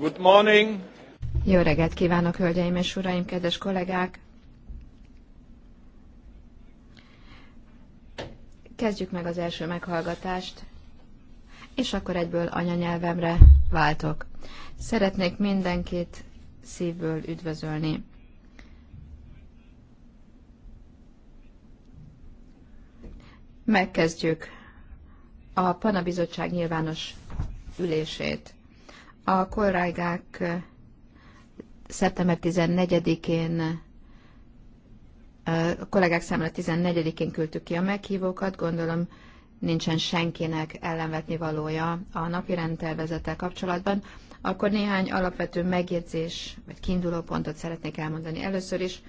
Good morning. Jó reggelt kívánok, hölgyeim és uraim, kedves kollégák! Kezdjük meg az első meghallgatást, és akkor egyből anyanyelvemre váltok. Szeretnék mindenkit szívből üdvözölni. Megkezdjük a Panabizottság nyilvános ülését. A kollégák szeptember 14-én a kollégák számára 14-én küldtük ki a meghívókat, gondolom nincsen senkinek ellenvetni valója a napi rendtervezettel kapcsolatban. Akkor néhány alapvető megjegyzés, vagy kiinduló pontot szeretnék elmondani először is.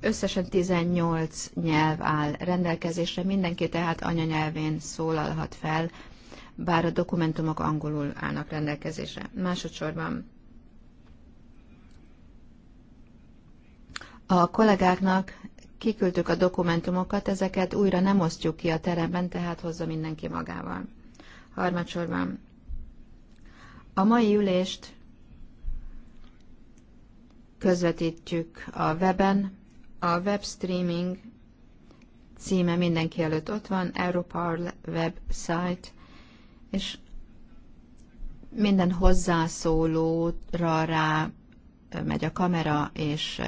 Összesen 18 nyelv áll rendelkezésre, mindenki tehát anyanyelvén szólalhat fel bár a dokumentumok angolul állnak rendelkezésre. Másodszorban a kollégáknak kiküldtük a dokumentumokat, ezeket újra nem osztjuk ki a teremben, tehát hozza mindenki magával. Harmadsorban a mai ülést közvetítjük a weben, a webstreaming címe mindenki előtt ott van, Europarl website, és minden hozzászólóra rá megy a kamera, és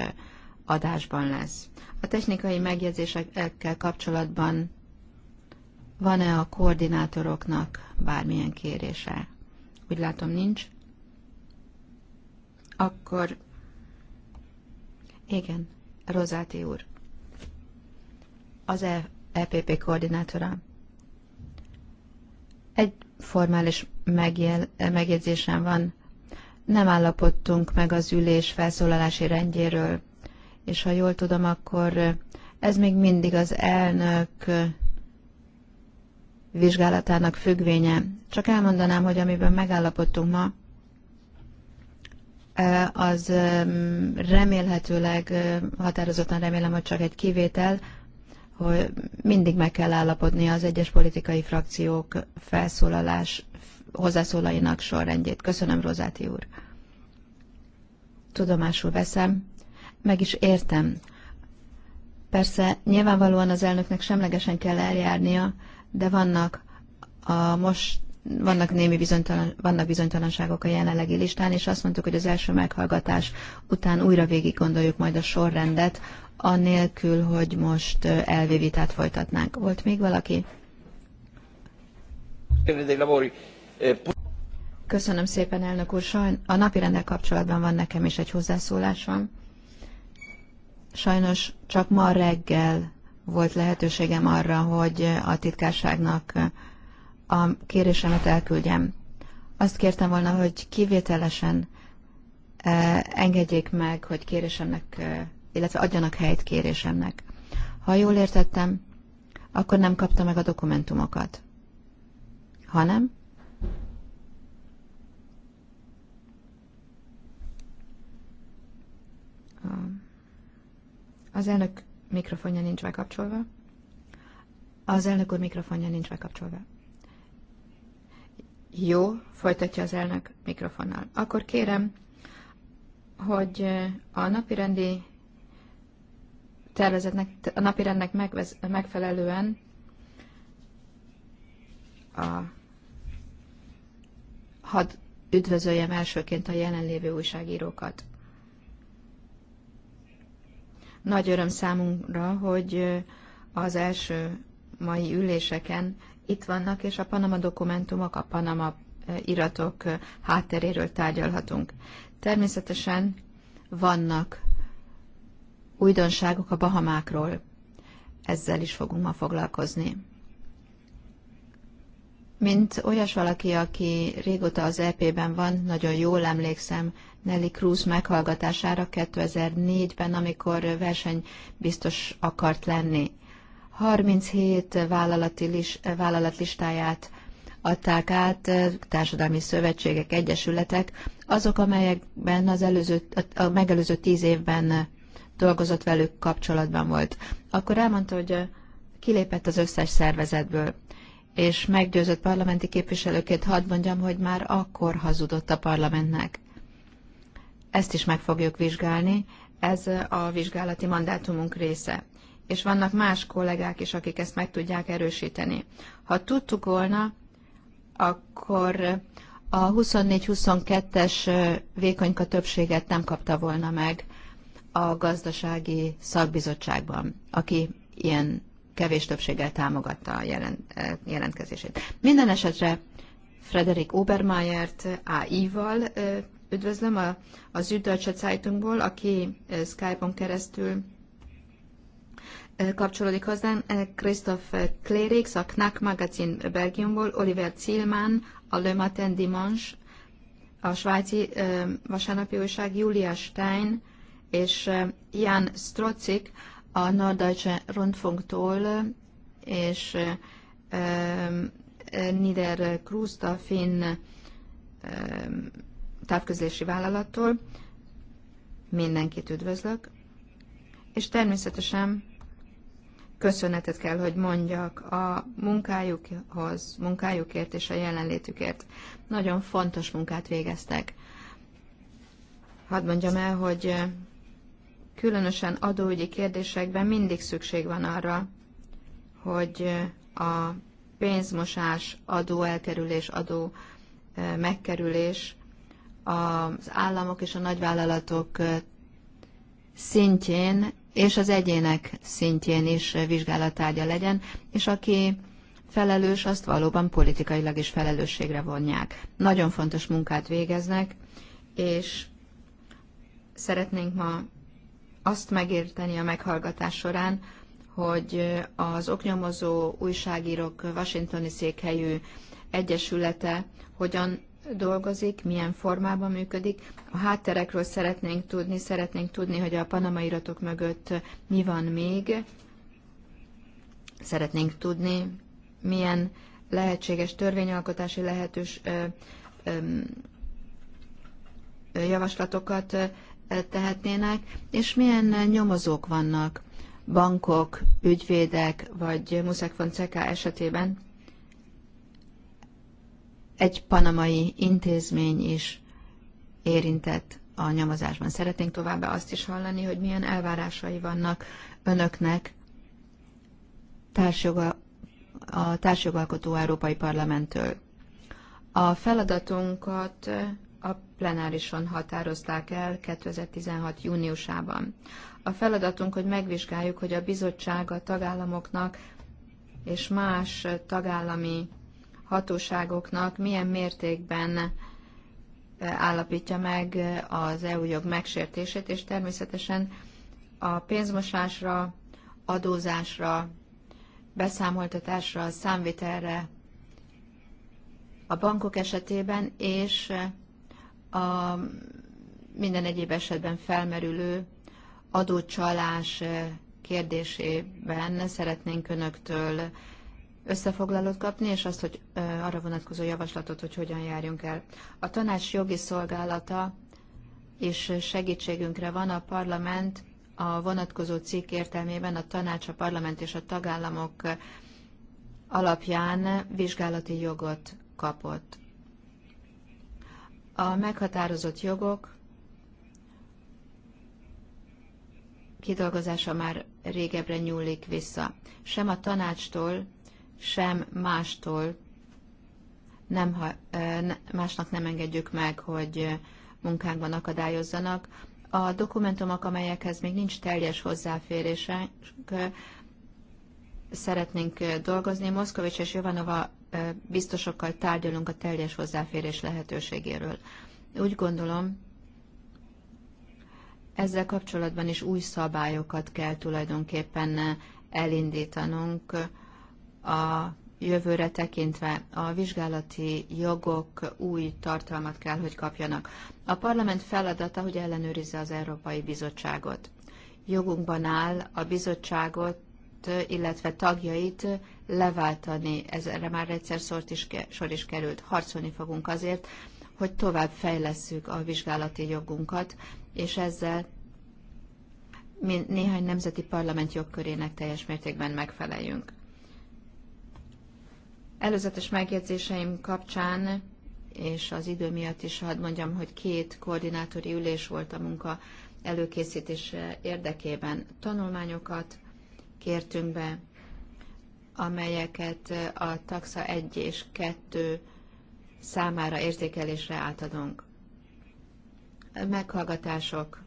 adásban lesz. A technikai megjegyzésekkel kapcsolatban van-e a koordinátoroknak bármilyen kérése? Úgy látom, nincs. Akkor igen, Rozáti úr, az EPP e koordinátora. Egy formális megjel, megjegyzésem van. Nem állapodtunk meg az ülés felszólalási rendjéről, és ha jól tudom, akkor ez még mindig az elnök vizsgálatának függvénye. Csak elmondanám, hogy amiben megállapodtunk ma, e, az remélhetőleg, e, határozottan remélem, hogy csak egy kivétel, hogy mindig meg kell állapodni az egyes politikai frakciók felszólalás hozzászólainak sorrendjét. Köszönöm, Rozáti úr. Tudomásul veszem, meg is értem. Persze nyilvánvalóan az elnöknek semlegesen kell eljárnia, de vannak a most vannak némi bizonytalan, vannak bizonytalanságok a jelenlegi listán, és azt mondtuk, hogy az első meghallgatás után újra végig gondoljuk majd a sorrendet, annélkül, hogy most elvi vitát folytatnánk. Volt még valaki? Köszönöm szépen, elnök úr. Sajn... A napi rendel kapcsolatban van nekem is egy hozzászólásom. Sajnos csak ma reggel volt lehetőségem arra, hogy a titkárságnak a kérésemet elküldjem. Azt kértem volna, hogy kivételesen engedjék meg, hogy kérésemnek illetve adjanak helyt kérésemnek. Ha jól értettem, akkor nem kapta meg a dokumentumokat. Hanem? Az elnök mikrofonja nincs bekapcsolva. Az elnök úr mikrofonja nincs bekapcsolva. Jó, folytatja az elnök mikrofonnal. Akkor kérem, hogy a napirendi tervezetnek, a napirendnek megvez, megfelelően a, had üdvözöljem elsőként a jelenlévő újságírókat. Nagy öröm számunkra, hogy az első mai üléseken itt vannak, és a Panama dokumentumok, a Panama eh, iratok eh, hátteréről tárgyalhatunk. Természetesen vannak újdonságok a Bahamákról. Ezzel is fogunk ma foglalkozni. Mint olyas valaki, aki régóta az EP-ben van, nagyon jól emlékszem Nelly Cruz meghallgatására 2004-ben, amikor verseny biztos akart lenni. 37 vállalatlistáját adták át társadalmi szövetségek, egyesületek, azok, amelyekben az előző, a megelőző tíz évben dolgozott velük kapcsolatban volt, akkor elmondta, hogy kilépett az összes szervezetből, és meggyőzött parlamenti képviselőként hadd mondjam, hogy már akkor hazudott a parlamentnek. Ezt is meg fogjuk vizsgálni, ez a vizsgálati mandátumunk része. És vannak más kollégák is, akik ezt meg tudják erősíteni. Ha tudtuk volna, akkor a 24-22-es vékonyka többséget nem kapta volna meg a gazdasági szakbizottságban, aki ilyen kevés többséggel támogatta a eh, jelentkezését. Minden esetre Frederik Obermeyert AI-val eh, üdvözlöm a, a Süddeutsche Zeitungból, aki eh, Skype-on keresztül kapcsolódik hozzánk. Christoph Klerix a Knack magazin Belgiumból, Oliver Zielmann, a Le Matin Dimanche, a svájci vasárnapi újság, Julia Stein, és Jan Strocik a Norddeutsche Rundfunktól, és Nieder Krúzta finn távközlési vállalattól. Mindenkit üdvözlök. És természetesen köszönetet kell, hogy mondjak a munkájukhoz, munkájukért és a jelenlétükért. Nagyon fontos munkát végeztek. Hadd mondjam el, hogy különösen adóügyi kérdésekben mindig szükség van arra, hogy a pénzmosás, adó elkerülés adó megkerülés az államok és a nagyvállalatok szintjén és az egyének szintjén is vizsgálatárgya legyen, és aki felelős, azt valóban politikailag is felelősségre vonják. Nagyon fontos munkát végeznek, és szeretnénk ma azt megérteni a meghallgatás során, hogy az oknyomozó újságírók Washingtoni székhelyű egyesülete hogyan dolgozik, milyen formában működik. A hátterekről szeretnénk tudni, szeretnénk tudni, hogy a panama iratok mögött mi van még. Szeretnénk tudni, milyen lehetséges törvényalkotási lehetős ö, ö, javaslatokat tehetnének, és milyen nyomozók vannak bankok, ügyvédek, vagy Muszek Fonseca esetében egy panamai intézmény is érintett a nyomozásban. Szeretnénk továbbá azt is hallani, hogy milyen elvárásai vannak önöknek társjoga, a társjogalkotó Európai Parlamenttől. A feladatunkat a plenárison határozták el 2016. júniusában. A feladatunk, hogy megvizsgáljuk, hogy a bizottság a tagállamoknak és más tagállami hatóságoknak milyen mértékben e, állapítja meg az EU jog megsértését, és természetesen a pénzmosásra, adózásra, beszámoltatásra, számvitelre a bankok esetében, és a minden egyéb esetben felmerülő adócsalás eh, kérdésében szeretnénk önöktől összefoglalót kapni, és azt, hogy eh, arra vonatkozó javaslatot, hogy hogyan járjunk el. A tanács jogi szolgálata és segítségünkre van a parlament a vonatkozó cikk értelmében a tanács, a parlament és a tagállamok alapján vizsgálati jogot kapott. A meghatározott jogok kidolgozása már régebbre nyúlik vissza. Sem a tanácstól, sem mástól nem, másnak nem engedjük meg, hogy munkánkban akadályozzanak. A dokumentumok, amelyekhez még nincs teljes hozzáférésünk, szeretnénk dolgozni. Moszkovics és Jovanova biztosokkal tárgyalunk a teljes hozzáférés lehetőségéről. Úgy gondolom, ezzel kapcsolatban is új szabályokat kell tulajdonképpen elindítanunk a jövőre tekintve. A vizsgálati jogok új tartalmat kell, hogy kapjanak. A parlament feladata, hogy ellenőrizze az Európai Bizottságot. Jogunkban áll a bizottságot illetve tagjait leváltani. Ez erre már egyszer sort is, sor is került. Harcolni fogunk azért, hogy tovább fejlesszük a vizsgálati jogunkat, és ezzel néhány nemzeti parlament jogkörének teljes mértékben megfeleljünk. Előzetes megjegyzéseim kapcsán, és az idő miatt is hadd mondjam, hogy két koordinátori ülés volt a munka előkészítése érdekében. Tanulmányokat, kértünk be, amelyeket eh, a taxa 1 és 2 számára érzékelésre átadunk. Meghallgatások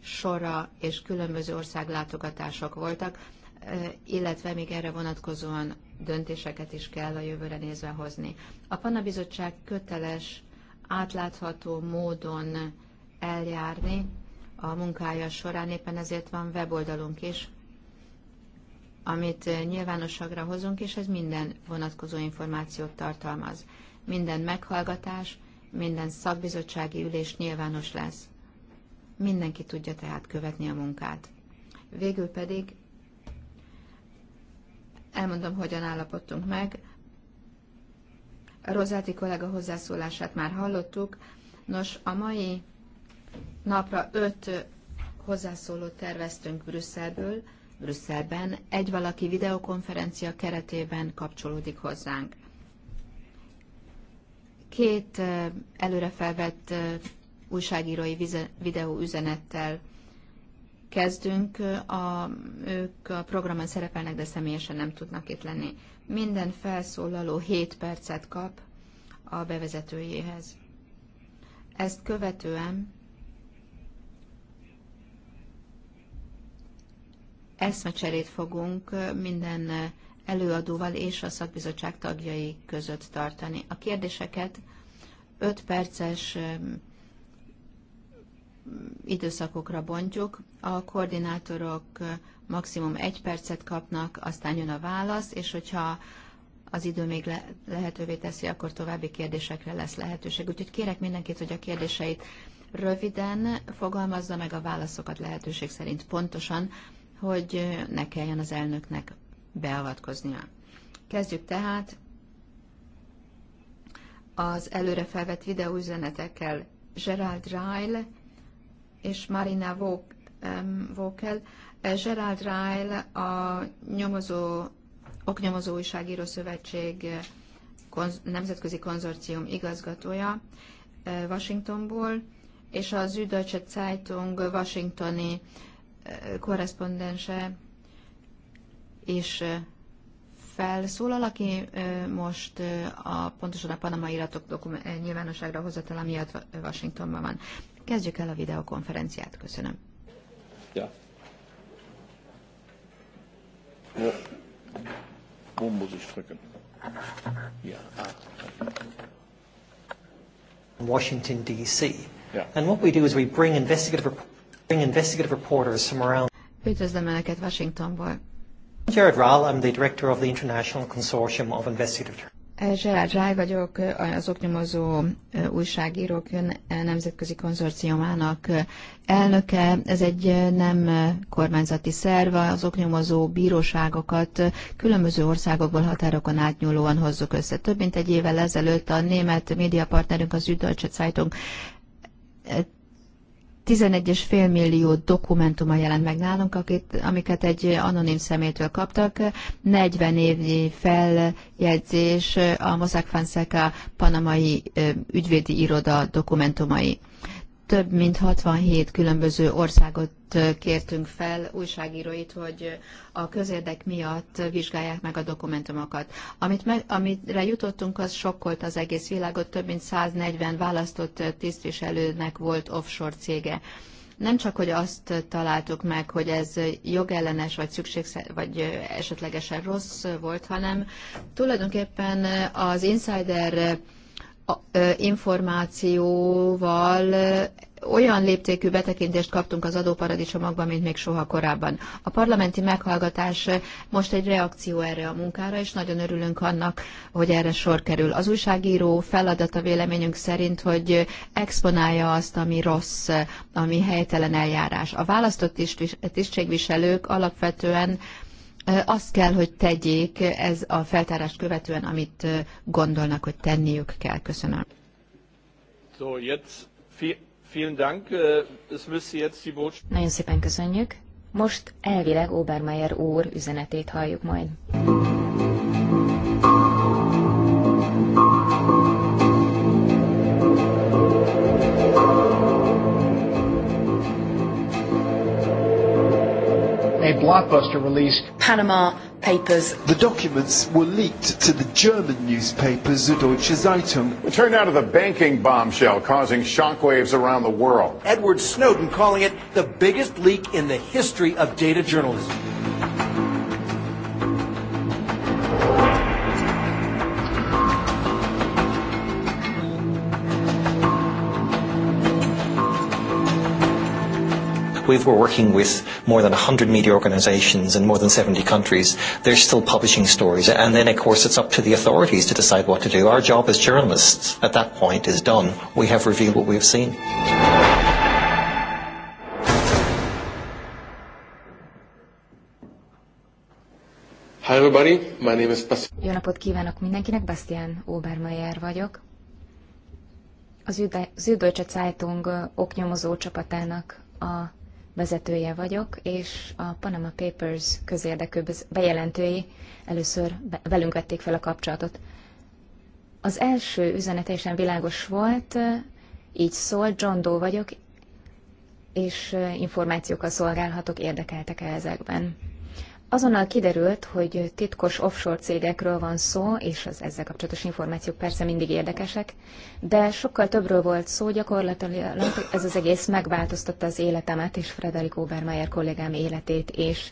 sora és különböző országlátogatások voltak, eh, illetve még erre vonatkozóan döntéseket is kell a jövőre nézve hozni. A Panabizottság köteles átlátható módon eljárni a munkája során, éppen ezért van weboldalunk is, amit eh, nyilvánosságra hozunk, és ez minden vonatkozó információt tartalmaz. Minden meghallgatás, minden szakbizottsági ülés nyilvános lesz. Mindenki tudja tehát követni a munkát. Végül pedig elmondom, hogyan állapodtunk meg. A Rozáti kollega hozzászólását már hallottuk. Nos, a mai napra öt hozzászólót terveztünk Brüsszelből, Brüsszelben egy valaki videokonferencia keretében kapcsolódik hozzánk. Két előre felvett újságírói videó üzenettel kezdünk, a, ők a programon szerepelnek, de személyesen nem tudnak itt lenni. Minden felszólaló 7 percet kap a bevezetőjéhez. Ezt követően eszmecserét fogunk minden előadóval és a szakbizottság tagjai között tartani. A kérdéseket 5 perces időszakokra bontjuk, a koordinátorok maximum egy percet kapnak, aztán jön a válasz, és hogyha az idő még le- lehetővé teszi, akkor további kérdésekre lesz lehetőség. Úgyhogy kérek mindenkit, hogy a kérdéseit röviden fogalmazza meg a válaszokat lehetőség szerint pontosan, hogy ne kelljen az elnöknek beavatkoznia. Kezdjük tehát az előre felvett videóüzenetekkel Gerald Ryle és Marina Vokel. Gerald Ryle a nyomozó, oknyomozó újságíró szövetség konz, nemzetközi konzorcium igazgatója Washingtonból, és az Üdöcse Zeitung washingtoni korrespondense és felszólal, aki most a, pontosan a Panama iratok dokum- nyilvánosságra hozatala miatt Washingtonban van. Kezdjük el a videokonferenciát. Köszönöm. Ja. Wo Ja. Washington, D.C. Yeah. And what we do is we bring investigative reports Üdvözlöm Önöket Washingtonból. Gerard Rall, I'm the director of the International Consortium of Investigative Gerard Rall vagyok, az oknyomozó újságírók nemzetközi konzorciumának elnöke. Ez egy nem kormányzati szerv, az oknyomozó bíróságokat különböző országokból határokon átnyúlóan hozzuk össze. Több mint egy évvel ezelőtt a német médiapartnerünk, az Süddeutsche Zeitung 11,5 millió dokumentuma jelent meg nálunk, akit, amiket egy anonim szemétől kaptak. 40 évnyi feljegyzés a Mossack Fonseca panamai ügyvédi iroda dokumentumai több mint 67 különböző országot kértünk fel, újságíróit, hogy a közérdek miatt vizsgálják meg a dokumentumokat. Amit meg, amire jutottunk, az sokkolt az egész világot, több mint 140 választott tisztviselőnek volt offshore cége nem csak, hogy azt találtuk meg, hogy ez jogellenes, vagy szükségszer, vagy esetlegesen rossz volt, hanem tulajdonképpen az insider információval olyan léptékű betekintést kaptunk az adóparadicsomokban, mint még soha korábban. A parlamenti meghallgatás most egy reakció erre a munkára, és nagyon örülünk annak, hogy erre sor kerül. Az újságíró feladata véleményünk szerint, hogy exponálja azt, ami rossz, ami helytelen eljárás. A választott tisztségviselők alapvetően azt kell, hogy tegyék ez a feltárást követően, amit gondolnak, hogy tenniük kell. Köszönöm. So, jetzt, vielen Dank. Es müsste jetzt die Nagyon szépen köszönjük. Most elvileg Obermeier úr üzenetét halljuk majd. blockbuster release. Panama Papers. The documents were leaked to the German newspaper Süddeutsche Zeitung. It turned out of the banking bombshell causing shockwaves around the world. Edward Snowden calling it the biggest leak in the history of data journalism. with, we're working with more than 100 media organizations in more than 70 countries. They're still publishing stories. And then, of course, it's up to the authorities to decide what to do. Our job as journalists at that point is done. We have revealed what we have seen. Hi everybody, my name is Bastian. Jó napot kívánok mindenkinek, Bastian Obermeyer vagyok. Az Süddeutsche Zeitung oknyomozó csapatának a vezetője vagyok, és a Panama Papers közérdekű bejelentői először velünk vették fel a kapcsolatot. Az első üzenetésen világos volt, így szól, John Doe vagyok, és információkkal szolgálhatok érdekeltek -e ezekben. Azonnal kiderült, hogy titkos offshore cégekről van szó, és az ezzel kapcsolatos információk persze mindig érdekesek, de sokkal többről volt szó, gyakorlatilag ez az egész megváltoztatta az életemet és Frederik Obermeier kollégám életét és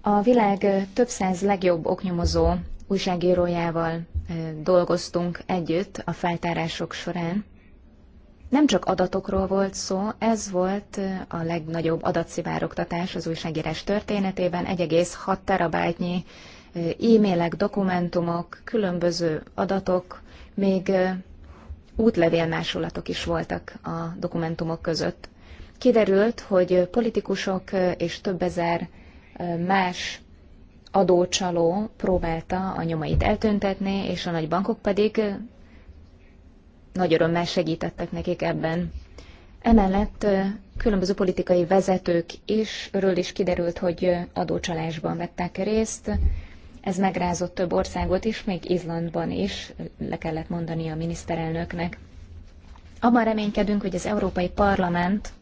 A világ több száz legjobb oknyomozó újságírójával eh, dolgoztunk együtt a feltárások során, nem csak adatokról volt szó, ez volt a legnagyobb adatszivárogtatás az újságírás történetében, 1,6 terabájtnyi e-mailek, dokumentumok, különböző adatok, még útlevélmásolatok is voltak a dokumentumok között. Kiderült, hogy politikusok és több ezer más adócsaló próbálta a nyomait eltüntetni, és a bankok pedig nagy örömmel segítettek nekik ebben. Emellett különböző politikai vezetők is, ről is kiderült, hogy adócsalásban vettek részt. Ez megrázott több országot is, még Izlandban is, le kellett mondani a miniszterelnöknek. Abban reménykedünk, hogy az Európai Parlament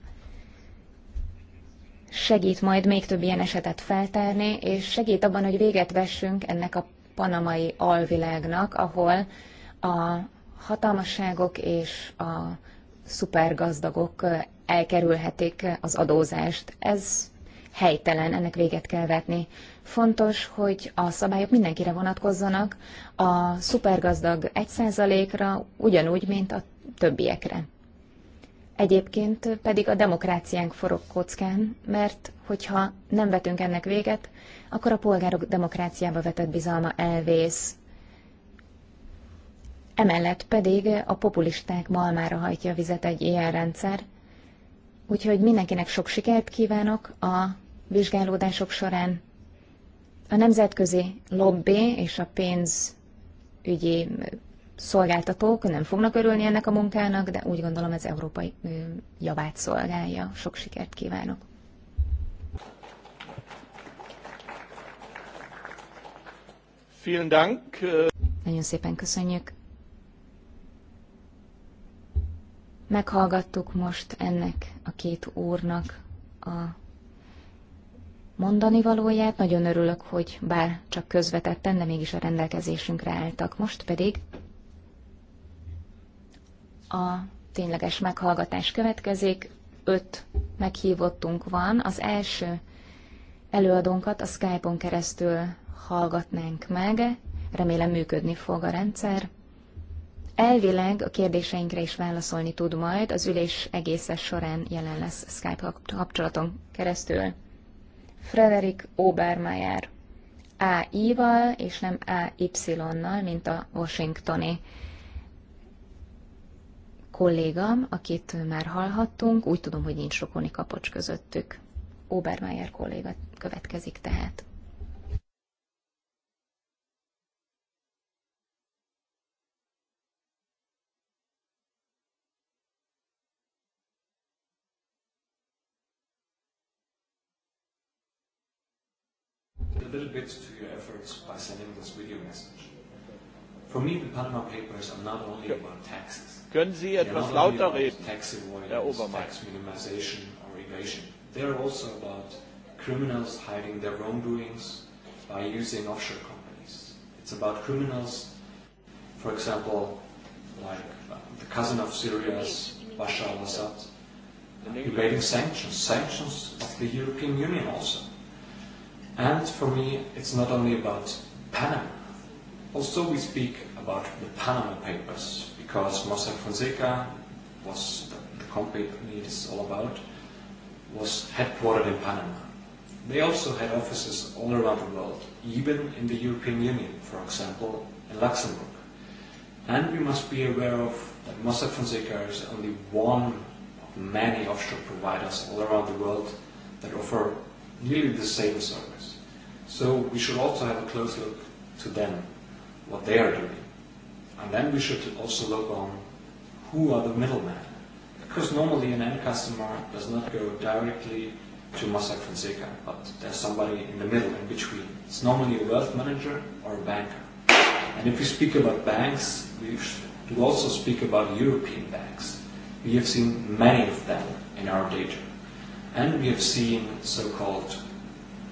segít majd még több ilyen esetet feltárni, és segít abban, hogy véget vessünk ennek a panamai alvilágnak, ahol a hatalmasságok és a szupergazdagok elkerülhetik az adózást. Ez helytelen, ennek véget kell vetni. Fontos, hogy a szabályok mindenkire vonatkozzanak, a szupergazdag 1%-ra, ugyanúgy, mint a többiekre. Egyébként pedig a demokráciánk forog kockán, mert hogyha nem vetünk ennek véget, akkor a polgárok demokráciába vetett bizalma elvész. Emellett pedig a populisták malmára hajtja a vizet egy ilyen rendszer, úgyhogy mindenkinek sok sikert kívánok a vizsgálódások során. A nemzetközi lobby és a pénzügyi szolgáltatók nem fognak örülni ennek a munkának, de úgy gondolom ez európai javát szolgálja. Sok sikert kívánok! Vielen Dank. Nagyon szépen köszönjük. Meghallgattuk most ennek a két úrnak a mondani valóját. Nagyon örülök, hogy bár csak közvetetten, de mégis a rendelkezésünkre álltak. Most pedig a tényleges meghallgatás következik. Öt meghívottunk van. Az első előadónkat a Skype-on keresztül hallgatnánk meg. Remélem működni fog a rendszer. Elvileg a kérdéseinkre is válaszolni tud majd, az ülés egészes során jelen lesz Skype kapcsolaton keresztül. Frederik Obermeyer AI-val és nem AY-nal, mint a washingtoni kollégám, akit már hallhattunk, úgy tudom, hogy nincs rokoni kapocs közöttük. Obermeyer kolléga következik tehát. a little bit to your efforts by sending this video message. For me, the Panama Papers are not only about taxes. Können Sie etwas lauter reden, Herr Obermeier? Tax minimization or evasion. are also about criminals hiding their wrongdoings by using offshore companies. It's about criminals, for example, like uh, the cousin of Syria's Bashar al-Assad, evading sanctions, sanctions of the European Union also And for me, it's not only about Panama. Also, we speak about the Panama Papers because Mossack Fonseca was the, the company it is all about was headquartered in Panama. They also had offices all around the world, even in the European Union, for example, in Luxembourg. And we must be aware of that Mossack Fonseca is only one of many offshore providers all around the world that offer nearly the same service. So we should also have a close look to them, what they are doing. And then we should also look on who are the middlemen. Because normally an end customer does not go directly to Mossack Fonseca, but there's somebody in the middle, in between. It's normally a wealth manager or a banker. And if we speak about banks, we do also speak about European banks. We have seen many of them in our data. And we have seen so-called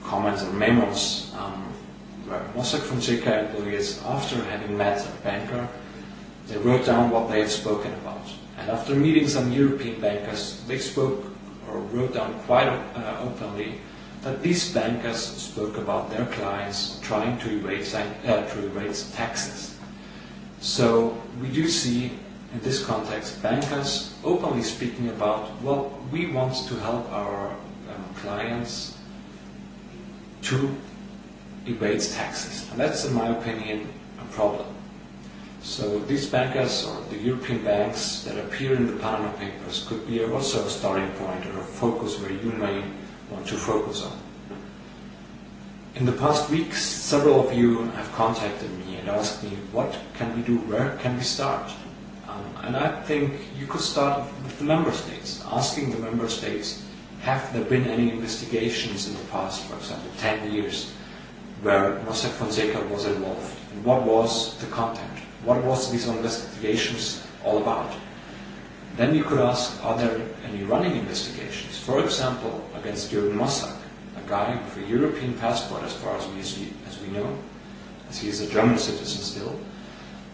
comments or memos um, where Mossack Fonseca employees, after having met a banker, they wrote down what they had spoken about. And after meeting some European bankers, they spoke or wrote down quite uh, openly that these bankers spoke about their clients trying to erase, uh, to erase taxes. So we do see in this context bankers openly speaking about, well, we want to help our um, clients to evades taxes. And that's, in my opinion, a problem. So these bankers or the European banks that appear in the Panama Papers could be also a starting point or a focus where you may want to focus on. In the past weeks, several of you have contacted me and asked me, what can we do, where can we start? Um, and I think you could start with the member states, asking the member states have there been any investigations in the past, for example, 10 years, where Mossack Fonseca was involved? And what was the content? What was these investigations all about? Then you could ask, are there any running investigations? For example, against Jürgen Mossack, a guy with a European passport, as far as we, as we know, as he is a German citizen still.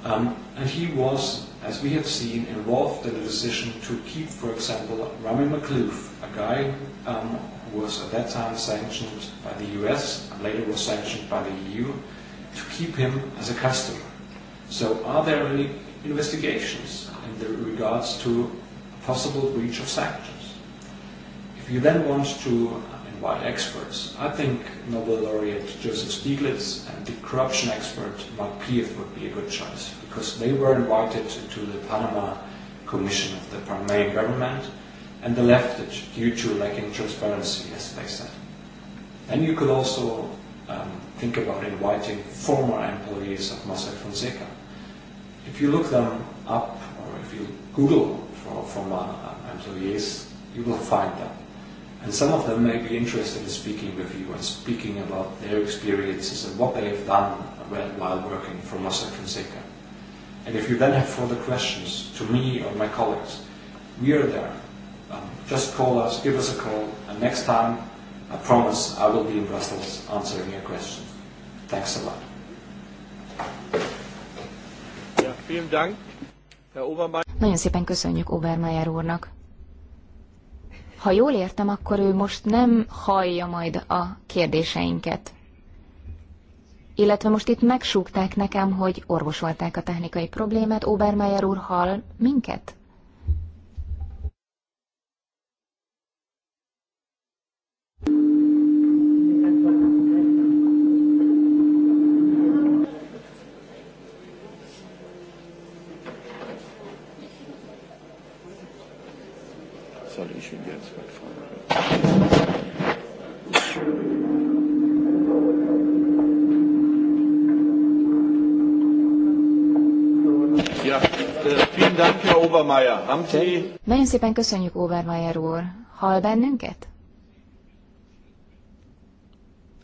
Um, and he was, as we have seen, involved in the decision to keep, for example, Rami McLuth guy um, who was at that time sanctioned by the US and later was sanctioned by the EU to keep him as a customer. So are there any investigations in the regards to possible breach of sanctions? If you then want to invite experts, I think Nobel laureate Joseph Stiglitz and the corruption expert Mark Pief would be a good choice because they were invited to the Panama Commission of the Panamanian government and the left due to lacking transparency, as they said. And you could also um, think about inviting former employees of Mossack Fonseca. If you look them up, or if you Google for former um, employees, you will find them. And some of them may be interested in speaking with you and speaking about their experiences and what they have done while working for Mossack Fonseca. And if you then have further questions to me or my colleagues, we are there just call us, give us a call, and next time, I promise I will be in Brussels answering your questions. Thanks a lot. Nagyon szépen köszönjük Obermeier úrnak. Ha jól értem, akkor ő most nem hallja majd a kérdéseinket. Illetve most itt megsúgták nekem, hogy orvosolták a technikai problémát. Obermeier úr hall minket? Obermeier, haben Sie... Nagyon szépen köszönjük, Obermeier úr. Hall bennünket?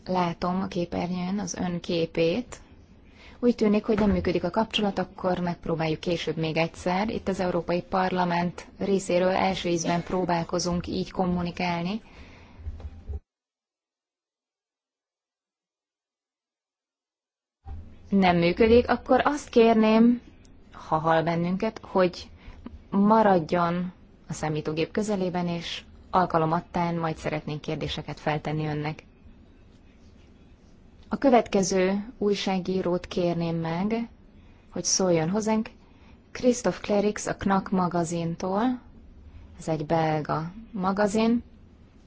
Látom a képernyőn az ön képét. Úgy tűnik, hogy nem működik a kapcsolat, akkor megpróbáljuk később még egyszer. Itt az Európai Parlament részéről első ízben próbálkozunk így kommunikálni. Nem működik, akkor azt kérném, ha hal bennünket, hogy maradjon a számítógép közelében, és alkalomattán majd szeretnénk kérdéseket feltenni önnek. A következő újságírót kérném meg, hogy szóljon hozzánk, Christoph Klerix a Knak magazintól, ez egy belga magazin.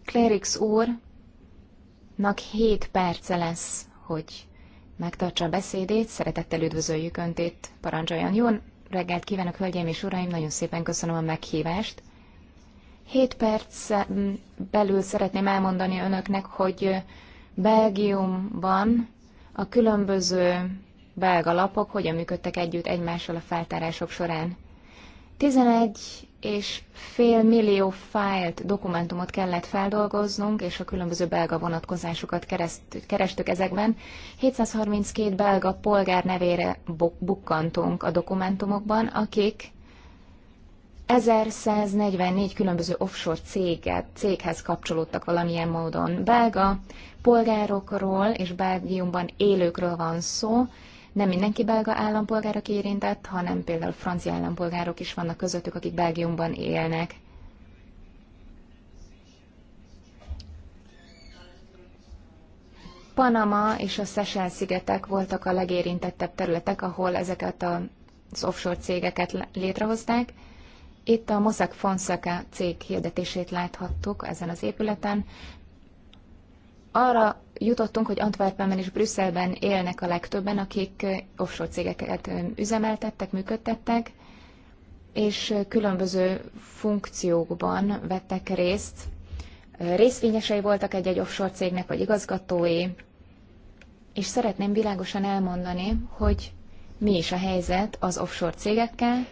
Klerix nak 7 perce lesz, hogy megtartsa a beszédét, szeretettel üdvözöljük Önt itt, parancsoljon. Jó reggelt kívánok, hölgyeim és uraim, nagyon szépen köszönöm a meghívást. Hét perc mm, belül szeretném elmondani önöknek, hogy Belgiumban a különböző belga lapok hogyan működtek együtt egymással a feltárások során. 11 és fél millió fájlt, dokumentumot kellett feldolgoznunk, és a különböző belga vonatkozásokat kereszt, kerestük ezekben. 732 belga polgár nevére bukkantunk a dokumentumokban, akik 1144 különböző offshore céget, céghez kapcsolódtak valamilyen módon. Belga polgárokról és Belgiumban élőkről van szó, nem mindenki belga állampolgár, aki érintett, hanem például francia állampolgárok is vannak közöttük, akik Belgiumban élnek. Panama és a Seychelles-szigetek voltak a legérintettebb területek, ahol ezeket az offshore cégeket létrehozták. Itt a Mossack Fonseca cég hirdetését láthattuk ezen az épületen. Arra jutottunk, hogy Antwerpenben és Brüsszelben élnek a legtöbben, akik offshore cégeket üzemeltettek, működtettek, és különböző funkciókban vettek részt. Részvényesei voltak egy-egy offshore cégnek, vagy igazgatói, és szeretném világosan elmondani, hogy mi is a helyzet az offshore cégekkel.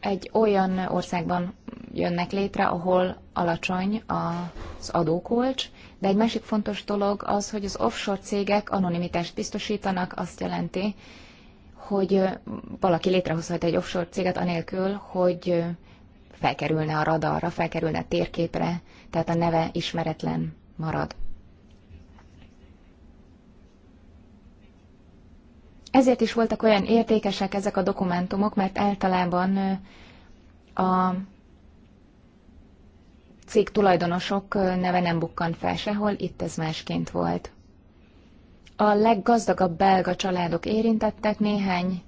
Egy olyan országban jönnek létre, ahol alacsony az adókulcs, de egy másik fontos dolog az, hogy az offshore cégek anonimitást biztosítanak, azt jelenti, hogy valaki létrehozhat egy offshore céget anélkül, hogy felkerülne a radarra, felkerülne a térképre, tehát a neve ismeretlen marad. Ezért is voltak olyan értékesek ezek a dokumentumok, mert általában a cég tulajdonosok neve nem bukkant fel sehol, itt ez másként volt. A leggazdagabb belga családok érintettek, néhány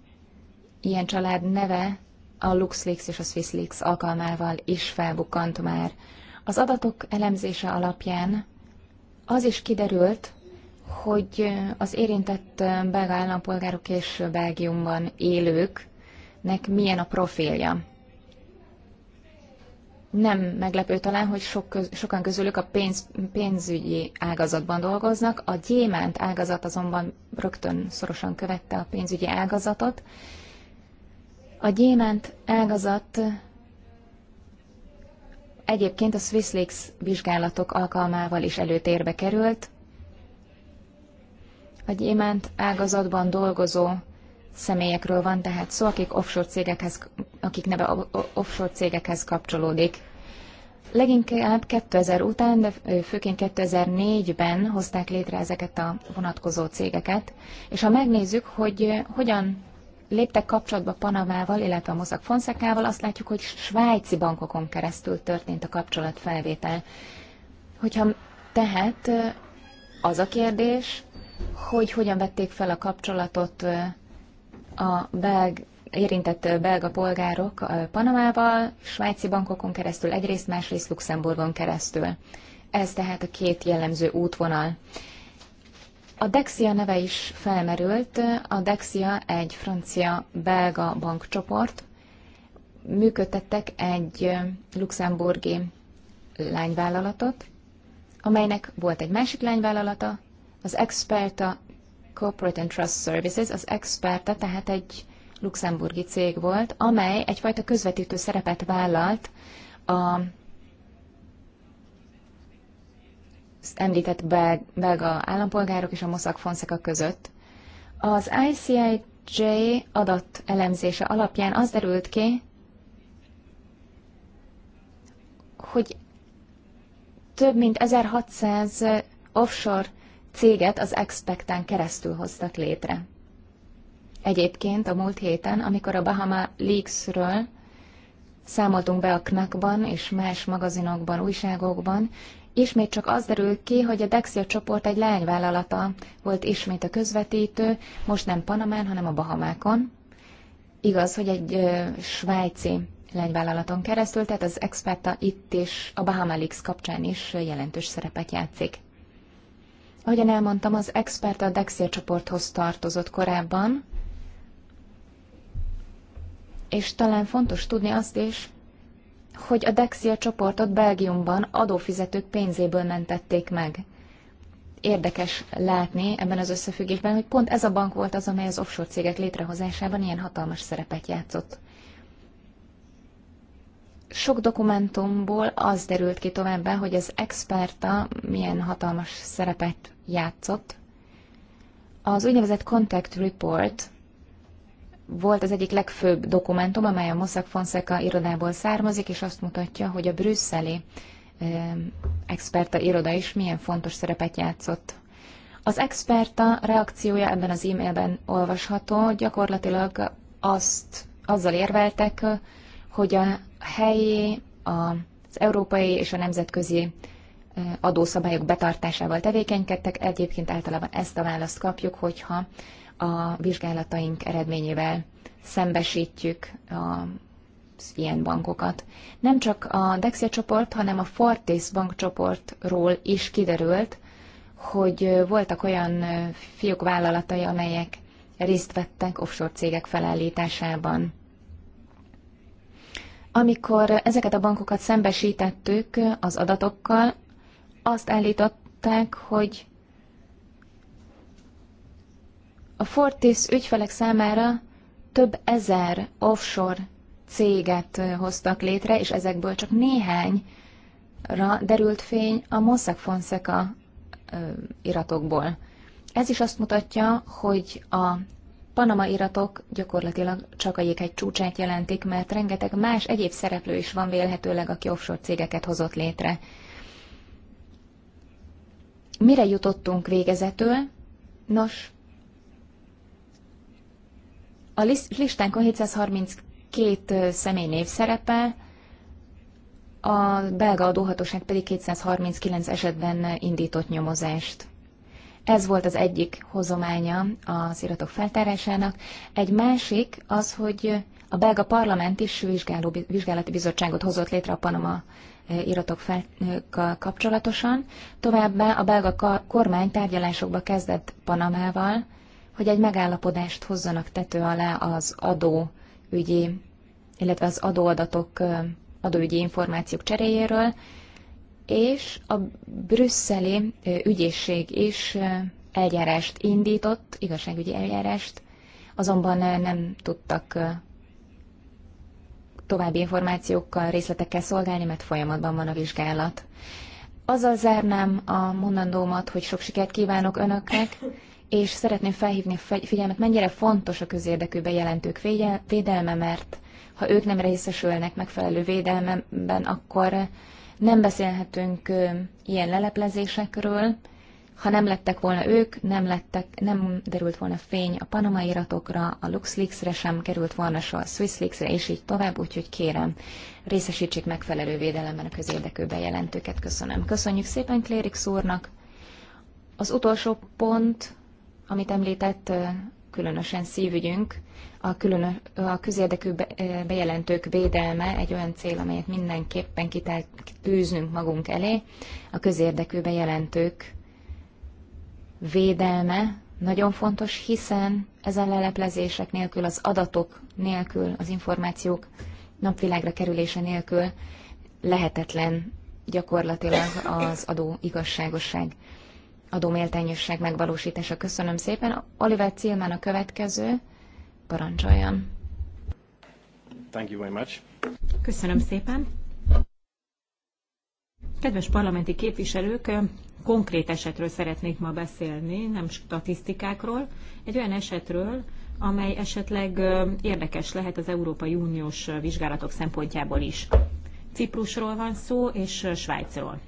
ilyen család neve a LuxLeaks és a SwissLeaks alkalmával is felbukkant már. Az adatok elemzése alapján az is kiderült, hogy az érintett belga állampolgárok és Belgiumban élőknek milyen a profilja. Nem meglepő talán, hogy sok köz, sokan közülük a pénz, pénzügyi ágazatban dolgoznak, a gyémánt ágazat azonban rögtön szorosan követte a pénzügyi ágazatot. A gyémánt ágazat egyébként a SwissLeaks vizsgálatok alkalmával is előtérbe került. A gyémánt ágazatban dolgozó személyekről van tehát szó, akik offshore cégekhez, akik neve offshore cégekhez kapcsolódik. Leginkább 2000 után, de főként 2004-ben hozták létre ezeket a vonatkozó cégeket, és ha megnézzük, hogy eh, hogyan léptek kapcsolatba Panamával, illetve a Mozak Fonszekával, azt látjuk, hogy svájci bankokon keresztül történt a kapcsolatfelvétel. Hogyha tehát eh, az a kérdés, hogy hogyan vették fel a kapcsolatot eh, a belg, érintett belga polgárok Panamával, svájci bankokon keresztül, egyrészt, másrészt Luxemburgon keresztül. Ez tehát a két jellemző útvonal. A Dexia neve is felmerült. A Dexia egy francia-belga bankcsoport. Működtettek egy luxemburgi lányvállalatot, amelynek volt egy másik lányvállalata, az Experta Corporate and Trust Services, az experta, tehát egy luxemburgi cég volt, amely egyfajta közvetítő szerepet vállalt a említett belg, belga állampolgárok és a Mossack Fonseca között. Az ICIJ adat elemzése alapján az derült ki, hogy több mint 1600 offshore céget az Expecten keresztül hoztak létre. Egyébként a múlt héten, amikor a Bahama Leaks-ről számoltunk be a Knakban és más magazinokban, újságokban, ismét csak az derül ki, hogy a Dexia csoport egy lányvállalata volt ismét a közvetítő, most nem Panamán, hanem a Bahamákon. Igaz, hogy egy ö, svájci lányvállalaton keresztül, tehát az experta itt és a Bahamalix kapcsán is jelentős szerepet játszik. Ahogyan elmondtam, az expert a Dexia csoporthoz tartozott korábban, és talán fontos tudni azt is, hogy a Dexia csoportot Belgiumban adófizetők pénzéből mentették meg. Érdekes látni ebben az összefüggésben, hogy pont ez a bank volt az, amely az offshore cégek létrehozásában ilyen hatalmas szerepet játszott sok dokumentumból az derült ki továbbá, hogy az experta milyen hatalmas szerepet játszott. Az úgynevezett Contact Report volt az egyik legfőbb dokumentum, amely a Mossack Fonseca irodából származik, és azt mutatja, hogy a brüsszeli experta iroda is milyen fontos szerepet játszott. Az experta reakciója ebben az e-mailben olvasható, gyakorlatilag azt azzal érveltek, hogy a helyi, az európai és a nemzetközi adószabályok betartásával tevékenykedtek. Egyébként általában ezt a választ kapjuk, hogyha a vizsgálataink eredményével szembesítjük a ilyen bankokat. Nem csak a Dexia csoport, hanem a Fortis bankcsoportról is kiderült, hogy voltak olyan fiók vállalatai, amelyek részt vettek offshore cégek felállításában. Amikor ezeket a bankokat szembesítettük az adatokkal, azt állították, hogy a Fortis ügyfelek számára több ezer offshore céget hoztak létre, és ezekből csak néhányra derült fény a Mossack Fonseca iratokból. Ez is azt mutatja, hogy a Panama iratok gyakorlatilag csak a egy csúcsát jelentik, mert rengeteg más egyéb szereplő is van vélhetőleg, aki offshore cégeket hozott létre. Mire jutottunk végezetül? Nos, a listánkon 732 név szerepel, a belga adóhatóság pedig 239 esetben indított nyomozást. Ez volt az egyik hozománya az iratok feltárásának. Egy másik az, hogy a belga parlament is vizsgáló, vizsgálati bizottságot hozott létre a Panama e, fel, e, kapcsolatosan. Továbbá a belga kormány tárgyalásokba kezdett Panamával, hogy egy megállapodást hozzanak tető alá az adóügyi, illetve az adóadatok, e, adóügyi információk cseréjéről, és a brüsszeli ügyészség is eljárást indított, igazságügyi eljárást, azonban nem tudtak további információkkal, részletekkel szolgálni, mert folyamatban van a vizsgálat. Azzal zárnám a mondandómat, hogy sok sikert kívánok önöknek, és szeretném felhívni figyelmet, mennyire fontos a közérdekű bejelentők védelme, mert ha ők nem részesülnek megfelelő védelmemben, akkor nem beszélhetünk ilyen leleplezésekről. Ha nem lettek volna ők, nem, lettek, nem derült volna fény a Panama iratokra, a LuxLeaks-re sem került volna a SwissLeaks-re, és így tovább, úgyhogy kérem, részesítsék megfelelő védelemben a közérdekű bejelentőket. Köszönöm. Köszönjük szépen Klérix úrnak. Az utolsó pont, amit említett, különösen szívügyünk, a, külön, a közérdekű bejelentők védelme egy olyan cél, amelyet mindenképpen kitűznünk magunk elé. A közérdekű bejelentők védelme nagyon fontos, hiszen ezen leleplezések nélkül, az adatok nélkül, az információk napvilágra kerülése nélkül lehetetlen gyakorlatilag az adó igazságosság, adó méltányosság megvalósítása. Köszönöm szépen. Oliver Cilman a következő Parancsoljon. Thank you very much. Köszönöm szépen. Kedves parlamenti képviselők, konkrét esetről szeretnék ma beszélni, nem statisztikákról, egy olyan esetről, amely esetleg érdekes lehet az Európai Uniós vizsgálatok szempontjából is. Ciprusról van szó, és Svájcról.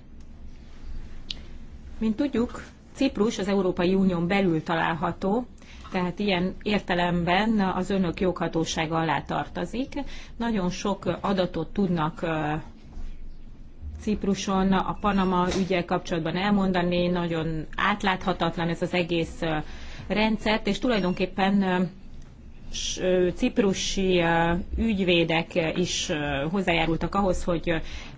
Mint tudjuk, Ciprus az Európai Unión belül található, tehát ilyen értelemben az önök joghatósága alá tartozik. Nagyon sok adatot tudnak Cipruson a Panama ügyel kapcsolatban elmondani, nagyon átláthatatlan ez az egész rendszert, és tulajdonképpen ciprusi ügyvédek is hozzájárultak ahhoz, hogy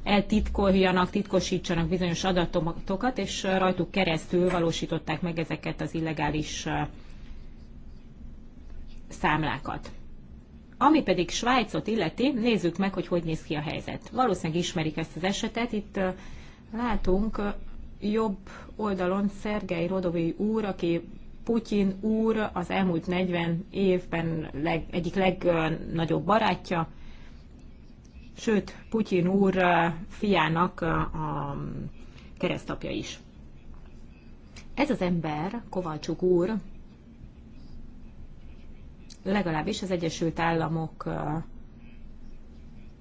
eltitkoljanak, titkosítsanak bizonyos adatokat, és rajtuk keresztül valósították meg ezeket az illegális számlákat. Ami pedig Svájcot illeti, nézzük meg, hogy hogy néz ki a helyzet. Valószínűleg ismerik ezt az esetet. Itt látunk jobb oldalon Szergei Rodovi úr, aki Putyin úr az elmúlt 40 évben leg, egyik legnagyobb barátja, sőt, Putyin úr fiának a keresztapja is. Ez az ember, Kovalcsuk úr, legalábbis az Egyesült Államok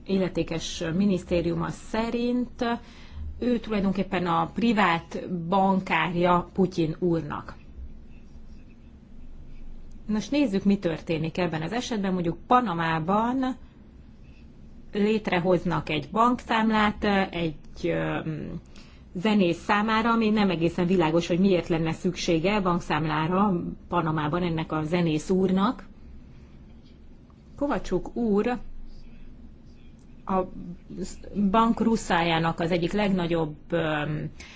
illetékes minisztériuma szerint ő tulajdonképpen a privát bankárja Putyin úrnak. Most nézzük, mi történik ebben az esetben. Mondjuk Panamában létrehoznak egy bankszámlát egy zenész számára, ami nem egészen világos, hogy miért lenne szüksége bankszámlára Panamában ennek a zenész úrnak. Kovacsuk úr a bank ruszájának az egyik legnagyobb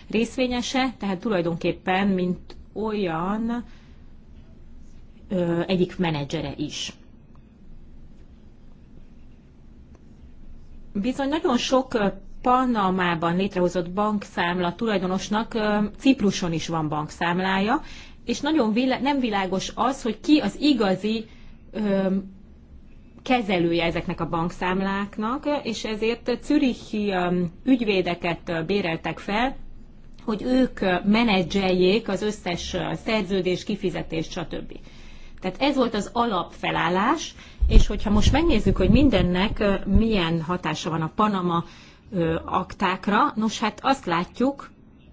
részvényese, tehát tulajdonképpen, mint olyan egyik menedzsere is. Bizony nagyon sok Panamában létrehozott bankszámla tulajdonosnak Cipruson is van bankszámlája, és nagyon vilá- nem világos az, hogy ki az igazi kezelője ezeknek a bankszámláknak, és ezért Zürichi um, ügyvédeket uh, béreltek fel, hogy ők uh, menedzseljék az összes uh, szerződés, kifizetés stb. Tehát ez volt az alapfelállás, és hogyha most megnézzük, hogy mindennek milyen hatása van a Panama aktákra, nos hát azt látjuk,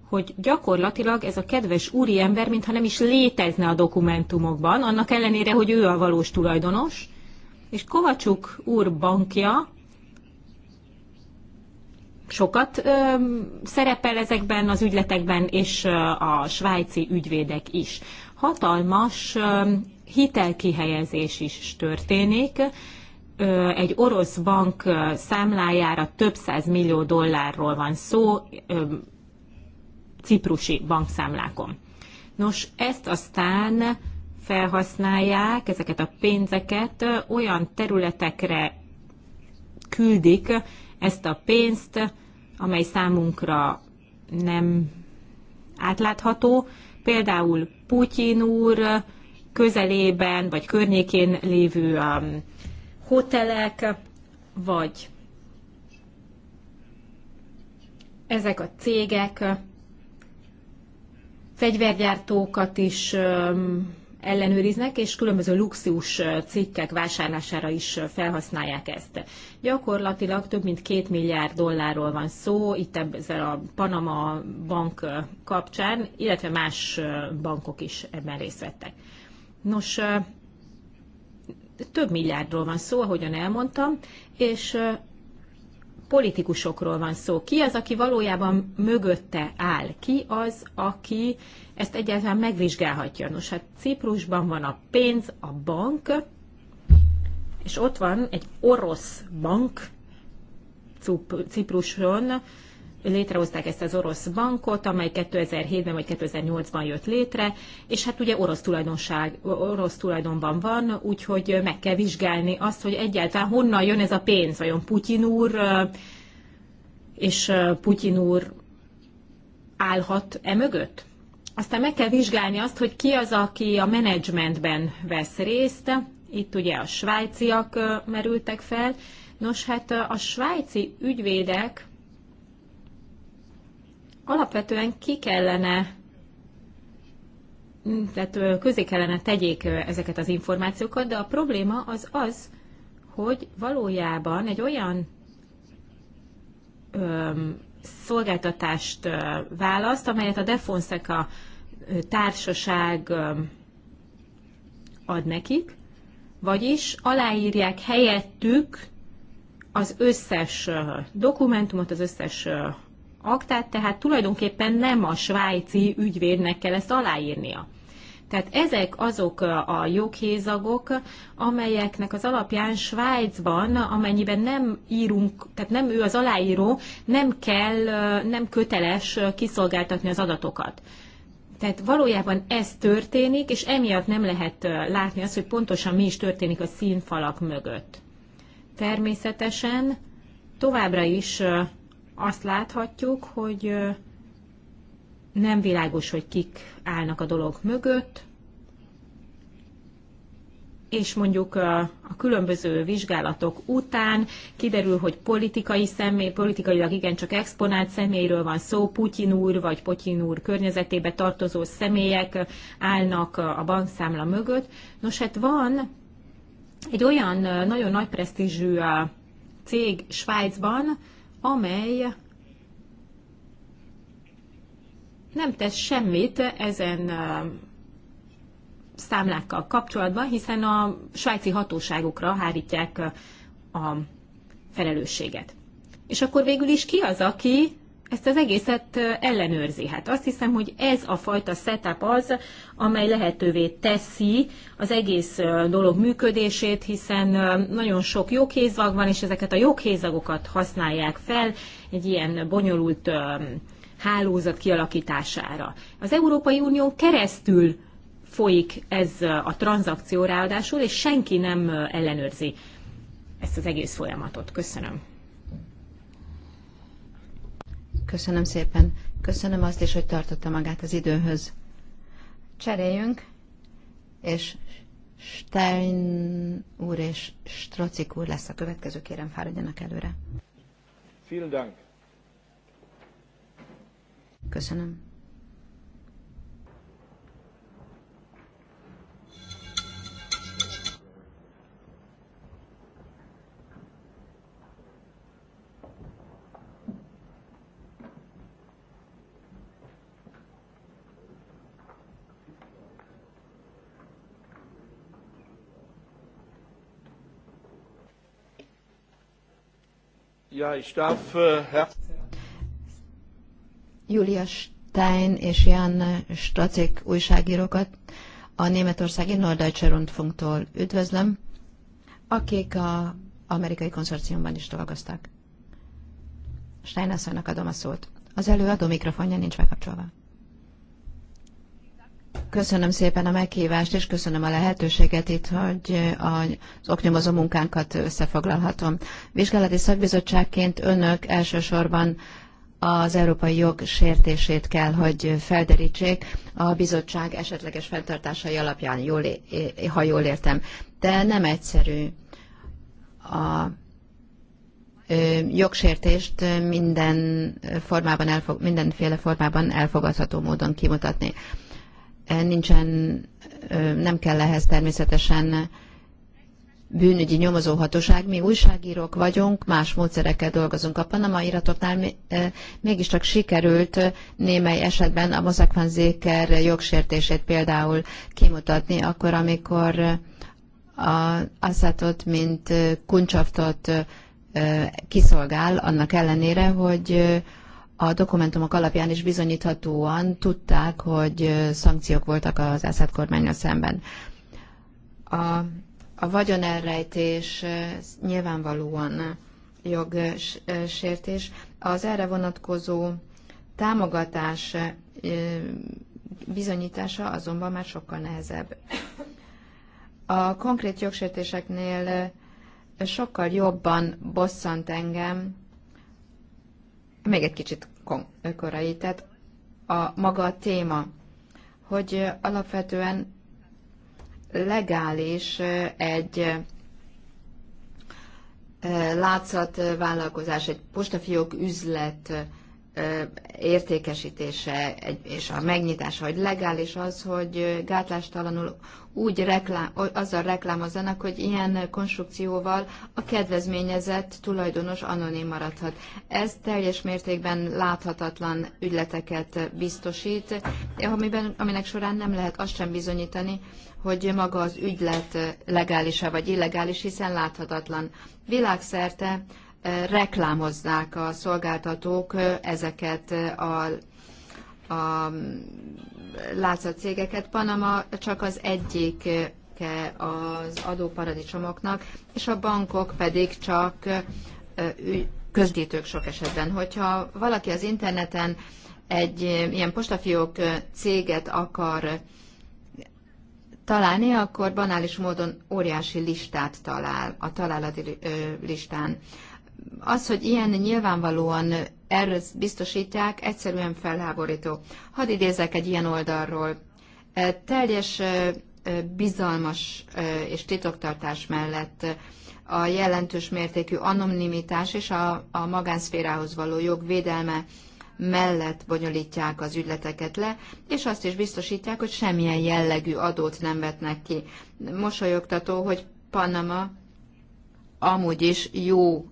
hogy gyakorlatilag ez a kedves úriember, mintha nem is létezne a dokumentumokban, annak ellenére, hogy ő a valós tulajdonos, és Kovacsuk úr bankja sokat ö, szerepel ezekben az ügyletekben, és ö, a svájci ügyvédek is. Hatalmas ö, hitelkihelyezés is történik. Ö, egy orosz bank ö, számlájára több száz millió dollárról van szó ö, ciprusi bankszámlákon. Nos, ezt aztán felhasználják ezeket a pénzeket, olyan területekre küldik ezt a pénzt, amely számunkra nem átlátható. Például Putyin úr közelében vagy környékén lévő um, hotelek, vagy ezek a cégek fegyvergyártókat is um, ellenőriznek, és különböző luxus cikkek vásárlására is felhasználják ezt. Gyakorlatilag több mint két milliárd dollárról van szó, itt ezzel a Panama bank kapcsán, illetve más bankok is ebben részt vettek. Nos, több milliárdról van szó, ahogyan elmondtam, és politikusokról van szó. Ki az, aki valójában mögötte áll? Ki az, aki ezt egyáltalán megvizsgálhatja. Nos, hát Ciprusban van a pénz, a bank, és ott van egy orosz bank, Cipruson létrehozták ezt az orosz bankot, amely 2007-ben vagy 2008-ban jött létre, és hát ugye orosz, tulajdonság, orosz tulajdonban van, úgyhogy meg kell vizsgálni azt, hogy egyáltalán honnan jön ez a pénz, vajon Putyin úr és eh, Putyin úr állhat e mögött? Aztán meg kell vizsgálni azt, hogy ki az, aki a menedzsmentben vesz részt. Itt ugye a svájciak merültek fel. Nos, hát a svájci ügyvédek alapvetően ki kellene, mm, tehát közé kellene tegyék ezeket az információkat, de a probléma az az, hogy valójában egy olyan szolgáltatást választ, amelyet a Defonseca társaság ad nekik, vagyis aláírják helyettük az összes dokumentumot, az összes aktát, tehát tulajdonképpen nem a svájci ügyvédnek kell ezt aláírnia. Tehát ezek azok a joghézagok, amelyeknek az alapján Svájcban, amennyiben nem írunk, tehát nem ő az aláíró, nem kell, nem köteles kiszolgáltatni az adatokat. Tehát valójában ez történik, és emiatt nem lehet látni azt, hogy pontosan mi is történik a színfalak mögött. Természetesen továbbra is azt láthatjuk, hogy nem világos, hogy kik állnak a dolog mögött, és mondjuk a, a különböző vizsgálatok után kiderül, hogy politikai személy, politikailag igencsak exponált személyről van szó, Putyin úr vagy Putyin úr környezetébe tartozó személyek állnak a bankszámla mögött. Nos, hát van egy olyan nagyon nagy presztízsű cég Svájcban, amely nem tesz semmit ezen számlákkal kapcsolatban, hiszen a svájci hatóságokra hárítják a felelősséget. És akkor végül is ki az, aki ezt az egészet ellenőrzi? Hát azt hiszem, hogy ez a fajta setup az, amely lehetővé teszi az egész dolog működését, hiszen nagyon sok joghézag van, és ezeket a joghézagokat használják fel egy ilyen bonyolult hálózat kialakítására. Az Európai unió keresztül folyik ez a tranzakció ráadásul, és senki nem ellenőrzi ezt az egész folyamatot. Köszönöm. Köszönöm szépen. Köszönöm azt is, hogy tartotta magát az időhöz. Cseréljünk, és Stein úr és Strocik úr lesz a következő, kérem fáradjanak előre. Vielen Dank. Köszönöm. Ja, ich darf, äh, Julia Stein és Jan Stracek újságírókat a németországi Norddeutsche Rundfunktól üdvözlöm, akik a amerikai konszorciumban is dolgoztak. Stein asszonynak adom a szót. Az előadó mikrofonja nincs bekapcsolva. Köszönöm szépen a meghívást, és köszönöm a lehetőséget itt, hogy az oknyomozó munkánkat összefoglalhatom. Vizsgálati szakbizottságként önök elsősorban az európai jog sértését kell, hogy felderítsék a bizottság esetleges fenntartásai alapján, jól, ha jól értem. De nem egyszerű a jogsértést minden formában elfog, mindenféle formában elfogadható módon kimutatni. Nincsen, nem kell ehhez természetesen bűnügyi nyomozóhatóság, mi újságírók vagyunk, más módszerekkel dolgozunk. A Panama iratoknál mégiscsak sikerült némely esetben a Mossack Fonséker jogsértését például kimutatni, akkor, amikor a Assadot, mint kuncsaftot kiszolgál, annak ellenére, hogy a dokumentumok alapján is bizonyíthatóan tudták, hogy szankciók voltak az Assad kormányra szemben. A a vagyonelrejtés eh, nyilvánvalóan jogsértés. Eh, Az erre vonatkozó támogatás eh, bizonyítása azonban már sokkal nehezebb. A konkrét jogsértéseknél sokkal jobban bosszant engem, még egy kicsit korai, tehát a maga a téma, hogy alapvetően legális egy látszatvállalkozás, vállalkozás, egy postafiók üzlet értékesítése és a megnyitása, hogy legális az, hogy gátlástalanul úgy reklám, azzal reklámozzanak, hogy ilyen konstrukcióval a kedvezményezett tulajdonos anonim maradhat. Ez teljes mértékben láthatatlan ügyleteket biztosít, amiben, aminek során nem lehet azt sem bizonyítani, hogy maga az ügylet legális-e vagy illegális, hiszen láthatatlan. Világszerte reklámozzák a szolgáltatók ezeket a, a látszatcégeket. Panama csak az egyik az adóparadicsomoknak, és a bankok pedig csak közdítők sok esetben. Hogyha valaki az interneten egy ilyen postafiók céget akar találni, akkor banális módon óriási listát talál a találati listán az, hogy ilyen nyilvánvalóan erről biztosítják, egyszerűen felháborító. Hadd idézek egy ilyen oldalról. E, teljes e, e, bizalmas és titoktartás mellett a jelentős mértékű anonimitás és a, a magánszférához való jog védelme mellett bonyolítják az ügyleteket le, és azt is biztosítják, hogy semmilyen jellegű adót nem vetnek ki. Mosolyogtató, hogy Panama amúgy is jó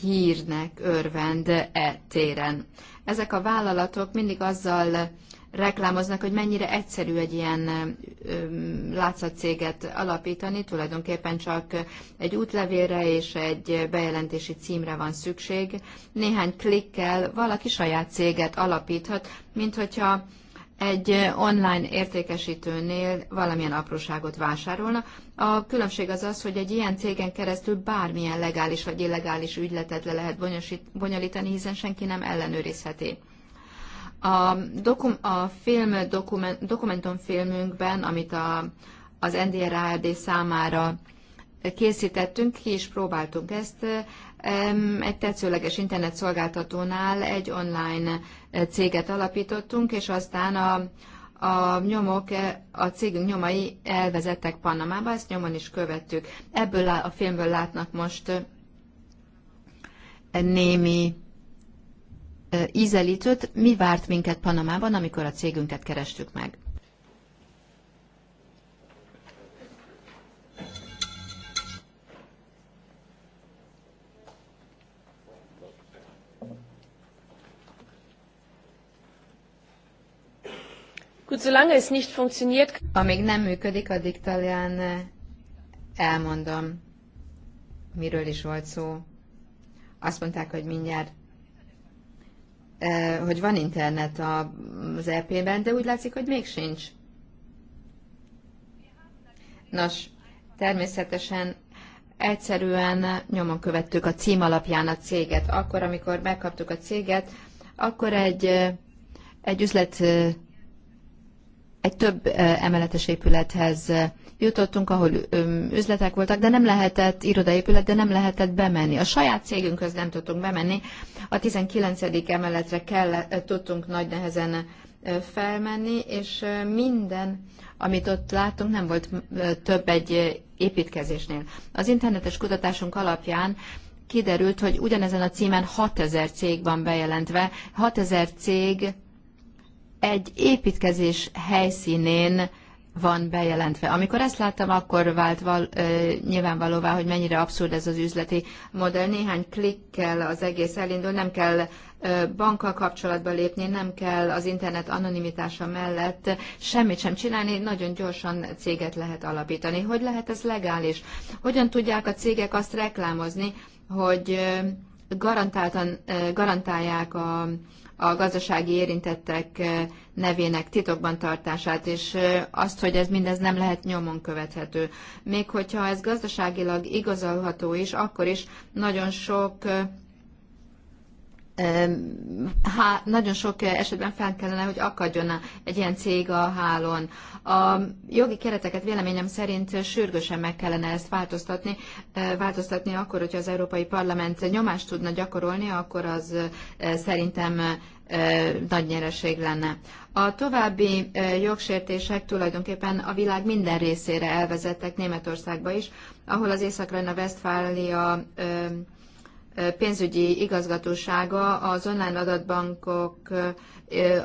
hírnek örvend e téren. Ezek a vállalatok mindig azzal reklámoznak, hogy mennyire egyszerű egy ilyen látszatcéget alapítani, tulajdonképpen csak egy útlevélre és egy bejelentési címre van szükség. Néhány klikkel valaki saját céget alapíthat, mint hogyha egy online értékesítőnél valamilyen apróságot vásárolna. A különbség az az, hogy egy ilyen cégen keresztül bármilyen legális vagy illegális ügyletet le lehet bonyolítani, hiszen senki nem ellenőrizheti. A, dokum, a film dokumen, dokumentumfilmünkben, amit a, az NDRARD számára készítettünk, ki is próbáltunk ezt, egy tetszőleges internet szolgáltatónál egy online eh, céget alapítottunk, és aztán a, a nyomok, eh, a cégünk nyomai elvezettek Panamába, ezt nyomon is követtük. Ebből a filmből látnak most eh, némi ízelítőt, mi várt minket Panamában, amikor a cégünket kerestük meg. Gut, solange es nicht funktioniert. Amíg nem működik, addig talán eh, elmondom, miről is volt szó. Azt mondták, hogy mindjárt eh, hogy van internet az EP-ben, de úgy látszik, hogy még sincs. Nos, természetesen egyszerűen nyomon követtük a cím alapján a céget. Akkor, amikor megkaptuk a céget, akkor egy, eh, egy üzlet egy több emeletes épülethez jutottunk, ahol üzletek voltak, de nem lehetett irodaépület, de nem lehetett bemenni. A saját cégünkhöz nem tudtunk bemenni. A 19. emeletre kell, tudtunk nagy nehezen felmenni, és minden, amit ott láttunk, nem volt több egy építkezésnél. Az internetes kutatásunk alapján kiderült, hogy ugyanezen a címen 6000 cég van bejelentve, 6000 cég egy építkezés helyszínén van bejelentve. Amikor ezt láttam, akkor vált val, ö, nyilvánvalóvá, hogy mennyire abszurd ez az üzleti modell. Néhány klikkel az egész elindul, nem kell ö, bankkal kapcsolatba lépni, nem kell az internet anonimitása mellett semmit sem csinálni, nagyon gyorsan céget lehet alapítani. Hogy lehet ez legális? Hogyan tudják a cégek azt reklámozni, hogy ö, garantáltan, ö, garantálják a a gazdasági érintettek eh, nevének titokban tartását, és eh, azt, hogy ez mindez nem lehet nyomon követhető. Még hogyha ez gazdaságilag igazolható is, akkor is nagyon sok eh, há, nagyon sok esetben fel kellene, hogy akadjon egy ilyen cég a hálón. A jogi kereteket véleményem szerint sürgősen meg kellene ezt változtatni. Változtatni akkor, hogyha az Európai Parlament nyomást tudna gyakorolni, akkor az szerintem nagy nyereség lenne. A további jogsértések tulajdonképpen a világ minden részére elvezettek Németországba is, ahol az Észak-Rajna-Vesztfália pénzügyi igazgatósága az online adatbankok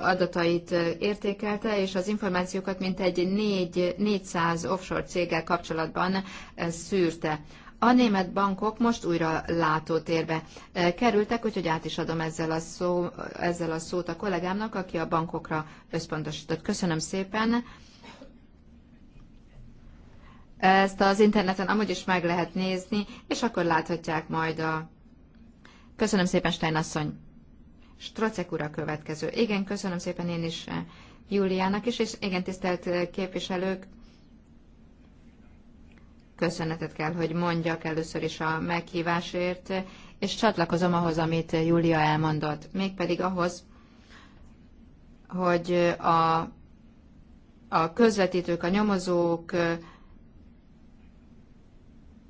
adatait értékelte, és az információkat mintegy 400 offshore céggel kapcsolatban szűrte. A német bankok most újra látótérbe eh, kerültek, úgyhogy át is adom ezzel a, szó, ezzel a szót a kollégámnak, aki a bankokra összpontosított. Köszönöm szépen. Ezt az interneten amúgy is meg lehet nézni, és akkor láthatják majd a... Köszönöm szépen, Stein asszony. Stracek ura következő. Igen, köszönöm szépen én is eh, Júliának is, és igen, tisztelt eh, képviselők, köszönetet kell, hogy mondjak először is a meghívásért, és csatlakozom ahhoz, amit Júlia elmondott, mégpedig ahhoz, hogy a, a közvetítők, a nyomozók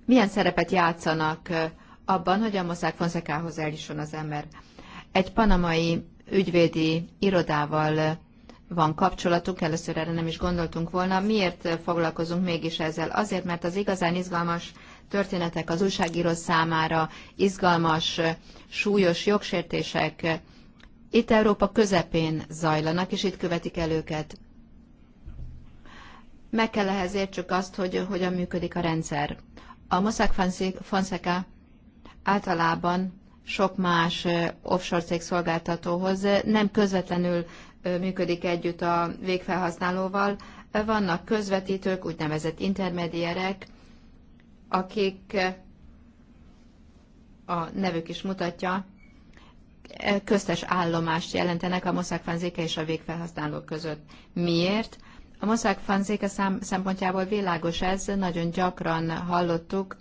milyen szerepet játszanak abban, hogy a Mossack Fonsekához eljusson az ember. Egy panamai ügyvédi irodával van kapcsolatunk, először erre nem is gondoltunk volna. Miért foglalkozunk mégis ezzel? Azért, mert az igazán izgalmas történetek az újságíró számára, izgalmas, súlyos jogsértések itt Európa közepén zajlanak, és itt követik el őket. Meg kell ehhez értsük azt, hogy hogyan működik a rendszer. A Mossack Fonseca általában sok más offshore cég szolgáltatóhoz nem közvetlenül működik együtt a végfelhasználóval. Vannak közvetítők, úgynevezett intermedierek, akik a nevük is mutatja, köztes állomást jelentenek a Mossack Fanzéka és a végfelhasználók között. Miért? A Mossack Fanzéka szempontjából világos ez, nagyon gyakran hallottuk,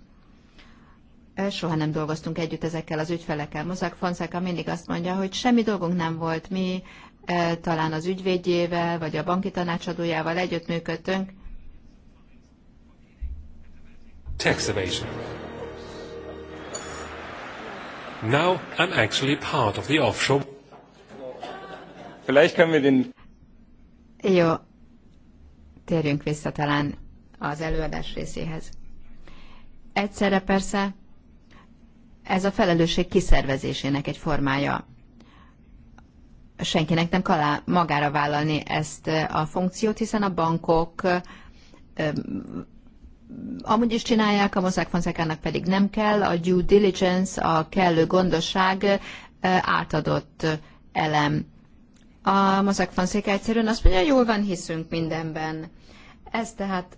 soha nem dolgoztunk együtt ezekkel az ügyfelekkel. Mossack Fonseca mindig azt mondja, hogy semmi dolgunk nem volt, mi talán az ügyvédjével, vagy a banki tanácsadójával együttműködtünk. Tax evasion. Now I'm actually part of the offshore. Vielleicht können wir den... Jó. Térjünk vissza talán az előadás részéhez. Egyszerre persze ez a felelősség kiszervezésének egy formája senkinek nem kell magára vállalni ezt a funkciót, hiszen a bankok amúgy is csinálják, a Mossack fonseca pedig nem kell, a due diligence, a kellő gondosság átadott elem. A Mossack Fonseca egyszerűen azt mondja, jól van, hiszünk mindenben. Ez tehát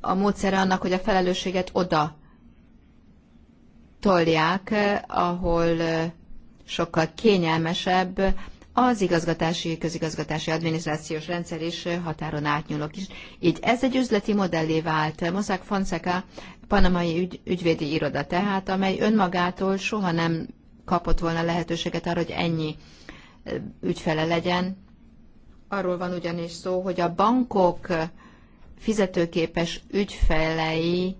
a módszere annak, hogy a felelősséget oda tolják, ahol sokkal kényelmesebb az igazgatási, közigazgatási adminisztrációs rendszer is határon átnyúlok is. Így ez egy üzleti modellé vált. Mossack Fonseca panamai ügy, ügyvédi iroda tehát, amely önmagától soha nem kapott volna lehetőséget arra, hogy ennyi ügyfele legyen. Arról van ugyanis szó, hogy a bankok fizetőképes ügyfelei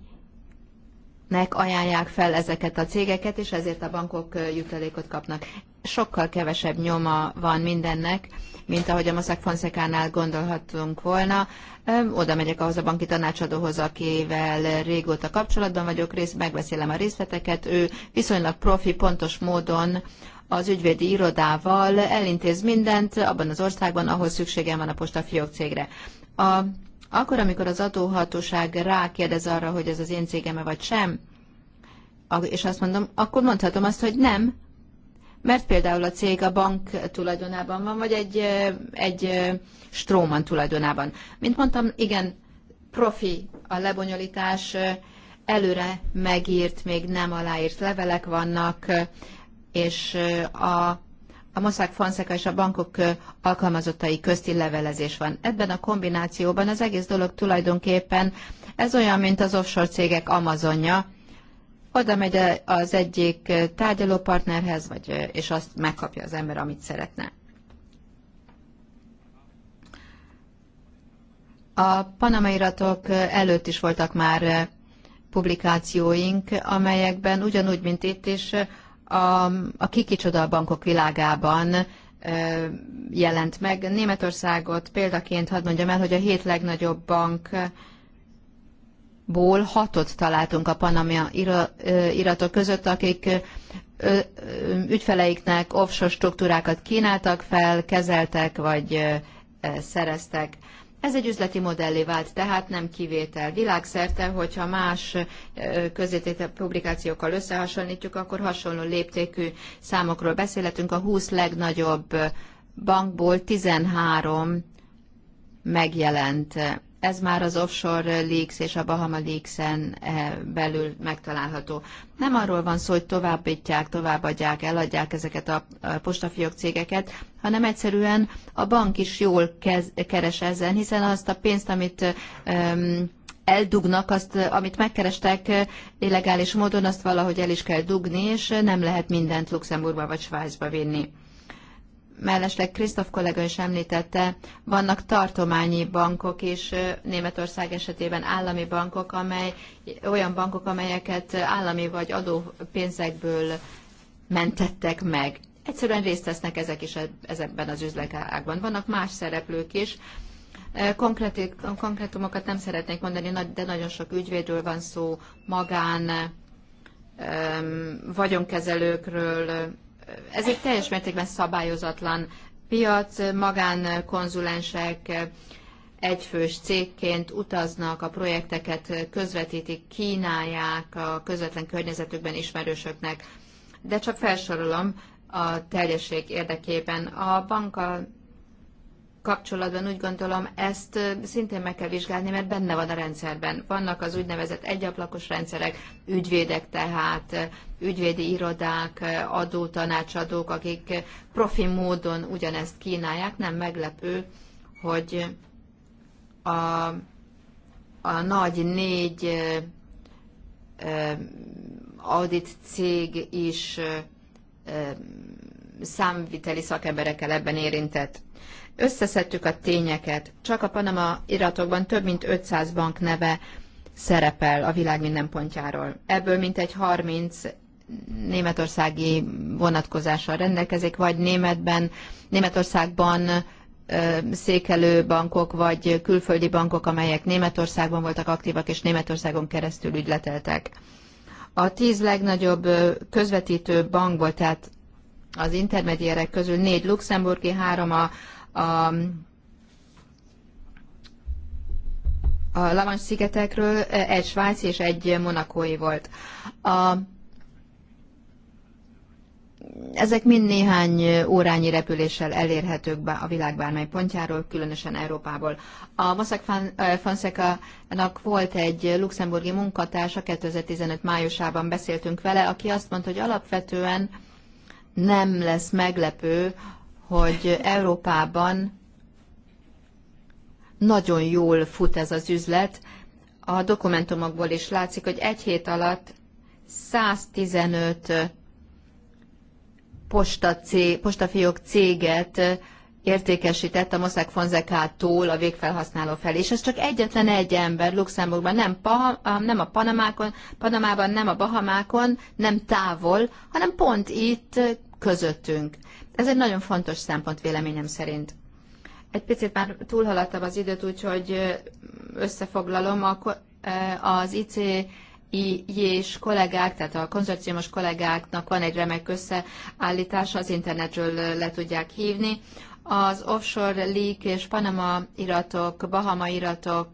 nek ajánlják fel ezeket a cégeket, és ezért a bankok jutalékot kapnak. Sokkal kevesebb nyoma van mindennek, mint ahogy a Mossack Fonszekánál gondolhatunk volna. Oda megyek ahhoz a banki tanácsadóhoz, akivel régóta kapcsolatban vagyok, rész, megbeszélem a részleteket. Ő viszonylag profi, pontos módon az ügyvédi irodával elintéz mindent abban az országban, ahol szükségem van a postafiók cégre. A akkor, amikor az adóhatóság rákérdez arra, hogy ez az én cégeme vagy sem, és azt mondom, akkor mondhatom azt, hogy nem, mert például a cég a bank tulajdonában van, vagy egy, egy stróman tulajdonában. Mint mondtam, igen, profi a lebonyolítás, előre megírt, még nem aláírt levelek vannak, és a a Mossack Fonseca és a bankok alkalmazottai közti levelezés van. Ebben a kombinációban az egész dolog tulajdonképpen ez olyan, mint az offshore cégek Amazonja. Oda megy az egyik tárgyalópartnerhez, vagy, és azt megkapja az ember, amit szeretne. A panamai iratok előtt is voltak már publikációink, amelyekben ugyanúgy, mint itt is a, a kikicsoda bankok világában jelent meg. Németországot példaként hadd mondjam el, hogy a hét legnagyobb bank ból hatot találtunk a Panama iratok között, akik ügyfeleiknek offshore struktúrákat kínáltak fel, kezeltek vagy szereztek. Ez egy üzleti modellé vált, tehát nem kivétel. Világszerte, hogyha más közétét publikációkkal összehasonlítjuk, akkor hasonló léptékű számokról beszélhetünk. A 20 legnagyobb bankból 13 megjelent ez már az offshore leaks és a Bahama leaks-en eh, belül megtalálható. Nem arról van szó, hogy továbbítják, továbbadják, eladják ezeket a postafiók cégeket, hanem egyszerűen a bank is jól kez, keres ezen, hiszen azt a pénzt, amit um, eldugnak, azt, amit megkerestek eh, illegális módon, azt valahogy el is kell dugni, és nem lehet mindent Luxemburgba vagy Svájcba vinni mellesleg Krisztof kollega is említette, vannak tartományi bankok is, Németország esetében állami bankok, amely, olyan bankok, amelyeket állami vagy pénzekből mentettek meg. Egyszerűen részt vesznek ezek is ezekben az üzletágban. Vannak más szereplők is, Konkrét, konkrétumokat nem szeretnék mondani, de nagyon sok ügyvédről van szó, magán, vagyonkezelőkről, ez egy teljes mértékben szabályozatlan piac, magánkonzulensek egyfős cégként utaznak, a projekteket közvetítik, kínálják a közvetlen környezetükben ismerősöknek. De csak felsorolom a teljesség érdekében. A banka kapcsolatban úgy gondolom, ezt szintén meg kell vizsgálni, mert benne van a rendszerben. Vannak az úgynevezett egyablakos rendszerek, ügyvédek tehát, ügyvédi irodák, adó tanácsadók, akik profi módon ugyanezt kínálják. Nem meglepő, hogy a, a nagy négy audit cég is számviteli szakemberekkel ebben érintett Összeszedtük a tényeket. Csak a Panama iratokban több mint 500 bank neve szerepel a világ minden pontjáról. Ebből mintegy 30 németországi vonatkozással rendelkezik, vagy németben, Németországban székelő bankok, vagy külföldi bankok, amelyek Németországban voltak aktívak, és Németországon keresztül ügyleteltek. A tíz legnagyobb közvetítő bank volt, tehát az intermediérek közül négy luxemburgi, három a, a a Lavans szigetekről egy svájci és egy monakói volt. A, ezek mind néhány órányi repüléssel elérhetők a világ bármely pontjáról, különösen Európából. A Mossack Fonseca-nak volt egy luxemburgi munkatársa, 2015 májusában beszéltünk vele, aki azt mondta, hogy alapvetően nem lesz meglepő, hogy Európában nagyon jól fut ez az üzlet. A dokumentumokból is látszik, hogy egy hét alatt 115 posta cég, postafiók céget értékesített a Mossack fonseca a végfelhasználó felé. És ez csak egyetlen egy ember Luxemburgban, nem, pa, nem a Panamákon, Panamában, nem a Bahamákon, nem távol, hanem pont itt közöttünk. Ez egy nagyon fontos szempont véleményem szerint. Egy picit már túlhaladtam az időt, úgyhogy összefoglalom. Az ICI-s kollégák, tehát a konzorciumos kollégáknak van egy remek összeállítása, az internetről le tudják hívni. Az offshore leak és Panama iratok, Bahama iratok,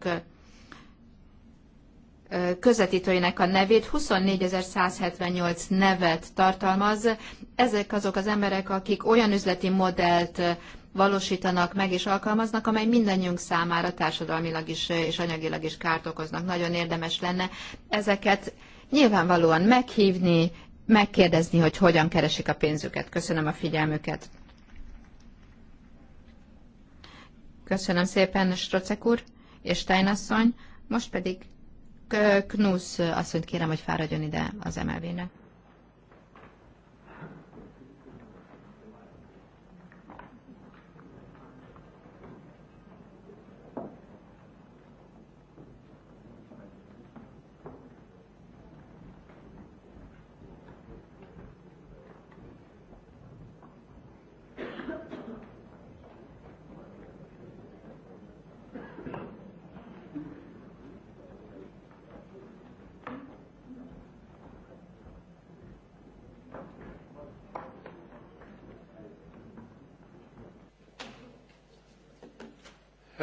közvetítőinek a nevét, 24.178 nevet tartalmaz. Ezek azok az emberek, akik olyan üzleti modellt valósítanak meg és alkalmaznak, amely mindannyiunk számára társadalmilag is és anyagilag is kárt okoznak. Nagyon érdemes lenne ezeket nyilvánvalóan meghívni, megkérdezni, hogy hogyan keresik a pénzüket. Köszönöm a figyelmüket. Köszönöm szépen, Strocek úr és Steinasszony. Most pedig Knusz asszonyt kérem, hogy fáradjon ide az mlv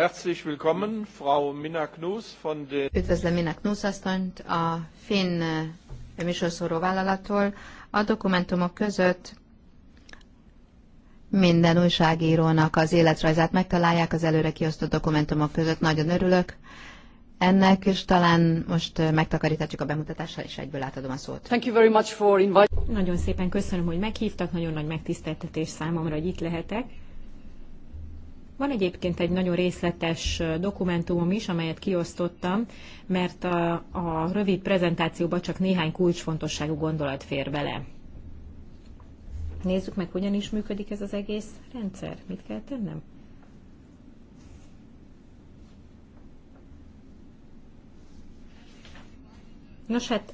Herzlich willkommen, Frau Minna Knus von Üdvözlöm Minna Knus asszonyt a Finn eh, műsorszóró vállalattól. A dokumentumok között minden újságírónak az életrajzát megtalálják az előre kiosztott dokumentumok között. Nagyon örülök ennek, és talán most eh, megtakarítatjuk a bemutatással, és egyből átadom a szót. Thank you very much for nagyon szépen köszönöm, hogy meghívtak, nagyon nagy megtiszteltetés számomra, hogy itt lehetek. Van egyébként egy nagyon részletes dokumentumom is, amelyet kiosztottam, mert a, a rövid prezentációba csak néhány kulcsfontosságú gondolat fér bele. Nézzük meg, hogyan is működik ez az egész rendszer. Mit kell tennem? Nos hát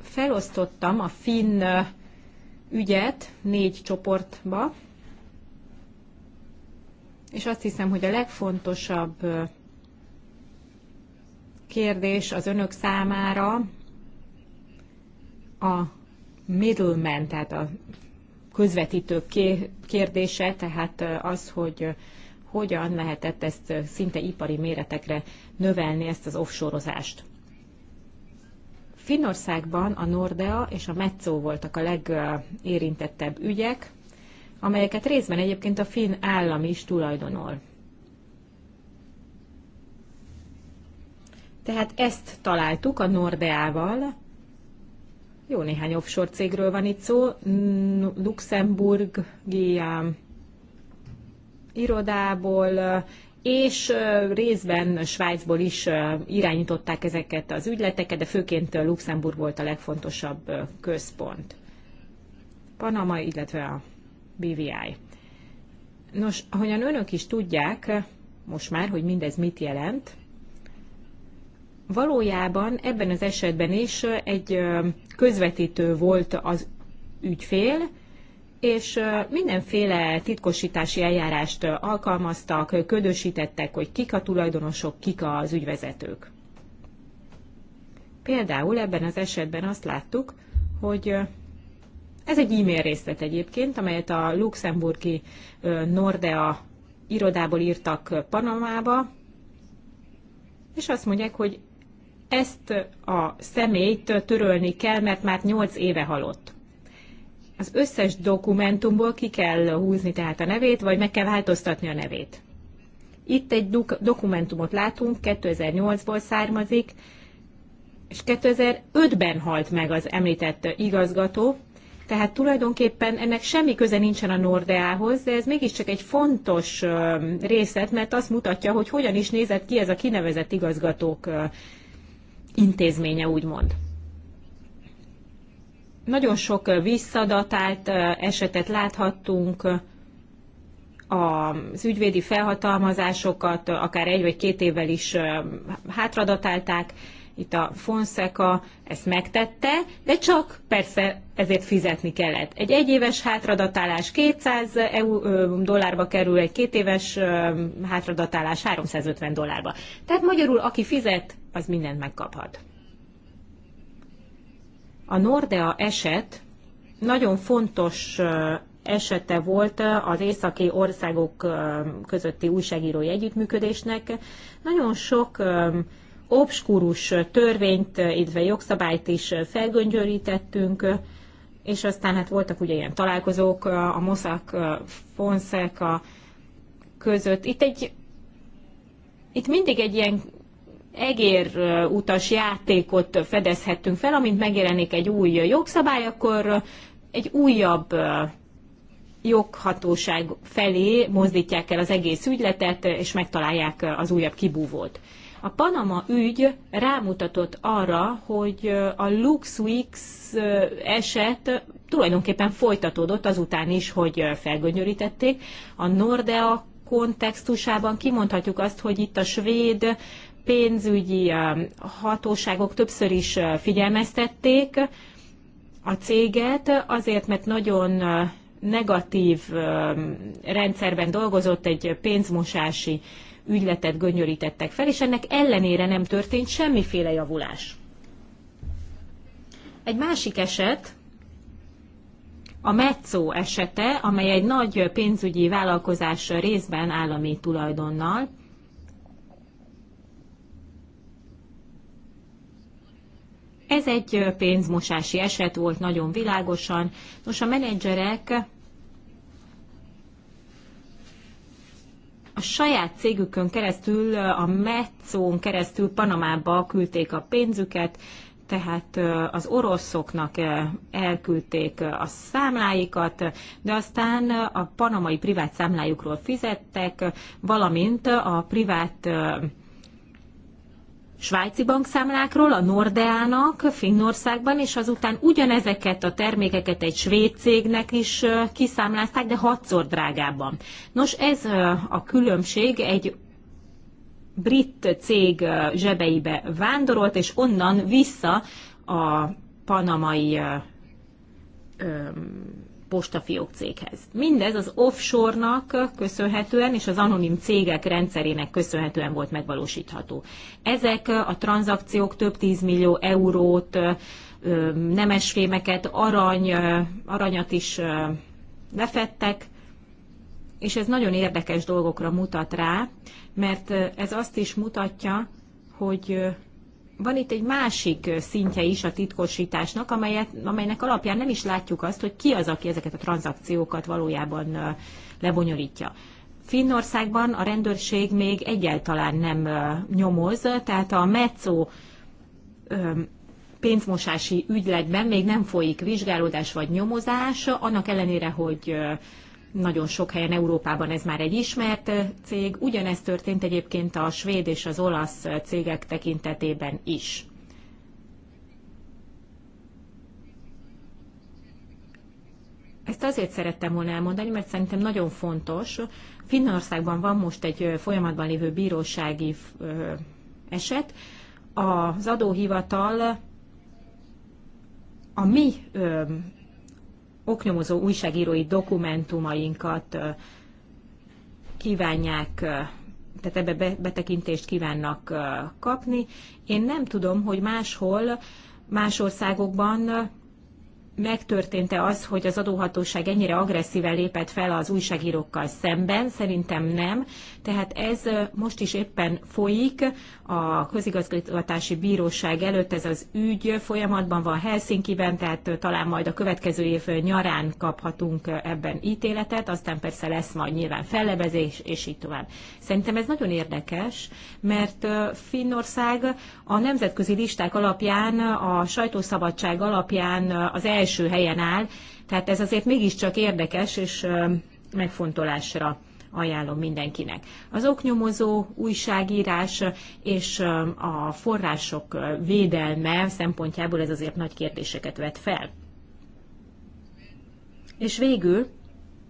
felosztottam a finn ügyet négy csoportba, és azt hiszem, hogy a legfontosabb kérdés az önök számára a middleman, tehát a közvetítő kérdése, tehát az, hogy hogyan lehetett ezt szinte ipari méretekre növelni, ezt az offshorozást. Finnországban a Nordea és a Metzó voltak a legérintettebb ügyek, amelyeket részben egyébként a finn állam is tulajdonol. Tehát ezt találtuk a Nordeával. Jó néhány offshore cégről van itt szó. Luxemburgi irodából, és részben Svájcból is irányították ezeket az ügyleteket, de főként Luxemburg volt a legfontosabb központ. Panama, illetve a BVI. Nos, ahogyan önök is tudják, most már, hogy mindez mit jelent, valójában ebben az esetben is egy közvetítő volt az ügyfél, és mindenféle titkosítási eljárást alkalmaztak, ködösítettek, hogy kik a tulajdonosok, kik az ügyvezetők. Például ebben az esetben azt láttuk, hogy ez egy e-mail részlet egyébként, amelyet a luxemburgi Nordea irodából írtak Panamába, és azt mondják, hogy ezt a személyt törölni kell, mert már 8 éve halott. Az összes dokumentumból ki kell húzni tehát a nevét, vagy meg kell változtatni a nevét. Itt egy dok- dokumentumot látunk, 2008-ból származik, és 2005-ben halt meg az említett igazgató, tehát tulajdonképpen ennek semmi köze nincsen a Nordeához, de ez mégiscsak egy fontos részlet, mert azt mutatja, hogy hogyan is nézett ki ez a kinevezett igazgatók intézménye, úgymond. Nagyon sok visszadatált esetet láthattunk, az ügyvédi felhatalmazásokat akár egy vagy két évvel is hátradatálták, itt a Fonseca ezt megtette, de csak persze ezért fizetni kellett. Egy egyéves hátradatálás 200 EU, dollárba kerül, egy kétéves hátradatálás 350 dollárba. Tehát magyarul, aki fizet, az mindent megkaphat. A Nordea eset nagyon fontos esete volt az északi országok közötti újságírói együttműködésnek. Nagyon sok obskurus törvényt, illetve jogszabályt is felgöngyörítettünk, és aztán hát voltak ugye ilyen találkozók a Mossack Fonseca között. Itt egy itt mindig egy ilyen egér utas játékot fedezhettünk fel, amint megjelenik egy új jogszabály, akkor egy újabb joghatóság felé mozdítják el az egész ügyletet, és megtalálják az újabb kibúvót. A Panama ügy rámutatott arra, hogy a LuxWeeks eset tulajdonképpen folytatódott azután is, hogy felgönyörítették. A Nordea kontextusában kimondhatjuk azt, hogy itt a svéd pénzügyi hatóságok többször is figyelmeztették a céget, azért, mert nagyon negatív rendszerben dolgozott egy pénzmosási ügyletet gönyörítettek fel, és ennek ellenére nem történt semmiféle javulás. Egy másik eset, a Metzó esete, amely egy nagy pénzügyi vállalkozás részben állami tulajdonnal, Ez egy pénzmosási eset volt nagyon világosan. Nos, a menedzserek a saját cégükön keresztül, a Metzón keresztül Panamába küldték a pénzüket, tehát az oroszoknak elküldték a számláikat, de aztán a panamai privát számlájukról fizettek, valamint a privát svájci bankszámlákról a Nordeának Finnországban, és azután ugyanezeket a termékeket egy svéd cégnek is kiszámlázták, de hatszor drágábban. Nos, ez a különbség egy brit cég zsebeibe vándorolt, és onnan vissza a panamai postafiók céghez. Mindez az offshore-nak köszönhetően és az anonim cégek rendszerének köszönhetően volt megvalósítható. Ezek a tranzakciók több 10 millió eurót, nemesfémeket, arany, aranyat is lefettek, és ez nagyon érdekes dolgokra mutat rá, mert ez azt is mutatja, hogy van itt egy másik szintje is a titkosításnak, amelyet, amelynek alapján nem is látjuk azt, hogy ki az, aki ezeket a tranzakciókat valójában lebonyolítja. Finnországban a rendőrség még egyáltalán nem nyomoz, tehát a MECO pénzmosási ügyletben még nem folyik vizsgálódás vagy nyomozás, annak ellenére, hogy nagyon sok helyen Európában ez már egy ismert cég. Ugyanezt történt egyébként a svéd és az olasz cégek tekintetében is. Ezt azért szerettem volna elmondani, mert szerintem nagyon fontos. Finnországban van most egy folyamatban lévő bírósági eset. Az adóhivatal a mi oknyomozó újságírói dokumentumainkat kívánják tehát ebbe betekintést kívánnak kapni. Én nem tudom, hogy máshol, más országokban megtörtént-e az, hogy az adóhatóság ennyire agresszíven lépett fel az újságírókkal szemben? Szerintem nem. Tehát ez most is éppen folyik a közigazgatási bíróság előtt, ez az ügy folyamatban van Helsinki-ben, tehát talán majd a következő év nyarán kaphatunk ebben ítéletet, aztán persze lesz majd nyilván fellebezés, és így tovább. Szerintem ez nagyon érdekes, mert Finnország a nemzetközi listák alapján, a sajtószabadság alapján az első első helyen áll, tehát ez azért mégiscsak érdekes, és megfontolásra ajánlom mindenkinek. Az oknyomozó, újságírás és a források védelme szempontjából ez azért nagy kérdéseket vet fel. És végül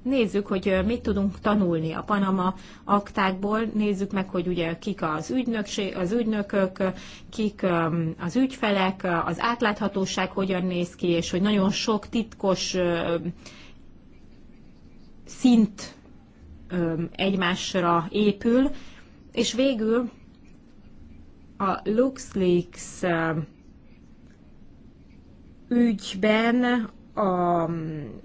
nézzük, hogy mit tudunk tanulni a Panama aktákból, nézzük meg, hogy ugye kik az, ügynökség, az ügynökök, kik az ügyfelek, az átláthatóság hogyan néz ki, és hogy nagyon sok titkos szint egymásra épül, és végül a LuxLeaks ügyben a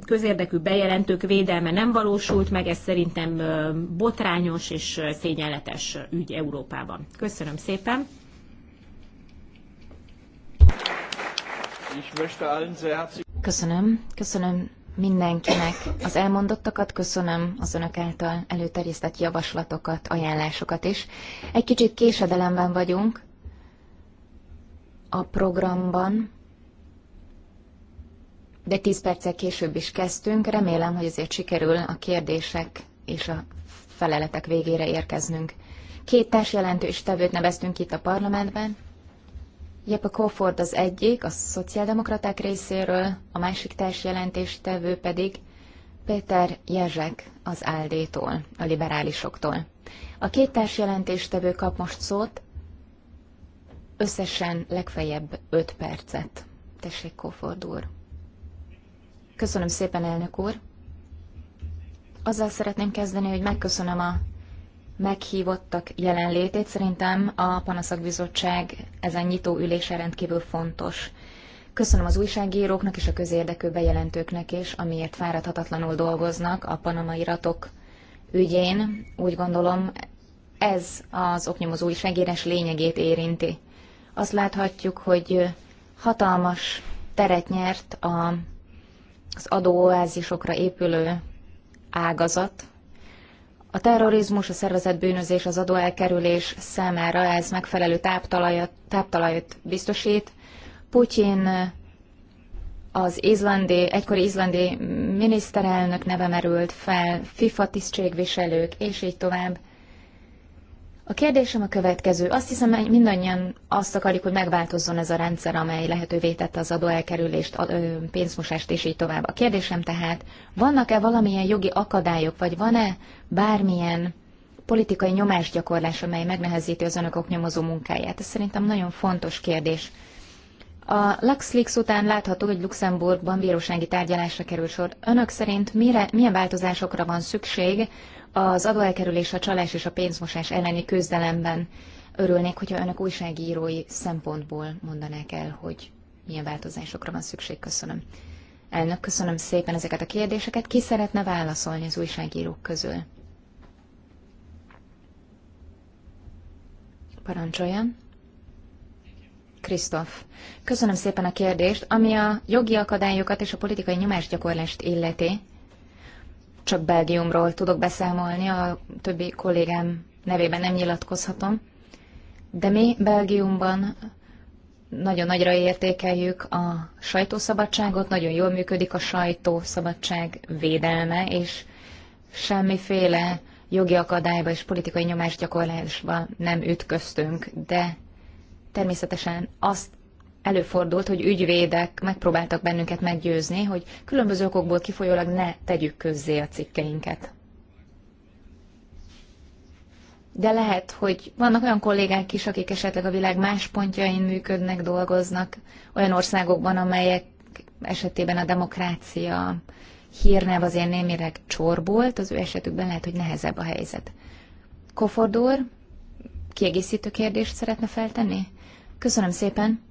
közérdekű bejelentők védelme nem valósult meg, ez szerintem botrányos és szégyenletes ügy Európában. Köszönöm szépen! Köszönöm, köszönöm mindenkinek az elmondottakat, köszönöm az önök által előterjesztett javaslatokat, ajánlásokat is. Egy kicsit késedelemben vagyunk a programban, de tíz perccel később is kezdtünk. Remélem, hogy ezért sikerül a kérdések és a feleletek végére érkeznünk. Két jelentős tevőt neveztünk itt a parlamentben. Jeppe Kofford az egyik, a szociáldemokraták részéről, a másik tevő pedig Péter Jezsek az Áldétól, a liberálisoktól. A két tevő kap most szót, összesen legfeljebb 5 percet. Tessék, Koford úr! Köszönöm szépen, elnök úr. Azzal szeretném kezdeni, hogy megköszönöm a meghívottak jelenlétét. Szerintem a Panaszakbizottság ezen nyitó ülése rendkívül fontos. Köszönöm az újságíróknak és a közérdekű bejelentőknek is, amiért fáradhatatlanul dolgoznak a panamai iratok ügyén. Úgy gondolom, ez az oknyomozó újságírás lényegét érinti. Azt láthatjuk, hogy hatalmas teret nyert a az adóoázisokra épülő ágazat. A terrorizmus, a szervezett bűnözés, az adóelkerülés számára ez megfelelő táptalajat, táptalajot biztosít. Putyin az izlandi, egykori izlandi miniszterelnök neve merült fel, FIFA tisztségviselők, és így tovább – a kérdésem a következő. Azt hiszem, hogy mindannyian azt akarjuk, hogy megváltozzon ez a rendszer, amely lehetővé tette az adóelkerülést, pénzmosást és így tovább. A kérdésem tehát, vannak-e valamilyen jogi akadályok, vagy van-e bármilyen politikai nyomásgyakorlás, amely megnehezíti az önök nyomozó munkáját? Ez szerintem nagyon fontos kérdés. A LuxLeaks után látható, hogy Luxemburgban bírósági tárgyalásra kerül sor. Önök szerint mire, milyen változásokra van szükség az adóelkerülés, a csalás és a pénzmosás elleni küzdelemben. Örülnék, hogyha önök újságírói szempontból mondanák el, hogy milyen változásokra van szükség. Köszönöm. Elnök, köszönöm szépen ezeket a kérdéseket. Ki szeretne válaszolni az újságírók közül? Parancsoljon. Krisztof, köszönöm szépen a kérdést. Ami a jogi akadályokat és a politikai nyomásgyakorlást illeti, csak Belgiumról tudok beszámolni, a többi kollégám nevében nem nyilatkozhatom. De mi Belgiumban nagyon nagyra értékeljük a sajtószabadságot, nagyon jól működik a sajtószabadság védelme, és semmiféle jogi akadályba és politikai nyomásgyakorlásba nem ütköztünk, de természetesen azt előfordult, hogy ügyvédek megpróbáltak bennünket meggyőzni, hogy különböző okokból kifolyólag ne tegyük közzé a cikkeinket. De lehet, hogy vannak olyan kollégák is, akik esetleg a világ más pontjain működnek, dolgoznak, olyan országokban, amelyek esetében a demokrácia hírnev azért némileg csorbolt, az ő esetükben lehet, hogy nehezebb a helyzet. Kofordor, kiegészítő kérdést szeretne feltenni? Köszönöm szépen!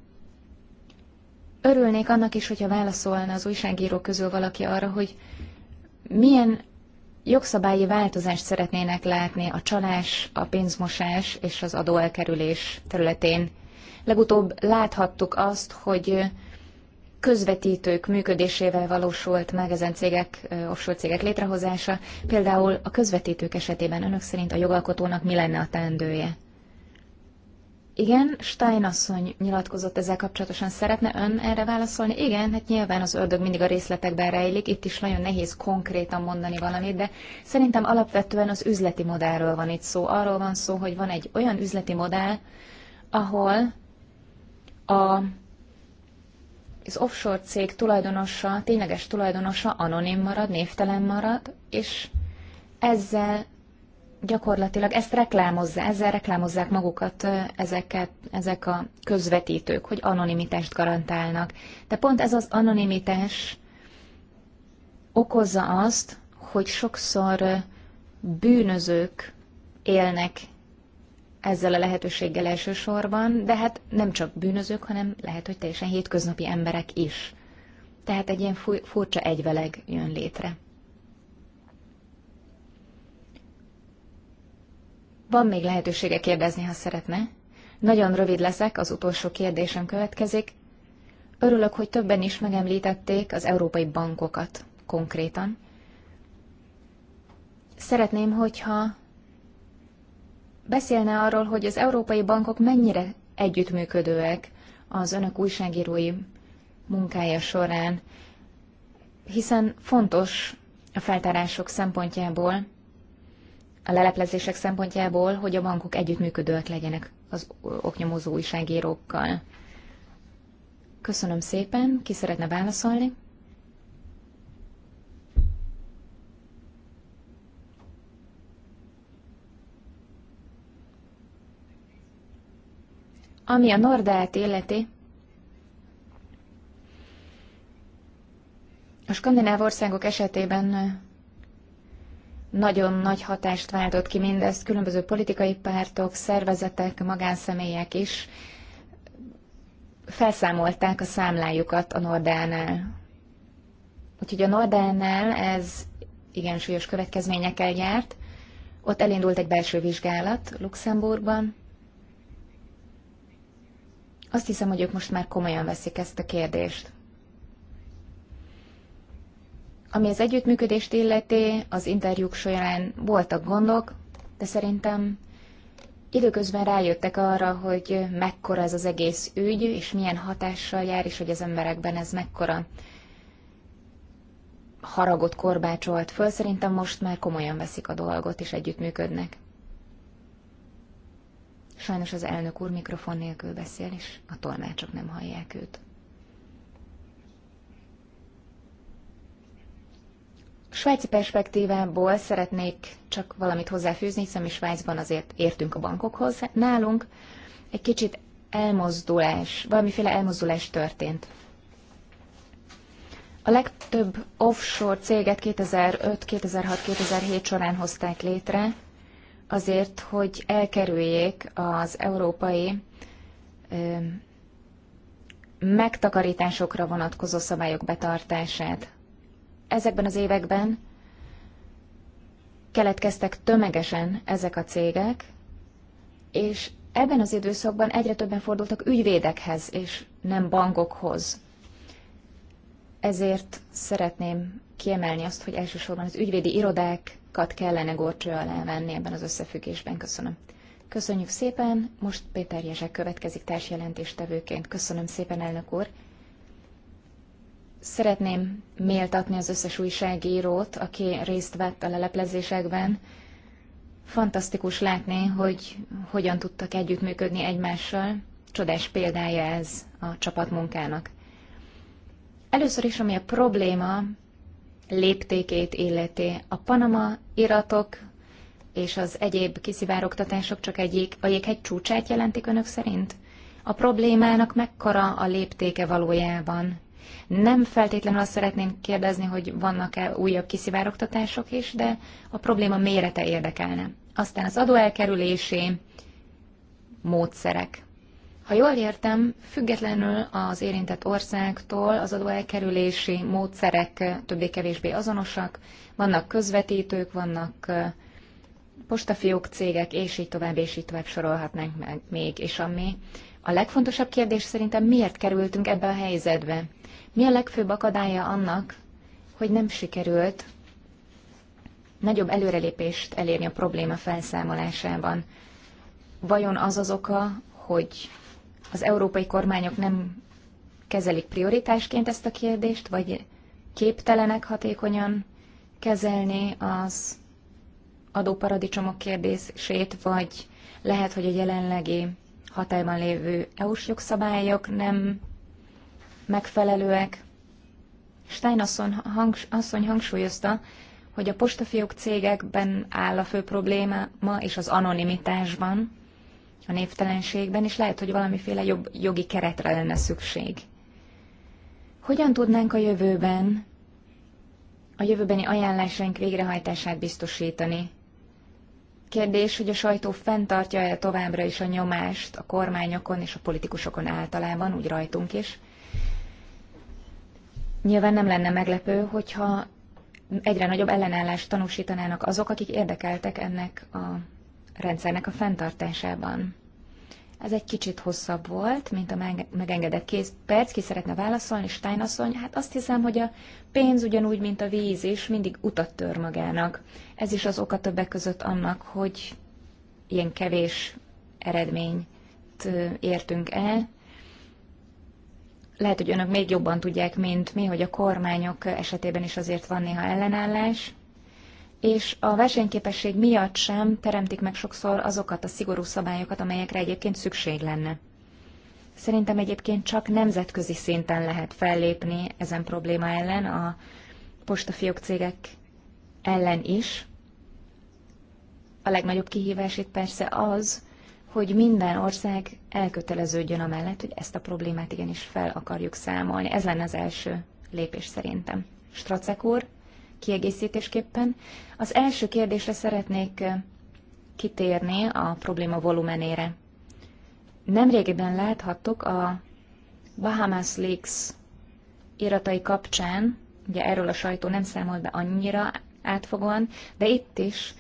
Örülnék annak is, hogyha válaszolna az újságírók közül valaki arra, hogy milyen jogszabályi változást szeretnének látni a csalás, a pénzmosás és az adóelkerülés területén. Legutóbb láthattuk azt, hogy közvetítők működésével valósult meg ezen cégek, offshore cégek létrehozása. Például a közvetítők esetében önök szerint a jogalkotónak mi lenne a teendője? Igen, Stein asszony nyilatkozott ezzel kapcsolatosan. Szeretne ön erre válaszolni? Igen, hát nyilván az ördög mindig a részletekben rejlik, itt is nagyon nehéz konkrétan mondani valamit, de szerintem alapvetően az üzleti modellről van itt szó. Arról van szó, hogy van egy olyan üzleti modell, ahol a, az offshore cég tulajdonosa, tényleges tulajdonosa anonim marad, névtelen marad, és ezzel gyakorlatilag ezt reklámozza, ezzel reklámozzák magukat ezeket, ezek a közvetítők, hogy anonimitást garantálnak. De pont ez az anonimitás okozza azt, hogy sokszor bűnözők élnek ezzel a lehetőséggel elsősorban, de hát nem csak bűnözők, hanem lehet, hogy teljesen hétköznapi emberek is. Tehát egy ilyen furcsa egyveleg jön létre. Van még lehetősége kérdezni, ha szeretne. Nagyon rövid leszek, az utolsó kérdésem következik. Örülök, hogy többen is megemlítették az európai bankokat konkrétan. Szeretném, hogyha beszélne arról, hogy az európai bankok mennyire együttműködőek az önök újságírói munkája során, hiszen fontos a feltárások szempontjából, a leleplezések szempontjából, hogy a bankok együttműködőek legyenek az oknyomozó újságírókkal. Köszönöm szépen, ki szeretne válaszolni? Ami a Nordát illeti, a skandináv országok esetében nagyon nagy hatást váltott ki mindez, különböző politikai pártok, szervezetek, magánszemélyek is felszámolták a számlájukat a Nordánál. Úgyhogy a Nordánál ez igen súlyos következményekkel járt. Ott elindult egy belső vizsgálat Luxemburgban. Azt hiszem, hogy ők most már komolyan veszik ezt a kérdést. Ami az együttműködést illeti, az interjúk során voltak gondok, de szerintem időközben rájöttek arra, hogy mekkora ez az egész ügy, és milyen hatással jár, és hogy az emberekben ez mekkora haragot korbácsolt föl. Szerintem most már komolyan veszik a dolgot, és együttműködnek. Sajnos az elnök úr mikrofon nélkül beszél, és a tolmácsok nem hallják őt. Svájci perspektívából szeretnék csak valamit hozzáfűzni, hiszen mi Svájcban azért értünk a bankokhoz. Nálunk egy kicsit elmozdulás, valamiféle elmozdulás történt. A legtöbb offshore céget 2005, 2006, 2007 során hozták létre, azért, hogy elkerüljék az európai ö, megtakarításokra vonatkozó szabályok betartását. Ezekben az években keletkeztek tömegesen ezek a cégek, és ebben az időszakban egyre többen fordultak ügyvédekhez, és nem bankokhoz. Ezért szeretném kiemelni azt, hogy elsősorban az ügyvédi irodákat kellene górcső alá venni ebben az összefüggésben. Köszönöm. Köszönjük szépen, most Péter Jezsek következik társjelentéstevőként. Köszönöm szépen, elnök úr. Szeretném méltatni az összes újságírót, aki részt vett a leleplezésekben. Fantasztikus látni, hogy hogyan tudtak együttműködni egymással. Csodás példája ez a csapatmunkának. Először is, ami a probléma léptékét illeti. A Panama iratok és az egyéb kiszivárogtatások csak egyik, a jéghegy csúcsát jelentik önök szerint? A problémának mekkora a léptéke valójában? Nem feltétlenül azt szeretném kérdezni, hogy vannak-e újabb kiszivárogtatások is, de a probléma mérete érdekelne. Aztán az elkerülésé, módszerek. Ha jól értem, függetlenül az érintett országtól az adóelkerülési módszerek többé-kevésbé azonosak, vannak közvetítők, vannak postafiók, cégek, és így tovább, és így tovább sorolhatnánk meg még. És ami a legfontosabb kérdés szerintem, miért kerültünk ebbe a helyzetbe? Mi a legfőbb akadálya annak, hogy nem sikerült nagyobb előrelépést elérni a probléma felszámolásában? Vajon az az oka, hogy az európai kormányok nem kezelik prioritásként ezt a kérdést, vagy képtelenek hatékonyan kezelni az adóparadicsomok kérdését, vagy lehet, hogy a jelenlegi hatályban lévő EU-s jogszabályok nem megfelelőek. Stein asszony, hangs, asszony hangsúlyozta, hogy a postafiók cégekben áll a fő probléma ma, és az anonimitásban, a névtelenségben, és lehet, hogy valamiféle jobb jogi keretre lenne szükség. Hogyan tudnánk a jövőben a jövőbeni ajánlásaink végrehajtását biztosítani? Kérdés, hogy a sajtó fenntartja-e továbbra is a nyomást a kormányokon és a politikusokon általában, úgy rajtunk is, Nyilván nem lenne meglepő, hogyha egyre nagyobb ellenállást tanúsítanának azok, akik érdekeltek ennek a rendszernek a fenntartásában. Ez egy kicsit hosszabb volt, mint a megengedett kéz perc. Ki szeretne válaszolni, Steinasszony? Hát azt hiszem, hogy a pénz ugyanúgy, mint a víz is, mindig utat tör magának. Ez is az oka többek között annak, hogy ilyen kevés eredményt értünk el lehet, hogy önök még jobban tudják, mint mi, hogy a kormányok esetében is azért van néha ellenállás, és a versenyképesség miatt sem teremtik meg sokszor azokat a szigorú szabályokat, amelyekre egyébként szükség lenne. Szerintem egyébként csak nemzetközi szinten lehet fellépni ezen probléma ellen, a postafiók cégek ellen is. A legnagyobb kihívás itt persze az, hogy minden ország elköteleződjön amellett, hogy ezt a problémát igenis fel akarjuk számolni. Ez lenne az első lépés szerintem. Stracek úr, kiegészítésképpen. Az első kérdésre szeretnék kitérni a probléma volumenére. Nemrégiben láthattuk a Bahamas Leaks iratai kapcsán, ugye erről a sajtó nem számolt be annyira átfogóan, de itt is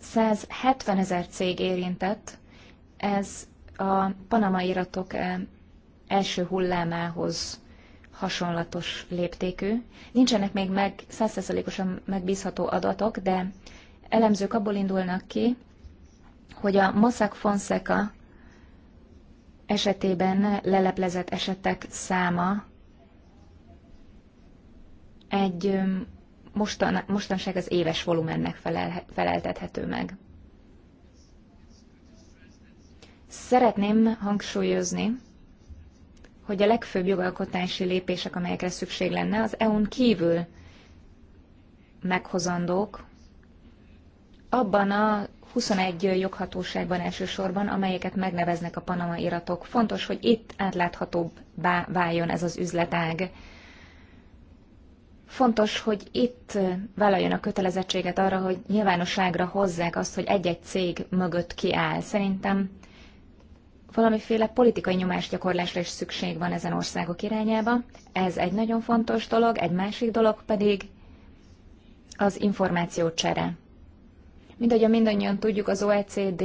170 ezer cég érintett, ez a panama iratok eh, első hullámához hasonlatos léptékű. Nincsenek még meg százszerzalékosan megbízható adatok, de elemzők abból indulnak ki, hogy a Mossack Fonseca esetében leleplezett esetek száma egy eh, mostan, mostanság az éves volumennek felel, feleltethető meg. Szeretném hangsúlyozni, hogy a legfőbb jogalkotási lépések, amelyekre szükség lenne, az EU-n kívül meghozandók, abban a 21 joghatóságban elsősorban, amelyeket megneveznek a panama iratok. Fontos, hogy itt átláthatóbb váljon ez az üzletág. Fontos, hogy itt vállaljon a kötelezettséget arra, hogy nyilvánosságra hozzák azt, hogy egy-egy cég mögött kiáll, Szerintem valamiféle politikai nyomásgyakorlásra is szükség van ezen országok irányába. Ez egy nagyon fontos dolog, egy másik dolog pedig az információ csere. Mint ahogy mindannyian tudjuk, az OECD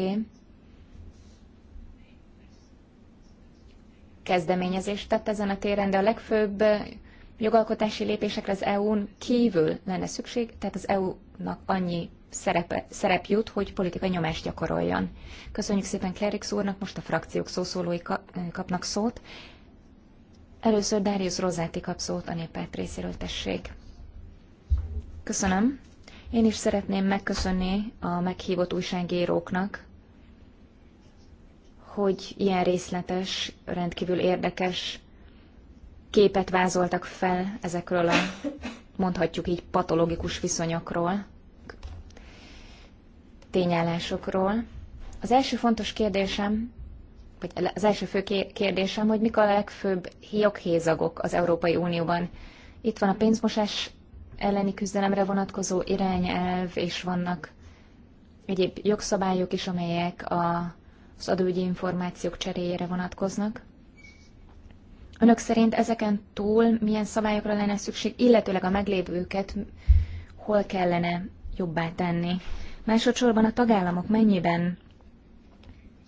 kezdeményezést tett ezen a téren, de a legfőbb jogalkotási lépésekre az EU-n kívül lenne szükség, tehát az EU-nak annyi szerepe, szerep jut, hogy politikai nyomást gyakoroljon. Köszönjük szépen Klerix úrnak, most a frakciók szószólói kapnak szót. Először Darius Rozáti kap szót a néppárt részéről, tessék. Köszönöm. Én is szeretném megköszönni a meghívott újságíróknak, hogy ilyen részletes, rendkívül érdekes képet vázoltak fel ezekről a mondhatjuk így patológikus viszonyokról, tényállásokról. Az első fontos kérdésem, vagy az első fő kérdésem, hogy mik a legfőbb hiokhézagok az Európai Unióban. Itt van a pénzmosás elleni küzdelemre vonatkozó irányelv, és vannak egyéb jogszabályok is, amelyek a, az adóügyi információk cseréjére vonatkoznak. Önök szerint ezeken túl milyen szabályokra lenne szükség, illetőleg a meglévőket hol kellene jobbá tenni? Másodszorban a tagállamok mennyiben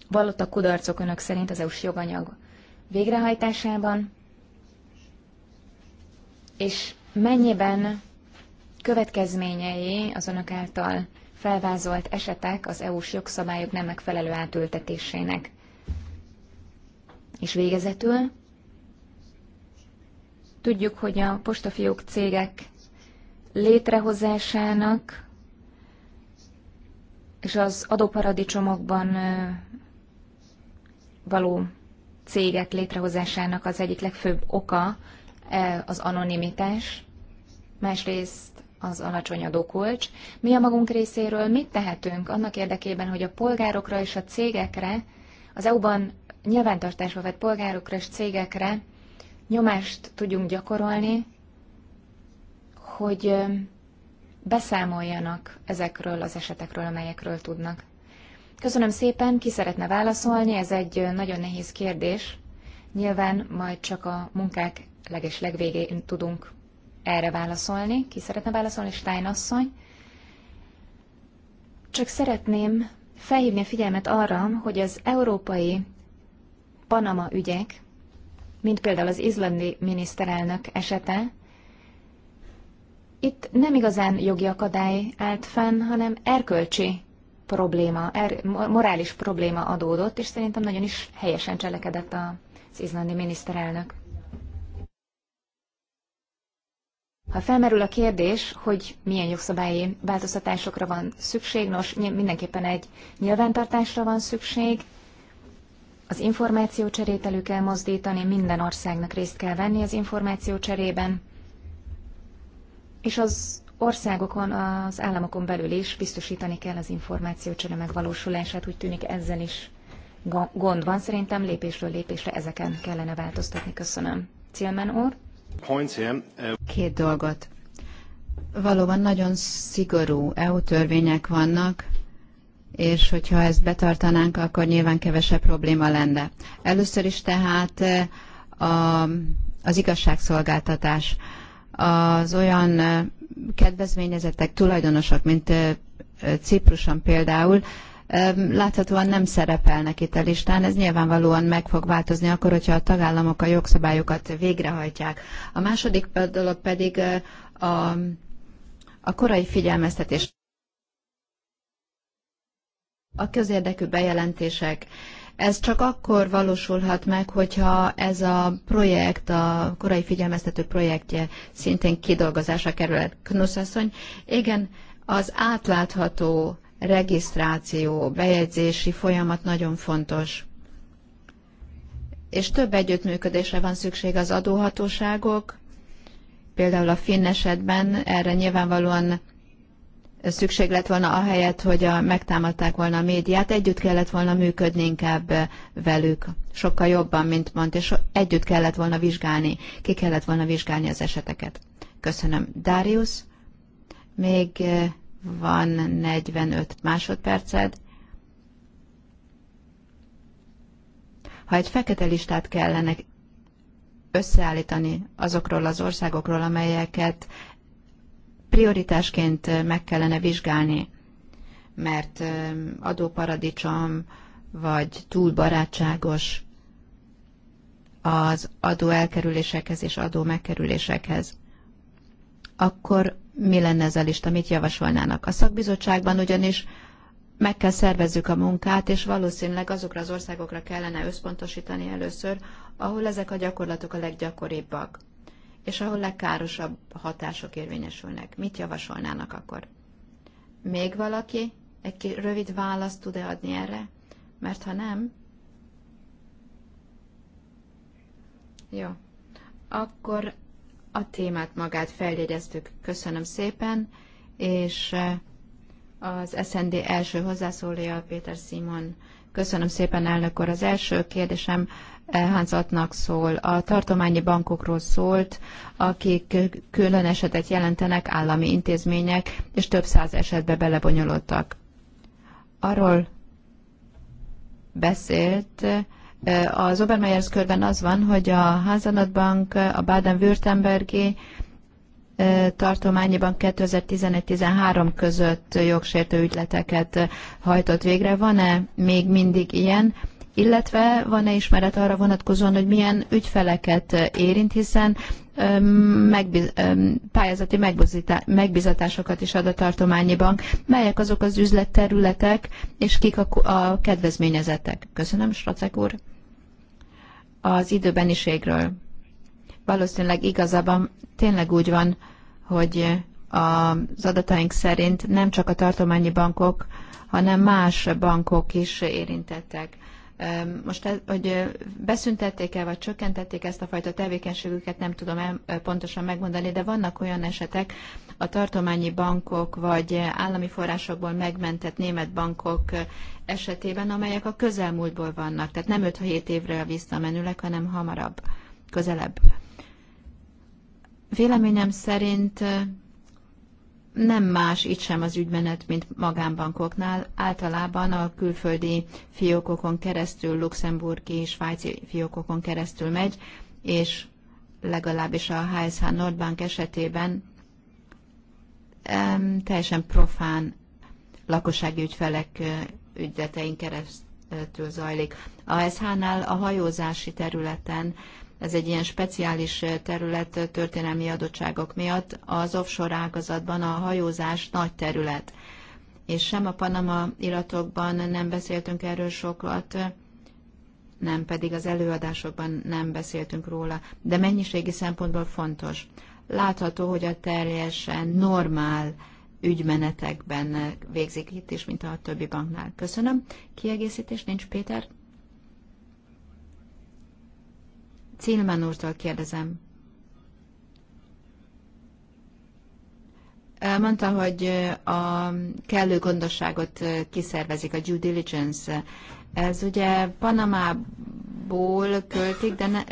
vallottak kudarcok önök szerint az EU-s joganyag végrehajtásában, és mennyiben következményei az önök által felvázolt esetek az EU-s jogszabályok nem megfelelő átültetésének. És végezetül tudjuk, hogy a postafiók cégek létrehozásának és az adóparadicsomokban való cégek létrehozásának az egyik legfőbb oka az anonimitás, másrészt az alacsony adókulcs. Mi a magunk részéről mit tehetünk annak érdekében, hogy a polgárokra és a cégekre, az EU-ban nyilvántartásba vett polgárokra és cégekre nyomást tudjunk gyakorolni, hogy beszámoljanak ezekről az esetekről, amelyekről tudnak. Köszönöm szépen, ki szeretne válaszolni, ez egy nagyon nehéz kérdés. Nyilván majd csak a munkák leges legvégén tudunk erre válaszolni. Ki szeretne válaszolni? Stein asszony. Csak szeretném felhívni a figyelmet arra, hogy az európai Panama ügyek, mint például az izlandi miniszterelnök esete, itt nem igazán jogi akadály állt fenn, hanem erkölcsi probléma, er, morális probléma adódott, és szerintem nagyon is helyesen cselekedett az izlandi miniszterelnök. Ha felmerül a kérdés, hogy milyen jogszabályi változtatásokra van szükség, nos, mindenképpen egy nyilvántartásra van szükség, az információcserét elő kell mozdítani, minden országnak részt kell venni az információcserében, és az országokon, az államokon belül is biztosítani kell az információcsere megvalósulását, úgy tűnik ezzel is gond van. Szerintem lépésről lépésre ezeken kellene változtatni. Köszönöm. Cilmen úr? Két dolgot. Valóban nagyon szigorú EU törvények vannak, és hogyha ezt betartanánk, akkor nyilván kevesebb probléma lenne. Először is tehát eh, a, az igazságszolgáltatás az olyan kedvezményezettek, tulajdonosok, mint Cipruson például, láthatóan nem szerepelnek itt a listán. Ez nyilvánvalóan meg fog változni akkor, hogyha a tagállamok a jogszabályokat végrehajtják. A második dolog pedig a, a korai figyelmeztetés. A közérdekű bejelentések ez csak akkor valósulhat meg, hogyha ez a projekt, a korai figyelmeztető projektje szintén kidolgozásra kerül. Knusz asszony, igen, az átlátható regisztráció, bejegyzési folyamat nagyon fontos. És több együttműködésre van szükség az adóhatóságok, például a finn esetben erre nyilvánvalóan szükség lett volna ahelyett, hogy a, megtámadták volna a médiát, együtt kellett volna működni inkább velük, sokkal jobban, mint mondta, és együtt kellett volna vizsgálni, ki kellett volna vizsgálni az eseteket. Köszönöm. Darius, még eh, van 45 másodperced. Ha egy fekete listát kellene összeállítani azokról az országokról, amelyeket prioritásként meg kellene vizsgálni, mert adóparadicsom vagy túl barátságos az adó elkerülésekhez és adó megkerülésekhez, akkor mi lenne ez a lista, mit javasolnának? A szakbizottságban ugyanis meg kell szervezzük a munkát, és valószínűleg azokra az országokra kellene összpontosítani először, ahol ezek a gyakorlatok a leggyakoribbak és ahol legkárosabb hatások érvényesülnek. Mit javasolnának akkor? Még valaki egy rövid választ tud-e adni erre? Mert ha nem, jó, akkor a témát magát feljegyeztük. Köszönöm szépen, és eh, az SND első hozzászólója Péter Simon Köszönöm szépen, elnök úr. Az első kérdésem hánzatnak eh, szól. A tartományi bankokról szólt, akik külön esetet jelentenek állami intézmények, és több száz esetbe belebonyolódtak. Arról beszélt, eh, az Obermeyers körben az van, hogy a Hazelnut Bank, a Baden-Württembergi tartományiban 2011-13 között jogsértő ügyleteket hajtott végre. Van-e még mindig ilyen? Illetve van-e ismeret arra vonatkozóan, hogy milyen ügyfeleket érint, hiszen megbiz, pályázati megbizatásokat is ad a tartományi bank, melyek azok az üzletterületek, és kik a, a kedvezményezettek. Köszönöm, Stracek úr. Az időbeniségről valószínűleg igazabban tényleg úgy van, hogy az adataink szerint nem csak a tartományi bankok, hanem más bankok is érintettek. Most, eh, hogy beszüntették-e, vagy csökkentették ezt a fajta tevékenységüket, nem tudom eh, pontosan megmondani, de vannak olyan esetek, a tartományi bankok, vagy állami forrásokból megmentett német bankok eh, esetében, amelyek a közelmúltból vannak. Tehát nem 5-7 évre visszamenőleg, hanem hamarabb, közelebb. Véleményem szerint nem más itt sem az ügymenet, mint magánbankoknál. Általában a külföldi fiókokon keresztül, luxemburgi és svájci fiókokon keresztül megy, és legalábbis a HSH Nordbank esetében em, teljesen profán lakossági ügyfelek ügyletein keresztül zajlik. A SH-nál a hajózási területen ez egy ilyen speciális eh, terület eh, történelmi adottságok miatt. Az offshore ágazatban a hajózás nagy terület, és sem a Panama iratokban nem beszéltünk erről sokat, nem pedig az előadásokban nem beszéltünk róla, de mennyiségi szempontból fontos. Látható, hogy a teljesen normál ügymenetekben eh, végzik itt is, mint a többi banknál. Köszönöm. Kiegészítés nincs, Péter? Cílman úrtól kérdezem. Mondta, hogy a kellő gondosságot kiszervezik, a due diligence. Ez ugye Panamából költik, de ne,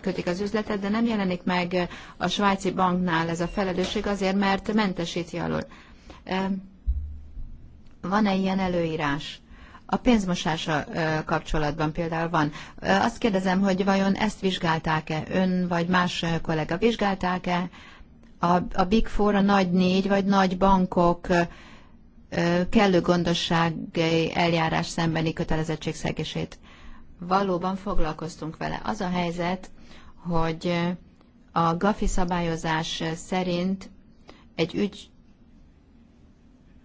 kötik az üzletet, de nem jelenik meg a svájci banknál ez a felelősség azért, mert mentesíti alól. Van-e ilyen előírás? A pénzmosásra kapcsolatban például van. Azt kérdezem, hogy vajon ezt vizsgálták-e ön vagy más kollega? Vizsgálták-e a, a Big Four, a nagy négy vagy nagy bankok kellő gondossági eljárás szembeni kötelezettségszegését? Valóban foglalkoztunk vele. Az a helyzet, hogy a GAFI szabályozás szerint egy ügy,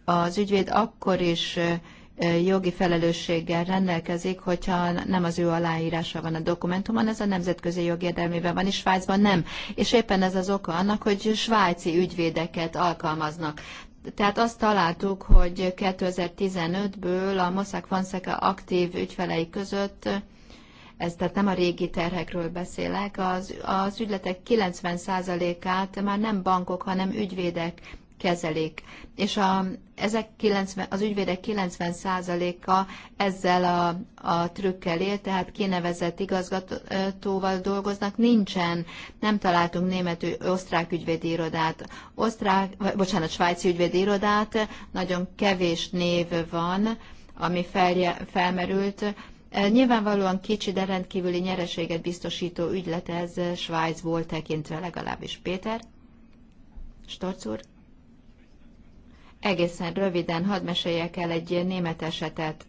az ügyvéd akkor is jogi felelősséggel rendelkezik, hogyha nem az ő aláírása van a dokumentumon, ez a nemzetközi jog érdelmében van, és Svájcban nem. És éppen ez az oka annak, hogy svájci ügyvédeket alkalmaznak. Tehát azt találtuk, hogy 2015-ből a Mossack Fonseca aktív ügyfelei között ez tehát nem a régi terhekről beszélek, az, az ügyletek 90%-át már nem bankok, hanem ügyvédek kezelik. És a, ezek 90, az ügyvédek 90%-a ezzel a, a trükkel él, tehát kinevezett igazgatóval dolgoznak. Nincsen, nem találtunk német, osztrák ügyvédi irodát, osztrák, vagy, bocsánat, svájci ügyvédi irodát, nagyon kevés név van, ami felje, felmerült. E, nyilvánvalóan kicsi, de rendkívüli nyereséget biztosító ügylet ez Svájcból tekintve legalábbis. Péter? Storc úr? Egészen röviden hadd meséljek el egy német esetet,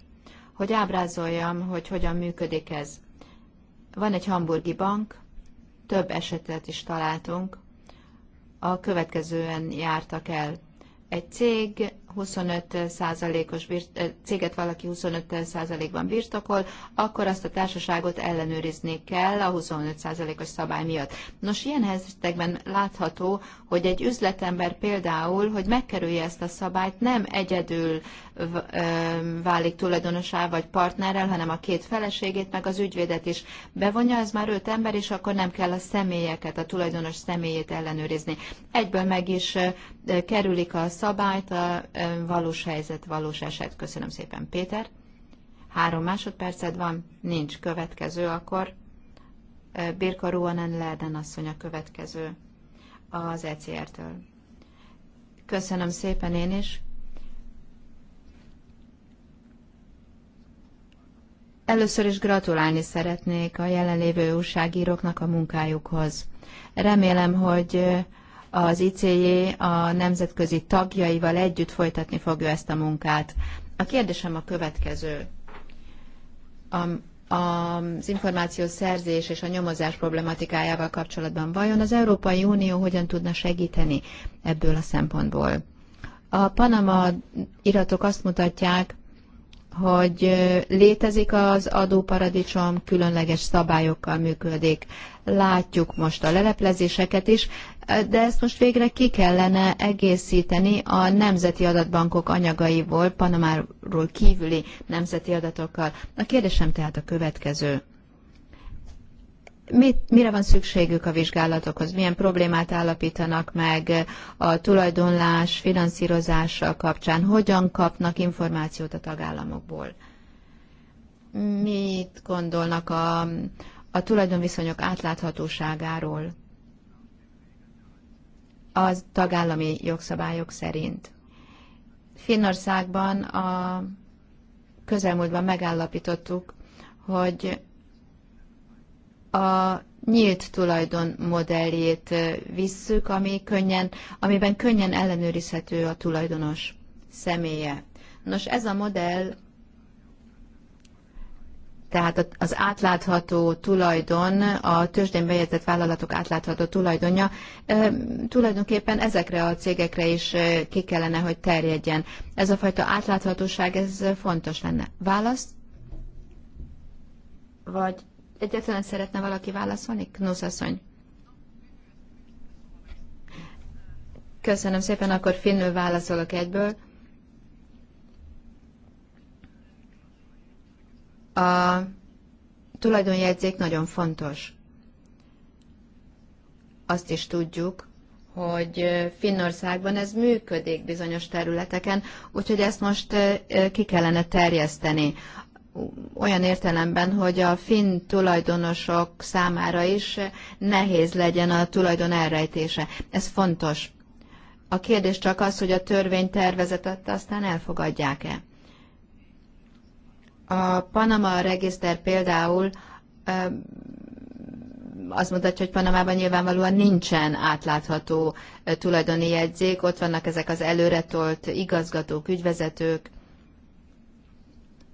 hogy ábrázoljam, hogy hogyan működik ez. Van egy hamburgi bank, több esetet is találtunk, a következően jártak el. Egy cég 25%-os céget valaki 25%-ban birtokol, akkor azt a társaságot ellenőrizni kell a 25%-os szabály miatt. Nos, ilyen helyzetekben látható, hogy egy üzletember például, hogy megkerülje ezt a szabályt, nem egyedül válik tulajdonosá vagy partnerrel, hanem a két feleségét, meg az ügyvédet is bevonja, ez már öt ember, és akkor nem kell a személyeket, a tulajdonos személyét ellenőrizni. Egyből meg is kerülik a szabályt, a valós helyzet, valós eset. Köszönöm szépen, Péter. Három másodperced van, nincs következő, akkor Birka Ruanen Lerden asszony a következő az ECR-től. Köszönöm szépen én is. Először is gratulálni szeretnék a jelenlévő újságíróknak a munkájukhoz. Remélem, hogy az ICJ a nemzetközi tagjaival együtt folytatni fogja ezt a munkát. A kérdésem a következő. A, az információs szerzés és a nyomozás problematikájával kapcsolatban vajon az Európai Unió hogyan tudna segíteni ebből a szempontból? A Panama iratok azt mutatják, hogy létezik az adóparadicsom, különleges szabályokkal működik. Látjuk most a leleplezéseket is, de ezt most végre ki kellene egészíteni a nemzeti adatbankok anyagaiból, Panamáról kívüli nemzeti adatokkal. A kérdésem tehát a következő. Mit, mire van szükségük a vizsgálatokhoz? Milyen problémát állapítanak meg a tulajdonlás finanszírozása kapcsán? Hogyan kapnak információt a tagállamokból? Mit gondolnak a, a tulajdonviszonyok átláthatóságáról? az tagállami jogszabályok szerint. Finnországban a közelmúltban megállapítottuk, hogy a nyílt tulajdon modelljét visszük, ami könnyen, amiben könnyen ellenőrizhető a tulajdonos személye. Nos, ez a modell tehát az átlátható tulajdon, a tőzsdén bejegyzett vállalatok átlátható tulajdonja tulajdonképpen ezekre a cégekre is ki kellene, hogy terjedjen. Ez a fajta átláthatóság, ez fontos lenne. Válasz? Vagy egyetlen szeretne valaki válaszolni? Knuszasszony. Köszönöm szépen, akkor finnő válaszolok egyből. A tulajdonjegyzék nagyon fontos. Azt is tudjuk, hogy Finnországban ez működik bizonyos területeken, úgyhogy ezt most ki kellene terjeszteni. Olyan értelemben, hogy a finn tulajdonosok számára is nehéz legyen a tulajdon elrejtése. Ez fontos. A kérdés csak az, hogy a törvénytervezetet aztán elfogadják-e. A Panama regiszter például azt mutatja, hogy Panamában nyilvánvalóan nincsen átlátható tulajdoni jegyzék, ott vannak ezek az előretolt igazgatók, ügyvezetők,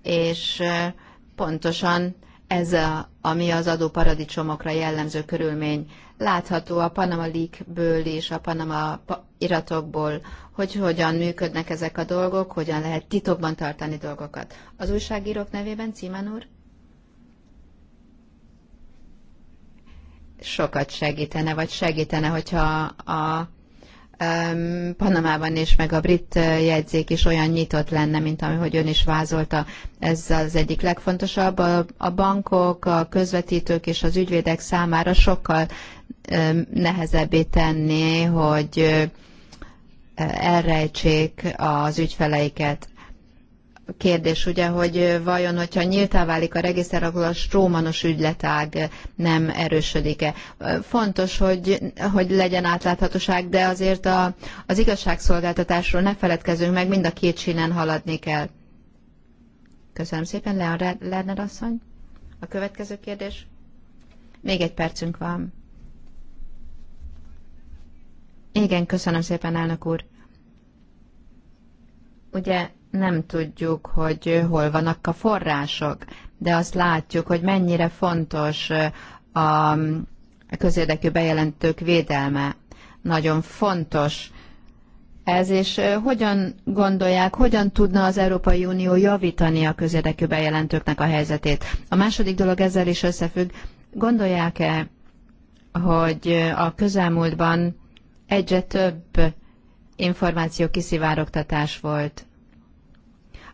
és pontosan ez, a, ami az adóparadicsomokra jellemző körülmény. Látható a Panama Leak-ből és a Panama iratokból, hogy hogyan működnek ezek a dolgok, hogyan lehet titokban tartani dolgokat. Az újságírók nevében, Címen úr? Sokat segítene, vagy segítene, hogyha a Panamában és meg a brit jegyzék is olyan nyitott lenne, mint ahogy ön is vázolta. Ez az egyik legfontosabb. A, bankok, a közvetítők és az ügyvédek számára sokkal nehezebbé tenni, hogy elrejtsék az ügyfeleiket. Kérdés ugye, hogy vajon, hogyha nyíltá válik a regiszter, akkor a strómanos ügyletág nem erősödik-e. Fontos, hogy, hogy legyen átláthatóság, de azért a, az igazságszolgáltatásról ne feledkezzünk meg, mind a két sínen haladni kell. Köszönöm szépen, Leon Lerner asszony. A következő kérdés? Még egy percünk van. Igen, köszönöm szépen, elnök úr. Ugye nem tudjuk, hogy hol vannak a források, de azt látjuk, hogy mennyire fontos a közérdekű bejelentők védelme. Nagyon fontos ez, és hogyan gondolják, hogyan tudna az Európai Unió javítani a közérdekű bejelentőknek a helyzetét. A második dolog ezzel is összefügg. Gondolják-e, hogy a közelmúltban egyre több információ kiszivárogtatás volt.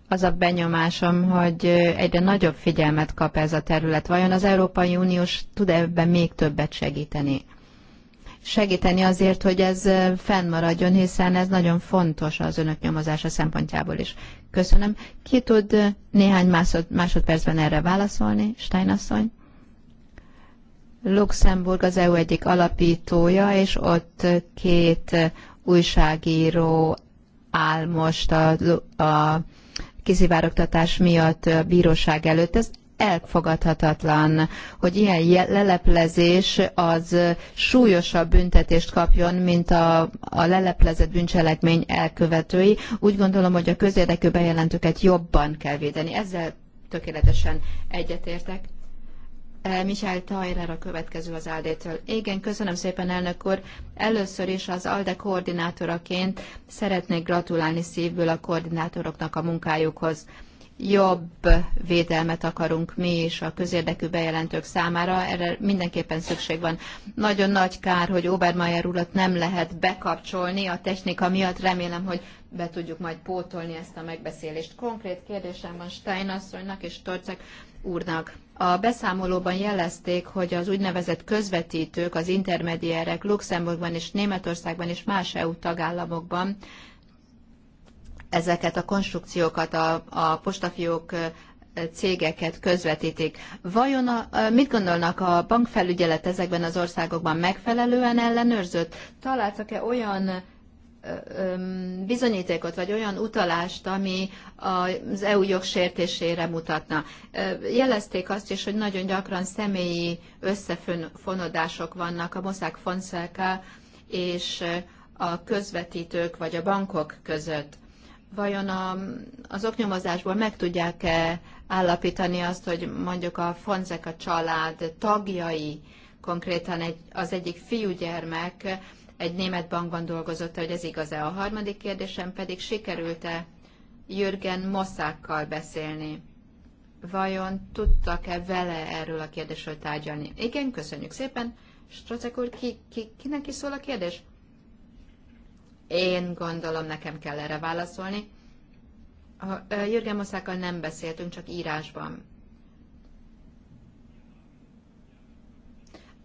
Az a benyomásom, hogy egyre nagyobb figyelmet kap ez a terület. Vajon az Európai Uniós tud ebben még többet segíteni? Segíteni azért, hogy ez fennmaradjon, hiszen ez nagyon fontos az önök nyomozása szempontjából is. Köszönöm. Ki tud néhány másodpercben erre válaszolni, Steinasszony? Luxemburg az EU egyik alapítója, és ott két újságíró áll most a, a kiszivárogtatás miatt a bíróság előtt. Ez elfogadhatatlan, hogy ilyen leleplezés az súlyosabb büntetést kapjon, mint a, a leleplezett bűncselekmény elkövetői. Úgy gondolom, hogy a közérdekű bejelentőket jobban kell védeni. Ezzel tökéletesen egyetértek. Eh, Michael Tajler a következő az Aldétől. Igen, köszönöm szépen, elnök úr. Először is az ALDE koordinátoraként szeretnék gratulálni szívből a koordinátoroknak a munkájukhoz. Jobb védelmet akarunk mi is a közérdekű bejelentők számára, erre mindenképpen szükség van. Nagyon nagy kár, hogy Obermeyer urat nem lehet bekapcsolni a technika miatt, remélem, hogy be tudjuk majd pótolni ezt a megbeszélést. Konkrét kérdésem van Steinasszonynak és Torcek úrnak a beszámolóban jelezték, hogy az úgynevezett közvetítők, az intermediárek Luxemburgban és Németországban és más EU tagállamokban ezeket a konstrukciókat, a, a postafiók cégeket közvetítik. Vajon a, mit gondolnak a bankfelügyelet ezekben az országokban megfelelően ellenőrzött? Találtak-e olyan bizonyítékot, vagy olyan utalást, ami az EU jogsértésére mutatna. Jelezték azt is, hogy nagyon gyakran személyi összefonodások vannak a Mossack Fonseca és a közvetítők vagy a bankok között. Vajon a, az oknyomozásból meg tudják-e állapítani azt, hogy mondjuk a Fonseca család tagjai, konkrétan egy, az egyik fiúgyermek, egy német bankban dolgozott, hogy ez igaz-e. A harmadik kérdésem pedig sikerült-e Jürgen Mossákkal beszélni? Vajon tudtak-e vele erről a kérdésről tárgyalni? Igen, köszönjük szépen. Strocek úr, ki, ki, kinek is szól a kérdés? Én gondolom, nekem kell erre válaszolni. Jürgen Mossákkal nem beszéltünk, csak írásban.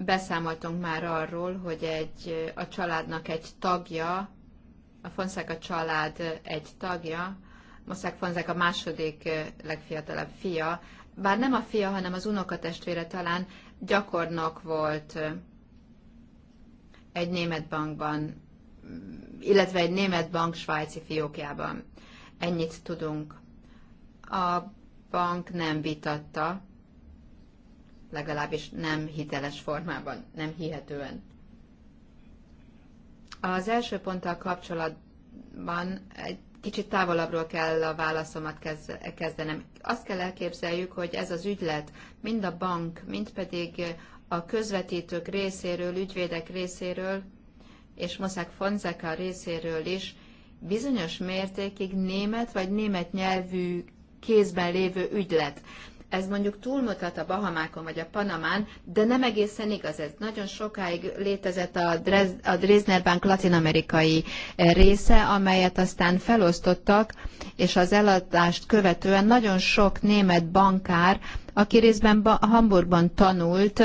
beszámoltunk már arról, hogy egy, a családnak egy tagja, a a család egy tagja, Fonszek a második eh, legfiatalabb fia, bár nem a fia, hanem az unokatestvére talán gyakornok volt eh, egy német bankban, mm, illetve egy német bank svájci fiókjában. Ennyit tudunk. A bank nem vitatta, legalábbis nem hiteles formában, nem hihetően. Az első ponttal kapcsolatban egy kicsit távolabbról kell a válaszomat kezdenem. Azt kell elképzeljük, hogy ez az ügylet mind a bank, mind pedig a közvetítők részéről, ügyvédek részéről, és Moszák Fonzeka részéről is bizonyos mértékig német vagy német nyelvű kézben lévő ügylet ez mondjuk túlmutat a Bahamákon vagy a Panamán, de nem egészen igaz ez. Nagyon sokáig létezett a, Drez, a Dresdner Bank latinamerikai eh, része, amelyet aztán felosztottak, és az eladást követően nagyon sok német bankár, aki részben ba- Hamburgban tanult,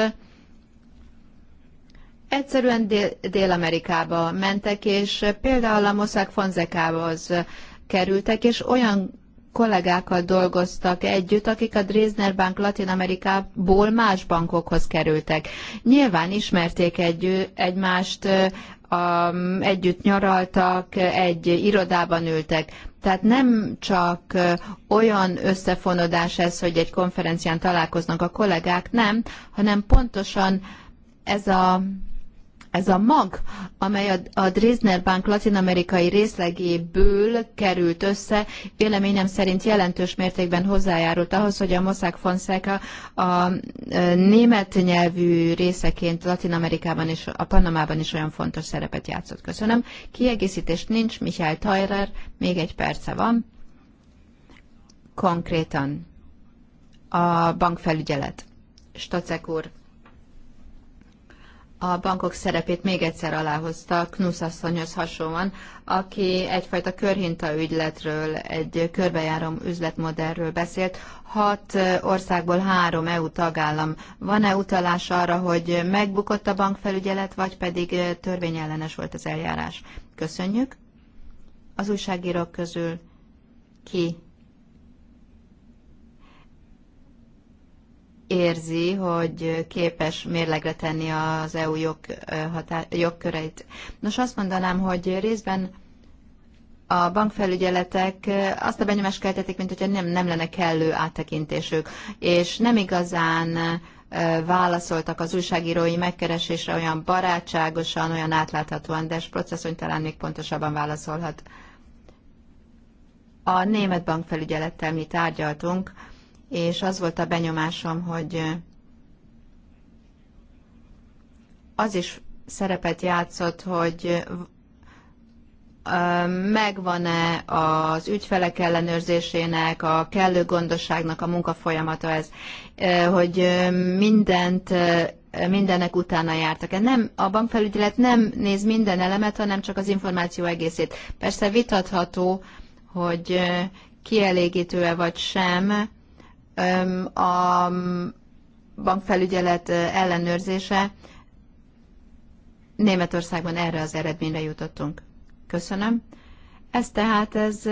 egyszerűen Dél-Amerikába mentek, és például a Mossack Fonsecahoz kerültek, és olyan kollégákkal dolgoztak együtt, akik a Dresdner Bank Latin Amerikából más bankokhoz kerültek. Nyilván ismerték egy, egymást, a, együtt nyaraltak, egy irodában ültek. Tehát nem csak olyan összefonodás ez, hogy egy konferencián találkoznak a kollégák, nem, hanem pontosan ez a ez a mag, amely a, a Dresdner Bank latinamerikai részlegéből került össze, véleményem szerint jelentős mértékben hozzájárult ahhoz, hogy a Mossack Fonseca a e, német nyelvű részeként Latin-Amerikában és a Panamában is olyan fontos szerepet játszott. Köszönöm. Kiegészítés nincs, Michael Tajrer, még egy perce van. Konkrétan a bankfelügyelet. Stacek úr a bankok szerepét még egyszer aláhozta Knusz asszonyhoz hasonlóan, aki egyfajta körhinta ügyletről, egy körbejárom üzletmodellről beszélt. Hat országból három EU tagállam. Van-e utalás arra, hogy megbukott a bankfelügyelet, vagy pedig törvényellenes volt az eljárás? Köszönjük. Az újságírók közül ki érzi, hogy képes mérlegre tenni az EU jog, hatá- jogköreit. Nos, azt mondanám, hogy részben a bankfelügyeletek azt a benyomást keltetik, mint hogyha nem, nem lenne kellő áttekintésük, és nem igazán válaszoltak az újságírói megkeresésre olyan barátságosan, olyan átláthatóan, de processzony talán még pontosabban válaszolhat. A német bankfelügyelettel mi tárgyaltunk, és az volt a benyomásom, hogy az is szerepet játszott, hogy megvan-e az ügyfelek ellenőrzésének, a kellő gondosságnak a munkafolyamata ez, hogy mindent mindennek utána jártak. Nem, a bankfelügyelet nem néz minden elemet, hanem csak az információ egészét. Persze vitatható, hogy kielégítő-e vagy sem, a bankfelügyelet ellenőrzése. Németországban erre az eredményre jutottunk. Köszönöm. Ez tehát ez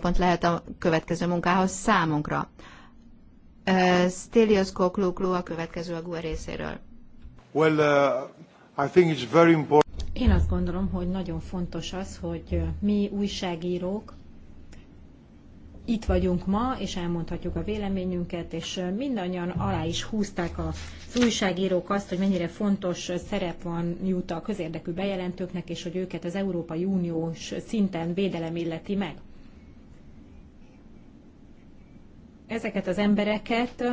pont lehet a következő munkához számunkra. Stelios Kokluklu a következő a GUE részéről. Well, uh, I think it's very important. Én azt gondolom, hogy nagyon fontos az, hogy mi újságírók itt vagyunk ma, és elmondhatjuk a véleményünket, és mindannyian alá is húzták az újságírók azt, hogy mennyire fontos szerep van jut a közérdekű bejelentőknek, és hogy őket az Európai Uniós szinten védelem illeti meg. Ezeket az embereket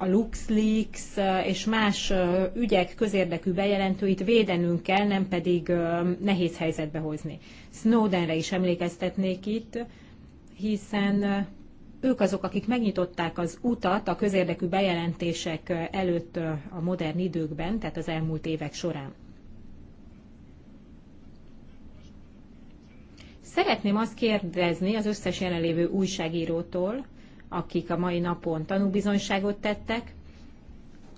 a LuxLeaks és más ügyek közérdekű bejelentőit védenünk kell, nem pedig nehéz helyzetbe hozni. Snowdenre is emlékeztetnék itt, hiszen ők azok, akik megnyitották az utat a közérdekű bejelentések előtt a modern időkben, tehát az elmúlt évek során. Szeretném azt kérdezni az összes jelenlévő újságírótól, akik a mai napon tanúbizonyságot tettek,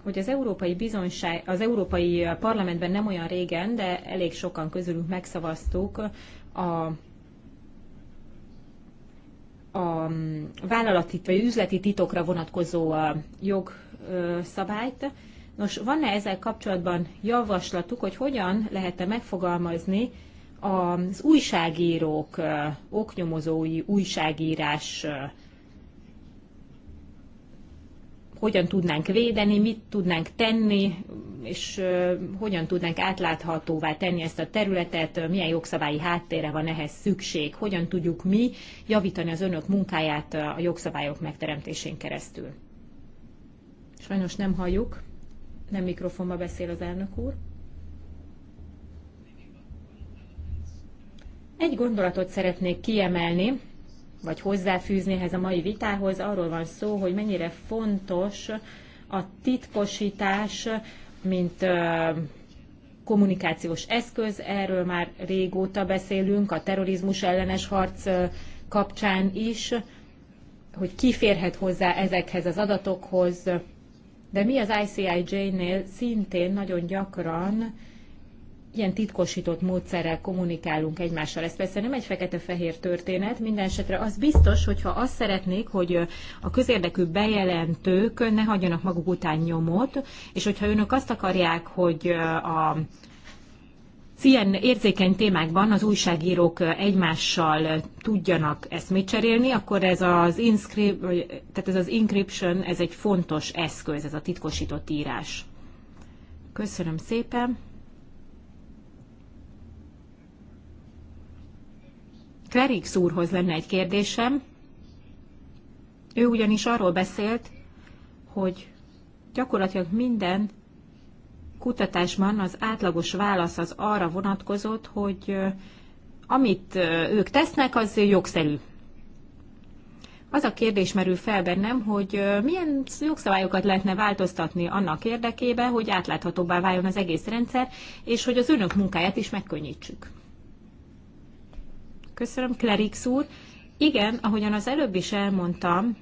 hogy az Európai, Bizonyság, az Európai Parlamentben nem olyan régen, de elég sokan közülünk megszavaztuk a a vállalati vagy üzleti titokra vonatkozó jogszabályt. Nos, van-e ezzel kapcsolatban javaslatuk, hogy hogyan lehetne megfogalmazni az újságírók, oknyomozói újságírás hogyan tudnánk védeni, mit tudnánk tenni, és hogyan tudnánk átláthatóvá tenni ezt a területet, milyen jogszabályi háttérre van ehhez szükség, hogyan tudjuk mi javítani az önök munkáját a jogszabályok megteremtésén keresztül. Sajnos nem halljuk, nem mikrofonba beszél az elnök úr. Egy gondolatot szeretnék kiemelni, vagy hozzáfűzni ehhez a mai vitához. Arról van szó, hogy mennyire fontos a titkosítás, mint kommunikációs eszköz, erről már régóta beszélünk, a terrorizmus ellenes harc kapcsán is, hogy ki férhet hozzá ezekhez az adatokhoz, de mi az ICIJ-nél szintén nagyon gyakran ilyen titkosított módszerrel kommunikálunk egymással. Ez persze nem egy fekete-fehér történet, minden esetre az biztos, hogyha azt szeretnék, hogy a közérdekű bejelentők ne hagyjanak maguk után nyomot, és hogyha önök azt akarják, hogy a ilyen érzékeny témákban az újságírók egymással tudjanak ezt mit cserélni, akkor ez az, inscrip, tehát ez az encryption, ez egy fontos eszköz, ez a titkosított írás. Köszönöm szépen! Ferix úrhoz lenne egy kérdésem. Ő ugyanis arról beszélt, hogy gyakorlatilag minden kutatásban az átlagos válasz az arra vonatkozott, hogy amit ők tesznek, az jogszerű. Az a kérdés merül fel bennem, hogy milyen jogszabályokat lehetne változtatni annak érdekében, hogy átláthatóbbá váljon az egész rendszer, és hogy az önök munkáját is megkönnyítsük. Köszönöm, Klerix úr. Igen, ahogyan az előbb is elmondtam,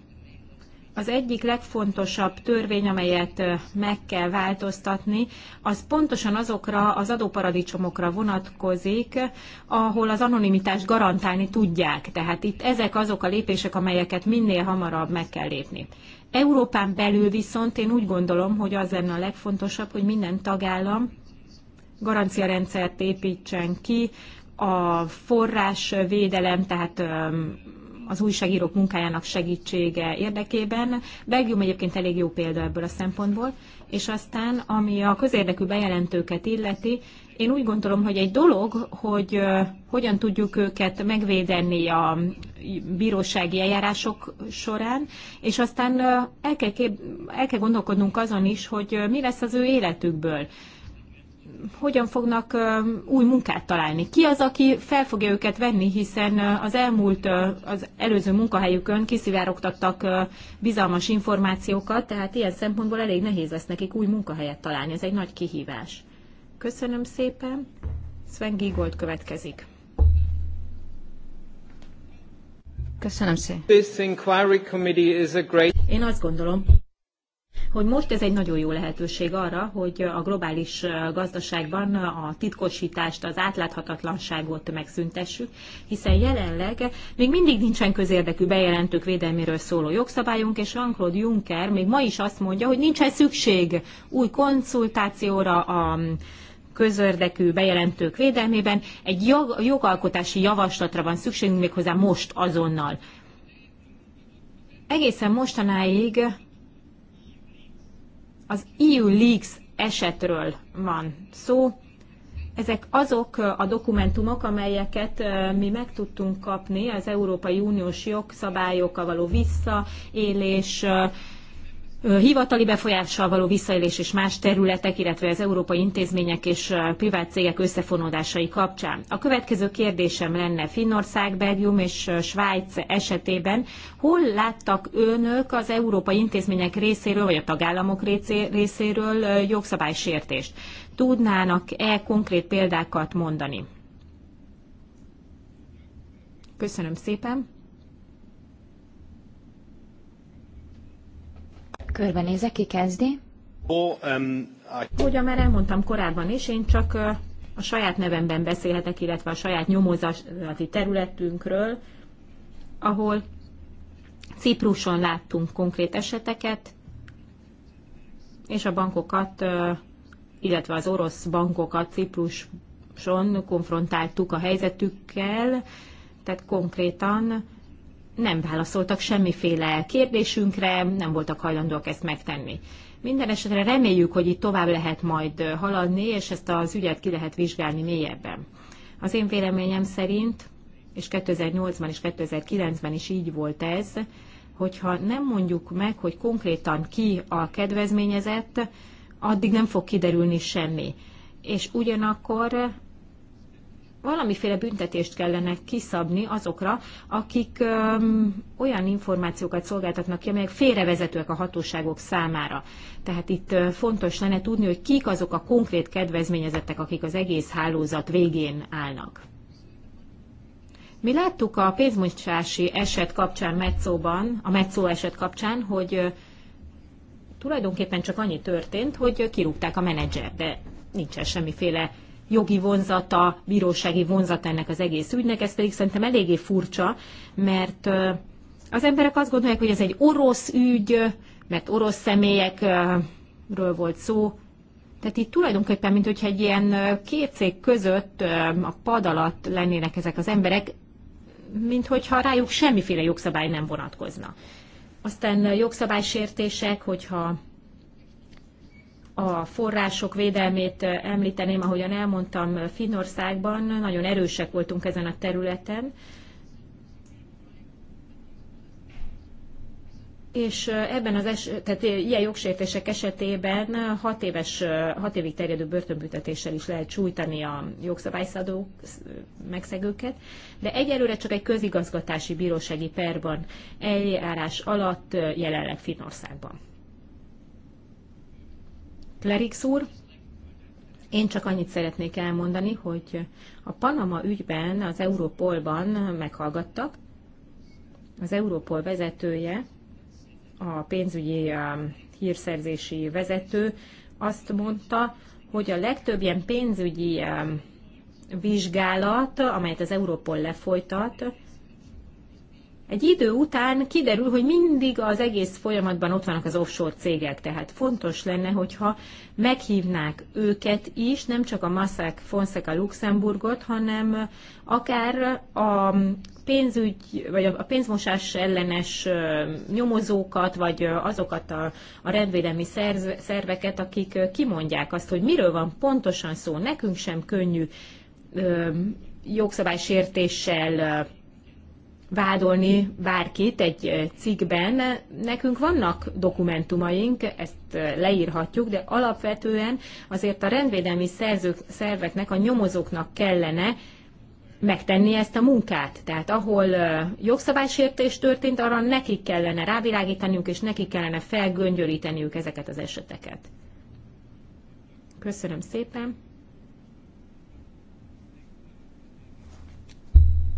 az egyik legfontosabb törvény, amelyet meg kell változtatni, az pontosan azokra az adóparadicsomokra vonatkozik, ahol az anonimitást garantálni tudják. Tehát itt ezek azok a lépések, amelyeket minél hamarabb meg kell lépni. Európán belül viszont én úgy gondolom, hogy az lenne a legfontosabb, hogy minden tagállam garanciarendszert építsen ki a forrásvédelem, tehát az újságírók munkájának segítsége érdekében. Belgium egyébként elég jó példa ebből a szempontból. És aztán, ami a közérdekű bejelentőket illeti, én úgy gondolom, hogy egy dolog, hogy hogyan tudjuk őket megvédeni a bírósági eljárások során, és aztán el kell, kép- el kell gondolkodnunk azon is, hogy mi lesz az ő életükből hogyan fognak új munkát találni. Ki az, aki fel fogja őket venni, hiszen az elmúlt, az előző munkahelyükön kiszivárogtattak bizalmas információkat, tehát ilyen szempontból elég nehéz lesz nekik új munkahelyet találni. Ez egy nagy kihívás. Köszönöm szépen. Sven Gigold következik. Köszönöm szépen. Én azt gondolom, hogy most ez egy nagyon jó lehetőség arra, hogy a globális gazdaságban a titkosítást, az átláthatatlanságot megszüntessük, hiszen jelenleg még mindig nincsen közérdekű bejelentők védelméről szóló jogszabályunk, és Jean-Claude Juncker még ma is azt mondja, hogy nincsen szükség új konszultációra a közérdekű bejelentők védelmében. Egy jogalkotási javaslatra van szükségünk méghozzá most azonnal. Egészen mostanáig az EU Leaks esetről van szó. Ezek azok a dokumentumok, amelyeket mi meg tudtunk kapni az Európai Uniós jogszabályokkal való visszaélés, hivatali befolyással való visszaélés és más területek, illetve az európai intézmények és privát cégek összefonódásai kapcsán. A következő kérdésem lenne Finnország, Belgium és Svájc esetében. Hol láttak önök az európai intézmények részéről, vagy a tagállamok részéről jogszabálysértést? Tudnának-e konkrét példákat mondani? Köszönöm szépen! Körbenézek, ki kezdi? Ugyan már elmondtam korábban is, én csak a saját nevemben beszélhetek, illetve a saját nyomozati területünkről, ahol Cipruson láttunk konkrét eseteket, és a bankokat, illetve az orosz bankokat Cipruson konfrontáltuk a helyzetükkel, tehát konkrétan nem válaszoltak semmiféle kérdésünkre, nem voltak hajlandóak ezt megtenni. Minden esetre reméljük, hogy itt tovább lehet majd haladni, és ezt az ügyet ki lehet vizsgálni mélyebben. Az én véleményem szerint, és 2008-ban és 2009-ben is így volt ez, hogyha nem mondjuk meg, hogy konkrétan ki a kedvezményezett, addig nem fog kiderülni semmi. És ugyanakkor valamiféle büntetést kellene kiszabni azokra, akik öm, olyan információkat szolgáltatnak ki, amelyek félrevezetőek a hatóságok számára. Tehát itt fontos lenne tudni, hogy kik azok a konkrét kedvezményezettek, akik az egész hálózat végén állnak. Mi láttuk a pénzmosási eset kapcsán Metszóban, a Metszó eset kapcsán, hogy tulajdonképpen csak annyi történt, hogy kirúgták a menedzser, de nincsen semmiféle jogi vonzata, bírósági vonzata ennek az egész ügynek, ez pedig szerintem eléggé furcsa, mert az emberek azt gondolják, hogy ez egy orosz ügy, mert orosz személyekről volt szó, tehát itt tulajdonképpen, mint hogyha egy ilyen két cég között a pad alatt lennének ezek az emberek, mint hogyha rájuk semmiféle jogszabály nem vonatkozna. Aztán jogszabálysértések, hogyha a források védelmét eh, említeném, ahogyan elmondtam, eh, Finnországban nagyon erősek voltunk ezen a területen, és eh, ebben az es, tehát ilyen jogsértések esetében hat, éves, hat évig terjedő börtönbüntetéssel is lehet sújtani a jogszabályszadó megszegőket, de egyelőre csak egy közigazgatási bírósági perban eljárás alatt jelenleg Finnországban. Klerix úr, én csak annyit szeretnék elmondani, hogy a Panama ügyben az Európolban meghallgattak. Az Európol vezetője, a pénzügyi um, hírszerzési vezető azt mondta, hogy a legtöbb ilyen pénzügyi um, vizsgálat, amelyet az Európol lefolytat, egy idő után kiderül, hogy mindig az egész folyamatban ott vannak az offshore cégek, tehát fontos lenne, hogyha meghívnák őket is, nem csak a Massac Fonseca Luxemburgot, hanem akár a pénzügy, vagy a pénzmosás ellenes nyomozókat, vagy azokat a, a rendvédelmi szerveket, akik kimondják azt, hogy miről van pontosan szó. Nekünk sem könnyű jogszabálysértéssel vádolni bárkit egy cikkben. Nekünk vannak dokumentumaink, ezt leírhatjuk, de alapvetően azért a rendvédelmi szerzők, szerveknek, a nyomozóknak kellene megtenni ezt a munkát. Tehát ahol jogszabálysértés történt, arra nekik kellene rávilágítaniuk és nekik kellene felgöngyöríteniük ezeket az eseteket. Köszönöm szépen!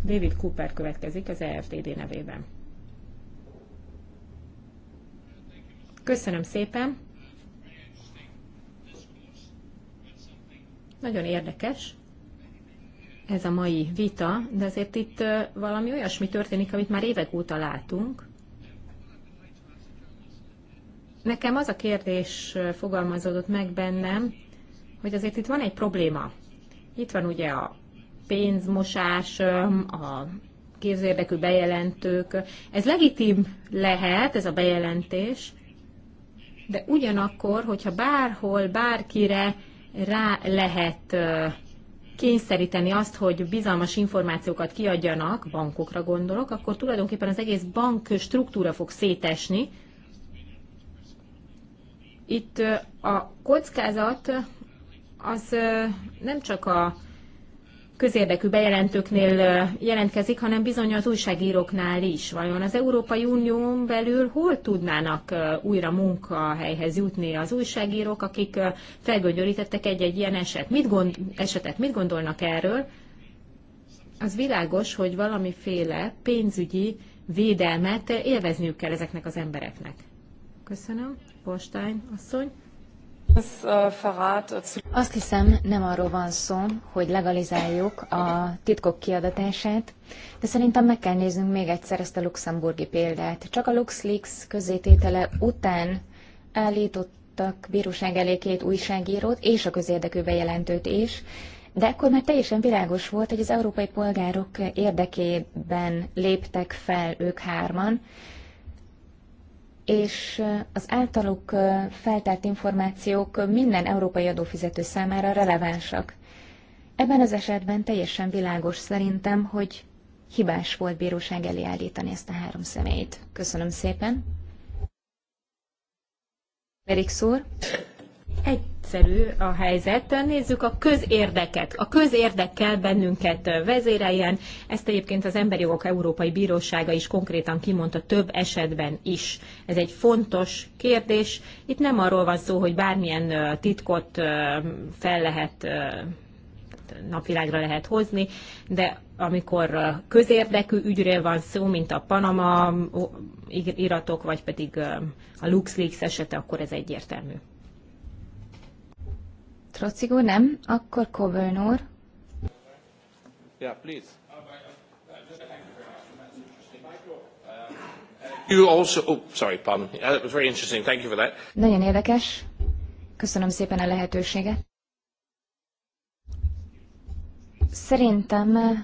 David Cooper következik az EFDD nevében. Köszönöm szépen! Nagyon érdekes ez a mai vita, de azért itt valami olyasmi történik, amit már évek óta látunk. Nekem az a kérdés fogalmazódott meg bennem, hogy azért itt van egy probléma. Itt van ugye a pénzmosás, a kézérdekű bejelentők. Ez legitim lehet, ez a bejelentés, de ugyanakkor, hogyha bárhol, bárkire rá lehet kényszeríteni azt, hogy bizalmas információkat kiadjanak, bankokra gondolok, akkor tulajdonképpen az egész bank struktúra fog szétesni. Itt a kockázat az nem csak a közérdekű bejelentőknél jelentkezik, hanem bizony az újságíróknál is. Vajon az Európai Unión belül hol tudnának újra munkahelyhez jutni az újságírók, akik felgöngyörítettek egy-egy ilyen eset? Mit gond, esetet? Mit gondolnak erről? Az világos, hogy valamiféle pénzügyi védelmet élvezniük kell ezeknek az embereknek. Köszönöm. Borstein asszony. Äh, Azt hiszem, nem arról van szó, hogy legalizáljuk a titkok kiadatását, de szerintem meg kell néznünk még egyszer ezt a luxemburgi példát. Csak a LuxLeaks közététele után állítottak bíróság elé két újságírót és a közérdekű bejelentőt is, de akkor már teljesen világos volt, hogy az európai polgárok érdekében léptek fel ők hárman, és az általuk feltárt információk minden európai adófizető számára relevánsak. Ebben az esetben teljesen világos szerintem, hogy hibás volt bíróság elé állítani ezt a három személyt. Köszönöm szépen. Erik szúr egyszerű a helyzet. Nézzük a közérdeket. A közérdek kell bennünket vezéreljen. Ezt egyébként az Emberi Jogok Európai Bírósága is konkrétan kimondta több esetben is. Ez egy fontos kérdés. Itt nem arról van szó, hogy bármilyen titkot fel lehet napvilágra lehet hozni, de amikor közérdekű ügyről van szó, mint a Panama iratok, vagy pedig a LuxLeaks esete, akkor ez egyértelmű. Trocig úr, nem? Akkor Coburn úr. Yeah, please. You also, oh, sorry, pardon. That was very interesting. Thank you for that. Nagyon érdekes. Köszönöm szépen a lehetőséget. Szerintem eh,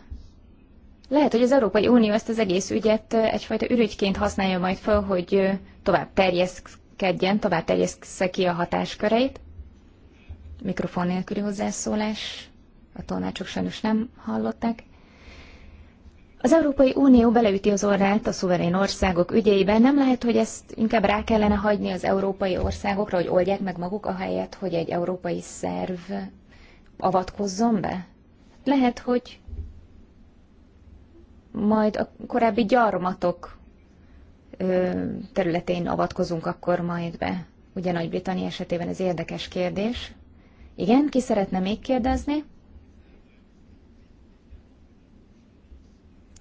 lehet, hogy az Európai Unió ezt az egész ügyet eh, egyfajta ürügyként használja majd fel, hogy eh, tovább terjeszkedjen, tovább terjeszkedjen ki a hatásköreit. Mikrofon nélküli hozzászólás. A tanácsok sajnos nem hallották. Az Európai Unió beleüti az orrát a szuverén országok ügyeiben. Nem lehet, hogy ezt inkább rá kellene hagyni az európai országokra, hogy oldják meg maguk, a helyet, hogy egy európai szerv avatkozzon be? Lehet, hogy majd a korábbi gyarmatok területén avatkozunk akkor majd be. Ugye Nagy-Britannia esetében ez érdekes kérdés. Igen, ki szeretne még kérdezni?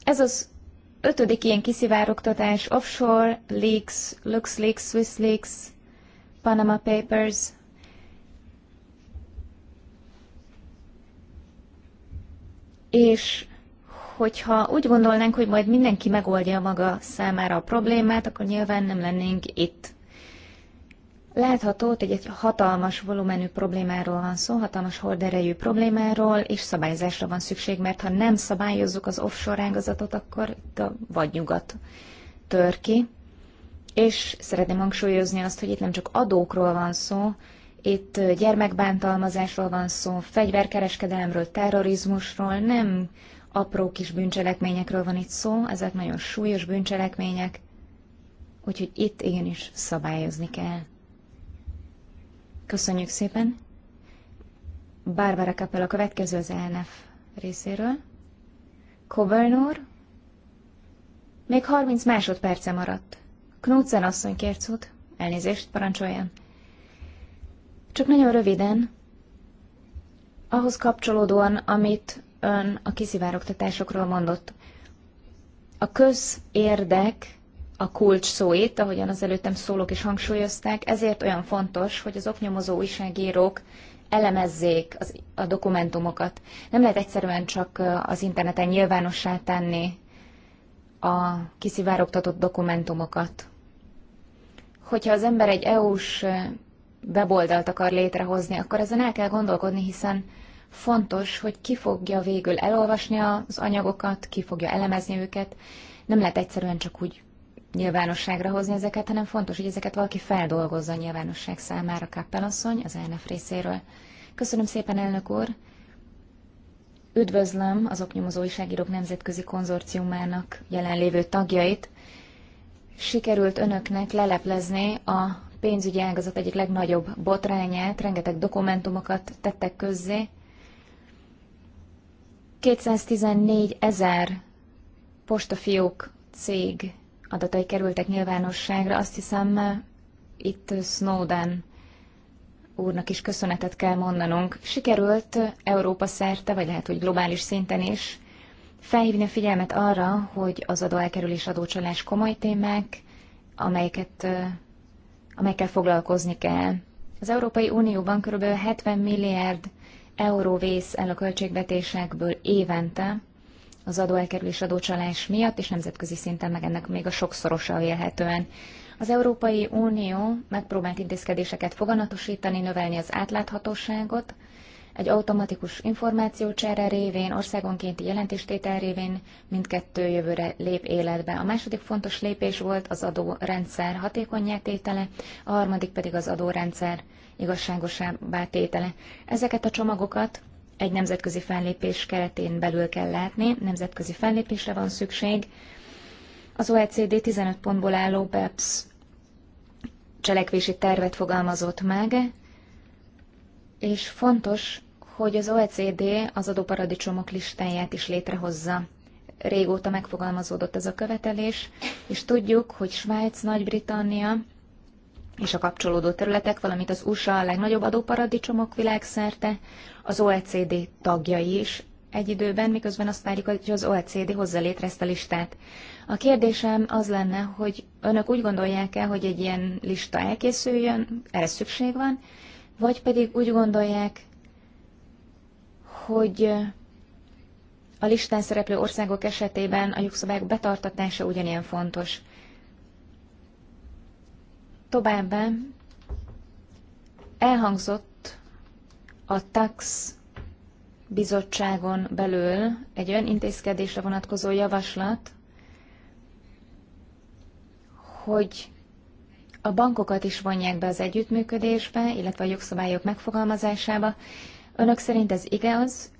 Ez az ötödik ilyen kiszivárogtatás, offshore leaks, lux leaks, Swiss leaks, Panama Papers. És hogyha úgy gondolnánk, hogy majd mindenki megoldja maga számára a problémát, akkor nyilván nem lennénk itt. Látható, hogy egy hatalmas volumenű problémáról van szó, hatalmas horderejű problémáról, és szabályozásra van szükség, mert ha nem szabályozzuk az offshore ágazatot, akkor itt a vadnyugat tör ki. És szeretném hangsúlyozni azt, hogy itt nem csak adókról van szó, itt gyermekbántalmazásról van szó, fegyverkereskedelemről, terrorizmusról, nem apró kis bűncselekményekről van itt szó, ezek nagyon súlyos bűncselekmények, úgyhogy itt igenis szabályozni kell. Köszönjük szépen. Barbara Kappel a következő az ELNF részéről. Coburn Még 30 másodperce maradt. Knudsen asszony kért szót. Elnézést, parancsoljon. Csak nagyon röviden. Ahhoz kapcsolódóan, amit ön a kiszivárogtatásokról mondott. A közérdek a kulcs szó itt, ahogyan az előttem szólók is hangsúlyozták, ezért olyan fontos, hogy az oknyomozó újságírók elemezzék az, a dokumentumokat. Nem lehet egyszerűen csak az interneten nyilvánossá tenni a kiszivárogtatott dokumentumokat. Hogyha az ember egy EU-s weboldalt akar létrehozni, akkor ezen el kell gondolkodni, hiszen fontos, hogy ki fogja végül elolvasni az anyagokat, ki fogja elemezni őket. Nem lehet egyszerűen csak úgy nyilvánosságra hozni ezeket, hanem fontos, hogy ezeket valaki feldolgozza a nyilvánosság számára, Kappelasszony, az elnök részéről. Köszönöm szépen, elnök úr! Üdvözlöm az Oknyomozó Újságírók Nemzetközi Konzorciumának jelenlévő tagjait. Sikerült önöknek leleplezni a pénzügyi ágazat egyik legnagyobb botrányát, rengeteg dokumentumokat tettek közzé. 214 ezer postafiók cég adatai kerültek nyilvánosságra. Azt hiszem, itt Snowden úrnak is köszönetet kell mondanunk. Sikerült Európa szerte, vagy lehet, hogy globális szinten is felhívni a figyelmet arra, hogy az adóelkerülés, adócsalás komoly témák, amelyeket, amelyekkel foglalkozni kell. Az Európai Unióban kb. 70 milliárd euró vész el a költségvetésekből évente, az adóelkerülés adócsalás miatt, és nemzetközi szinten meg ennek még a sokszorosa élhetően. Az Európai Unió megpróbált intézkedéseket foganatosítani, növelni az átláthatóságot, egy automatikus információcsere révén, országonkénti jelentéstétel révén mindkettő jövőre lép életbe. A második fontos lépés volt az adórendszer hatékonyá tétele, a harmadik pedig az adórendszer igazságosabbá tétele. Ezeket a csomagokat egy nemzetközi fellépés keretén belül kell látni, nemzetközi fellépésre van szükség. Az OECD 15 pontból álló BEPS cselekvési tervet fogalmazott meg, és fontos, hogy az OECD az adóparadicsomok listáját is létrehozza. Régóta megfogalmazódott ez a követelés, és tudjuk, hogy Svájc, Nagy-Britannia és a kapcsolódó területek, valamint az USA a legnagyobb adóparadicsomok világszerte, az OECD tagjai is egy időben, miközben azt várjuk, hogy az OECD hozza létre ezt a listát. A kérdésem az lenne, hogy önök úgy gondolják-e, hogy egy ilyen lista elkészüljön, erre szükség van, vagy pedig úgy gondolják, hogy a listán szereplő országok esetében a jogszabályok betartatása ugyanilyen fontos. Továbbá elhangzott a TAX bizottságon belül egy olyan intézkedésre vonatkozó javaslat, hogy a bankokat is vonják be az együttműködésbe, illetve a jogszabályok megfogalmazásába. Önök szerint ez igaz?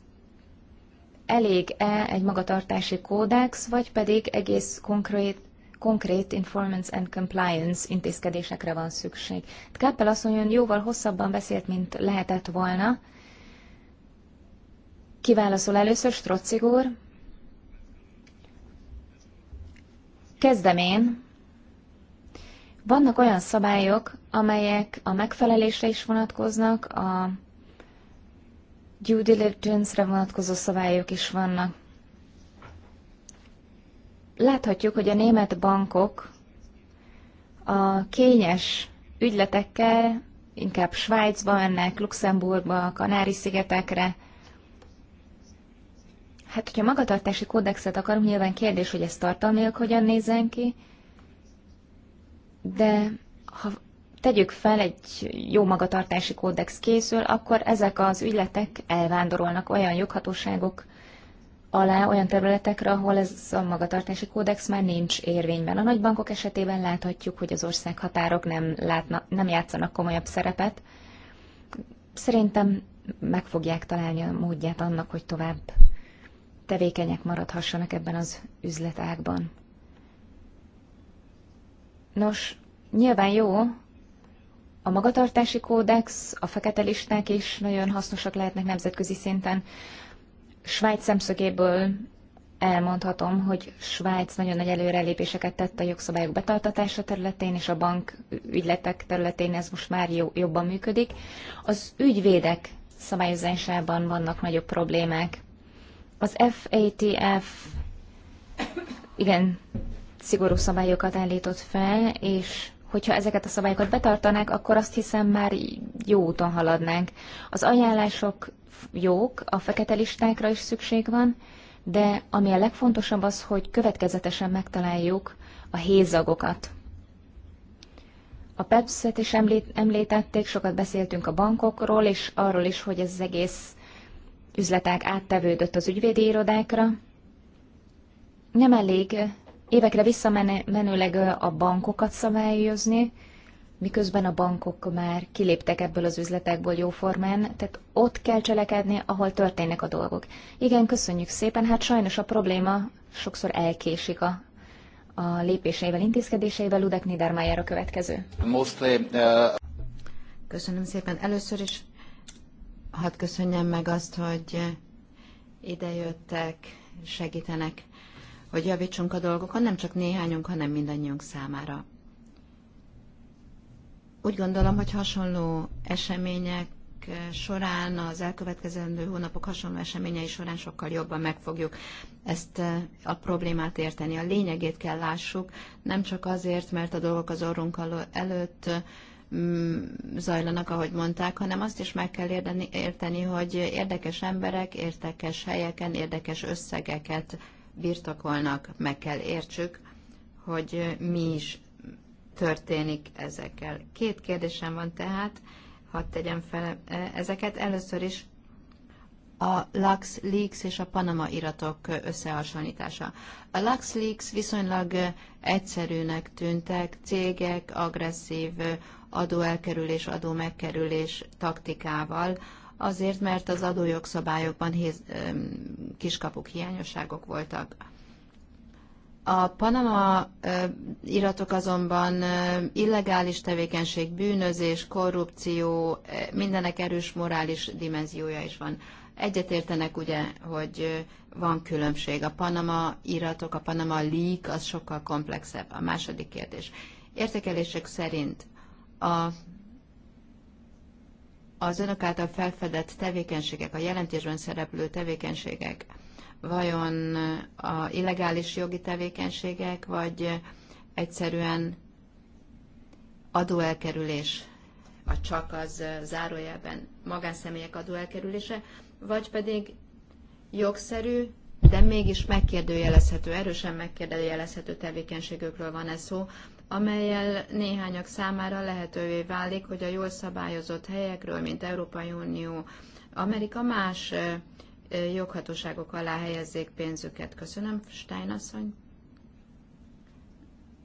Elég-e egy magatartási kódex, vagy pedig egész konkrét konkrét informants and compliance intézkedésekre van szükség. Hát Kappel asszony ön jóval hosszabban beszélt, mint lehetett volna. Kiválaszol először, Strocig úr? Kezdem én. Vannak olyan szabályok, amelyek a megfelelésre is vonatkoznak, a due diligence-re vonatkozó szabályok is vannak láthatjuk, hogy a német bankok a kényes ügyletekkel inkább Svájcba mennek, Luxemburgba, Kanári-szigetekre. Hát, hogyha magatartási kódexet akarunk, nyilván kérdés, hogy ez tartalmilag hogyan nézzen ki, de ha tegyük fel, egy jó magatartási kódex készül, akkor ezek az ügyletek elvándorolnak olyan joghatóságok alá olyan területekre, ahol ez a magatartási kódex már nincs érvényben. A nagybankok esetében láthatjuk, hogy az ország határok nem, látna, nem játszanak komolyabb szerepet. Szerintem meg fogják találni a módját annak, hogy tovább tevékenyek maradhassanak ebben az üzletágban. Nos, nyilván jó, a magatartási kódex, a fekete listák is nagyon hasznosak lehetnek nemzetközi szinten. Svájc szemszögéből elmondhatom, hogy Svájc nagyon nagy előrelépéseket tett a jogszabályok betartatása területén, és a bank ügyletek területén ez most már jó, jobban működik. Az ügyvédek szabályozásában vannak nagyobb problémák. Az FATF igen szigorú szabályokat állított fel, és hogyha ezeket a szabályokat betartanák, akkor azt hiszem már jó úton haladnánk. Az ajánlások jók, a fekete listákra is szükség van, de ami a legfontosabb az, hogy következetesen megtaláljuk a hézagokat. A PEPS-et is említ, említették, sokat beszéltünk a bankokról, és arról is, hogy ez az egész üzletág áttevődött az ügyvédi irodákra. Nem elég évekre visszamenőleg a bankokat szabályozni, miközben a bankok már kiléptek ebből az üzletekből jóformán, tehát ott kell cselekedni, ahol történnek a dolgok. Igen, köszönjük szépen, hát sajnos a probléma sokszor elkésik a, a lépéseivel, intézkedéseivel. Ludek Niedermayer a következő. Mostly, uh... Köszönöm szépen. Először is hadd köszönjem meg azt, hogy idejöttek, segítenek, hogy javítsunk a dolgokon, nem csak néhányunk, hanem mindannyiunk számára. Úgy gondolom, hogy hasonló események eh, során, az elkövetkezendő hónapok hasonló eseményei során sokkal jobban meg fogjuk ezt eh, a problémát érteni. A lényegét kell lássuk, nem csak azért, mert a dolgok az orrunk előtt mm, zajlanak, ahogy mondták, hanem azt is meg kell érteni, érteni hogy érdekes emberek érdekes helyeken érdekes összegeket birtokolnak. Meg kell értsük, hogy mi is történik ezekkel. Két kérdésem van tehát, hadd tegyem fel e, ezeket. Először is a Lux Leaks és a Panama iratok összehasonlítása. A Lux Leaks viszonylag egyszerűnek tűntek, cégek agresszív adóelkerülés, adó megkerülés taktikával, azért, mert az adójogszabályokban kiskapuk hiányosságok voltak. A Panama iratok azonban illegális tevékenység, bűnözés, korrupció, mindenek erős morális dimenziója is van. Egyetértenek ugye, hogy van különbség. A Panama iratok, a Panama leak az sokkal komplexebb. A második kérdés. Értekelések szerint a, az önök által felfedett tevékenységek, a jelentésben szereplő tevékenységek, vajon a illegális jogi tevékenységek, vagy egyszerűen adóelkerülés, a csak az zárójelben magánszemélyek adóelkerülése, vagy pedig jogszerű, de mégis megkérdőjelezhető, erősen megkérdőjelezhető tevékenységükről van ez szó, amelyel néhányak számára lehetővé válik, hogy a jól szabályozott helyekről, mint Európai Unió, Amerika más joghatóságok alá helyezzék pénzüket. Köszönöm, Stein asszony.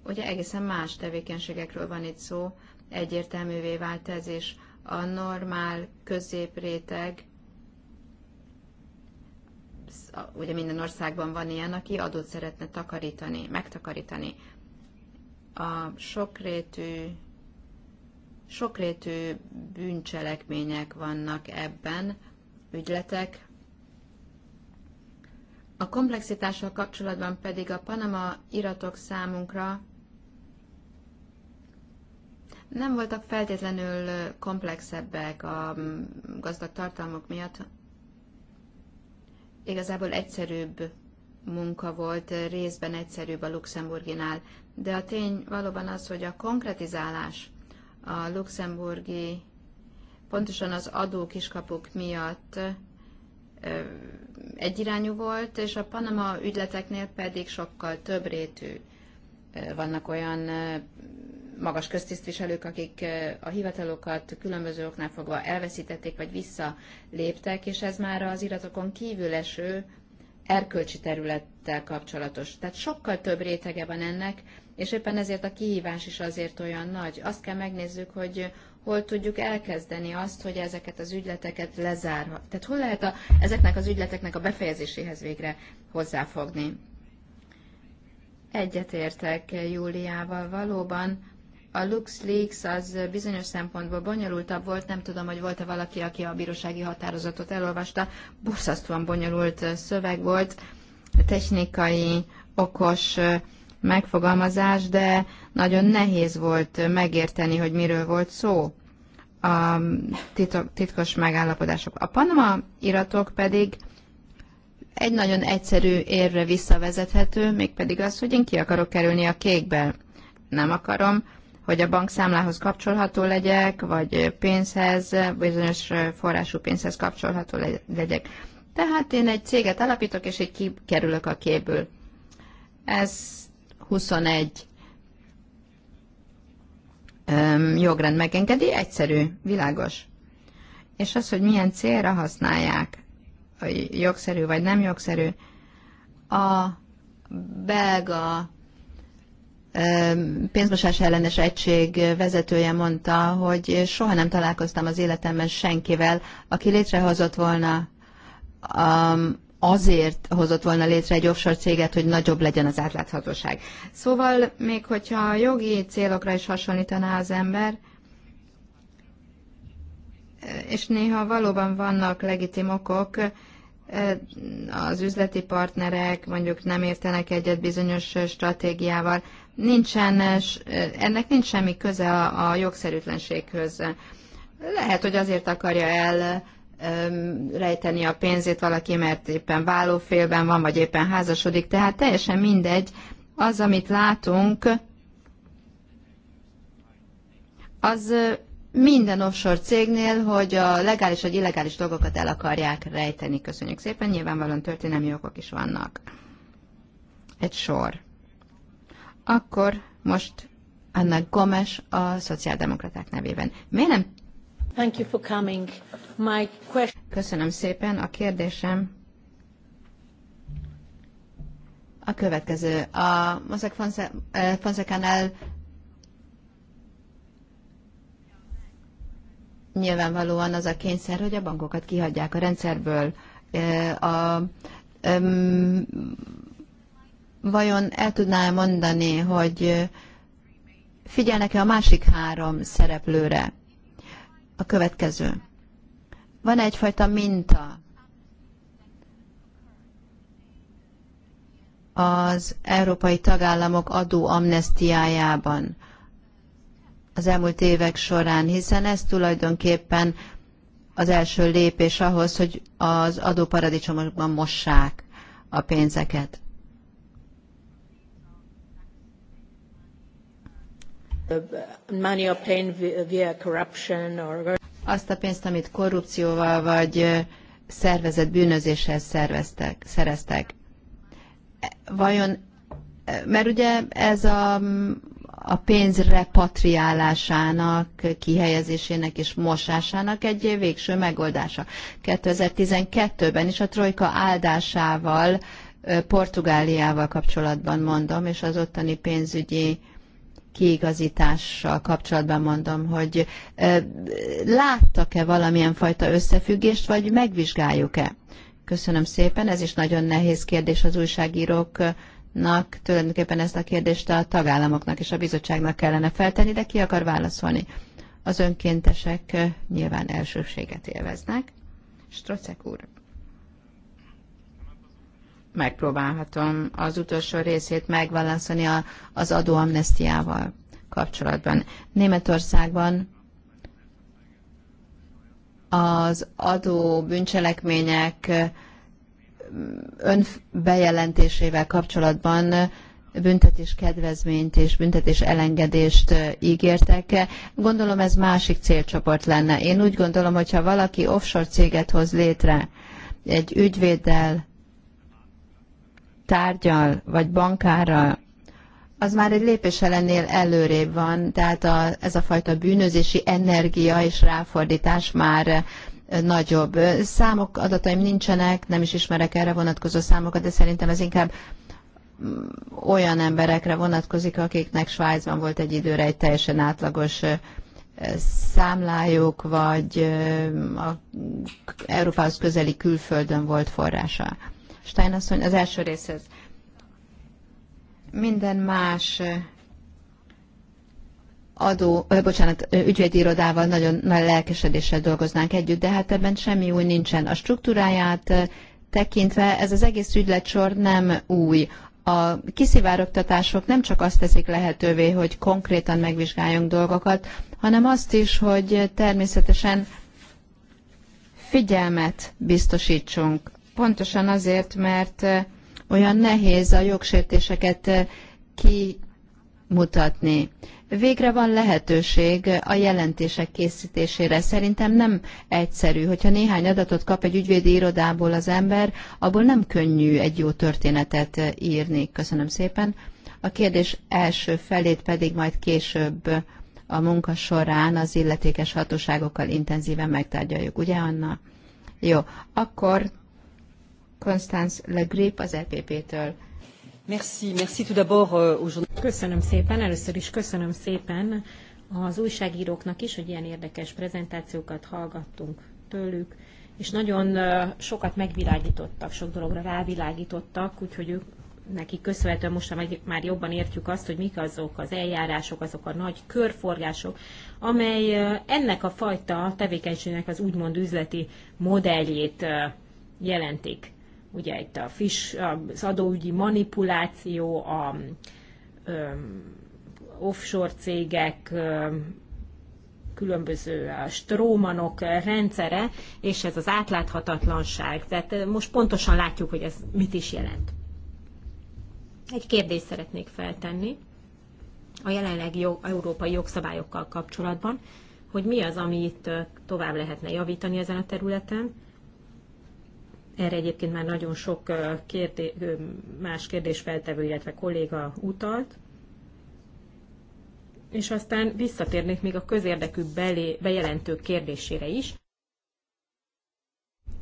Ugye egészen más tevékenységekről van itt szó, egyértelművé vált ez és A normál középréteg, ugye minden országban van ilyen, aki adót szeretne takarítani, megtakarítani. A sokrétű sokrétű bűncselekmények vannak ebben, ügyletek, a komplexitással kapcsolatban pedig a Panama iratok számunkra nem voltak feltétlenül komplexebbek a gazdag tartalmak miatt. Igazából egyszerűbb munka volt, részben egyszerűbb a luxemburginál. De a tény valóban az, hogy a konkretizálás a luxemburgi, pontosan az adókiskapuk miatt egyirányú volt, és a Panama ügyleteknél pedig sokkal több rétű. Vannak olyan magas köztisztviselők, akik a hivatalokat különböző oknál fogva elveszítették, vagy visszaléptek, és ez már az iratokon kívül eső erkölcsi területtel kapcsolatos. Tehát sokkal több rétege van ennek, és éppen ezért a kihívás is azért olyan nagy. Azt kell megnézzük, hogy hol tudjuk elkezdeni azt, hogy ezeket az ügyleteket lezárva. Tehát hol lehet a, ezeknek az ügyleteknek a befejezéséhez végre hozzáfogni? Egyetértek Júliával valóban. A LuxLeaks az bizonyos szempontból bonyolultabb volt, nem tudom, hogy volt-e valaki, aki a bírósági határozatot elolvasta. Borzasztóan bonyolult szöveg volt, technikai, okos megfogalmazás, de nagyon nehéz volt megérteni, hogy miről volt szó a titok, titkos megállapodások. A Panama iratok pedig egy nagyon egyszerű érre visszavezethető, mégpedig az, hogy én ki akarok kerülni a kékbe. Nem akarom, hogy a bankszámlához kapcsolható legyek, vagy pénzhez, bizonyos forrású pénzhez kapcsolható legyek. Tehát én egy céget alapítok, és így kikerülök a képből. Ez 21 jogrend megengedi, egyszerű, világos. És az, hogy milyen célra használják, jogszerű vagy nem jogszerű, a belga pénzmosás ellenes egység vezetője mondta, hogy soha nem találkoztam az életemben senkivel, aki létrehozott volna azért hozott volna létre egy offshore céget, hogy nagyobb legyen az átláthatóság. Szóval, még hogyha a jogi célokra is hasonlítaná az ember, és néha valóban vannak legitim okok, az üzleti partnerek mondjuk nem értenek egyet bizonyos stratégiával. Nincsen, ennek nincs semmi köze a jogszerűtlenséghöz. Lehet, hogy azért akarja el rejteni a pénzét valaki, mert éppen vállófélben van, vagy éppen házasodik. Tehát teljesen mindegy, az, amit látunk, az minden offshore cégnél, hogy a legális vagy illegális dolgokat el akarják rejteni. Köszönjük szépen, nyilvánvalóan történelmi okok is vannak. Egy sor. Akkor most Anna Gomes a szociáldemokraták nevében. Miért nem Thank you for coming. My question... Köszönöm szépen. A kérdésem a következő. A Mozek eh, Fonsekánál nyilvánvalóan az a kényszer, hogy a bankokat kihagyják a rendszerből. Eh, a, a, vajon el tudná mondani, hogy figyelnek-e a másik három szereplőre? a következő. Van egyfajta minta az európai tagállamok adó amnestiájában az elmúlt évek során, hiszen ez tulajdonképpen az első lépés ahhoz, hogy az adóparadicsomokban mossák a pénzeket. Azt a pénzt, amit korrupcióval vagy szervezett bűnözéssel szerveztek, szereztek. E, vajon, e, mert ugye ez a, a pénz repatriálásának, kihelyezésének és mosásának egy végső megoldása. 2012-ben is a trojka áldásával Portugáliával kapcsolatban mondom, és az ottani pénzügyi kiigazítással kapcsolatban mondom, hogy láttak-e valamilyen fajta összefüggést, vagy megvizsgáljuk-e? Köszönöm szépen, ez is nagyon nehéz kérdés az újságíróknak, tulajdonképpen ezt a kérdést a tagállamoknak és a bizottságnak kellene feltenni, de ki akar válaszolni? Az önkéntesek nyilván elsőséget élveznek. Strocek úr megpróbálhatom az utolsó részét megválaszolni az adóamnestiával kapcsolatban. Németországban az adó bűncselekmények önbejelentésével kapcsolatban büntetés kedvezményt és büntetés elengedést ígértek. Gondolom ez másik célcsoport lenne. Én úgy gondolom, hogy ha valaki offshore céget hoz létre egy ügyvéddel, tárgyal, vagy bankárral, az már egy lépés ellenél előrébb van, tehát a, ez a fajta bűnözési energia és ráfordítás már eh, nagyobb. Számok, adataim nincsenek, nem is ismerek erre vonatkozó számokat, de szerintem ez inkább mm, olyan emberekre vonatkozik, akiknek Svájcban volt egy időre egy teljesen átlagos eh, számlájuk, vagy eh, a Európához közeli külföldön volt forrása. Stein asszony az első részhez. Minden más eh, adó, ö, eh, bocsánat, eh, ügyvédirodával nagyon nagy lelkesedéssel dolgoznánk együtt, de hát ebben semmi új nincsen. A struktúráját tekintve ez az egész ügyletsor nem új. A kiszivárogtatások nem csak azt teszik lehetővé, hogy konkrétan megvizsgáljunk dolgokat, hanem azt is, hogy természetesen figyelmet biztosítsunk pontosan azért, mert eh, olyan nehéz a jogsértéseket eh, kimutatni. Végre van lehetőség a jelentések készítésére. Szerintem nem egyszerű, hogyha néhány adatot kap egy ügyvédi irodából az ember, abból nem könnyű egy jó történetet eh, írni. Köszönöm szépen. A kérdés első felét pedig majd később a munka során az illetékes hatóságokkal intenzíven megtárgyaljuk. Ugye, Anna? Jó, akkor Constance Le Grip az EPP-től. Merci, merci tout d'abord euh, Köszönöm szépen, először is köszönöm szépen az újságíróknak is, hogy ilyen érdekes prezentációkat hallgattunk tőlük, és nagyon sokat megvilágítottak, sok dologra rávilágítottak, úgyhogy ők neki köszönhetően most már jobban értjük azt, hogy mik azok az eljárások, azok a nagy körforgások, amely ennek a fajta tevékenységnek az úgymond üzleti modelljét jelentik. Ugye itt a fish, az adóügyi manipuláció, a offshore cégek, különböző strómanok rendszere, és ez az átláthatatlanság. Tehát most pontosan látjuk, hogy ez mit is jelent. Egy kérdést szeretnék feltenni a jelenlegi jog, európai jogszabályokkal kapcsolatban, hogy mi az, amit tovább lehetne javítani ezen a területen, erre egyébként már nagyon sok kérdé, más feltevő, illetve kolléga utalt. És aztán visszatérnék még a közérdekű belé, bejelentő kérdésére is.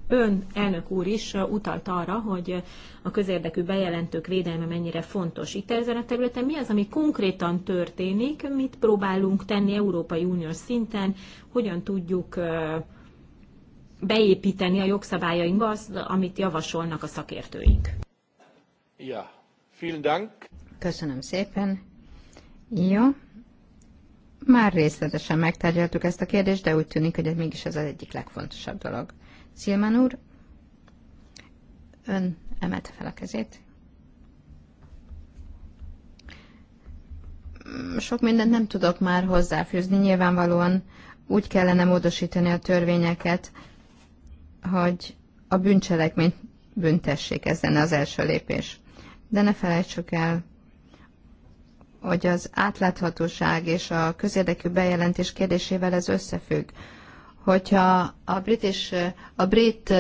Ön, elnök úr is utalt arra, hogy a közérdekű bejelentők védelme mennyire fontos. Itt ezen a területen mi az, ami konkrétan történik, mit próbálunk tenni Európai Uniós szinten, hogyan tudjuk beépíteni a jogszabályainkba azt, amit javasolnak a szakértőink. Ja, vielen Dank. Köszönöm szépen. Jó. Már részletesen megtárgyaltuk ezt a kérdést, de úgy tűnik, hogy ez mégis az egyik legfontosabb dolog. Szilman úr, ön emelte fel a kezét. Sok mindent nem tudok már hozzáfűzni, nyilvánvalóan úgy kellene módosítani a törvényeket, hogy a bűncselekményt büntessék, ez lenne az első lépés. De ne felejtsük el, hogy az átláthatóság és a közérdekű bejelentés kérdésével ez összefügg. Hogyha a, British, a brit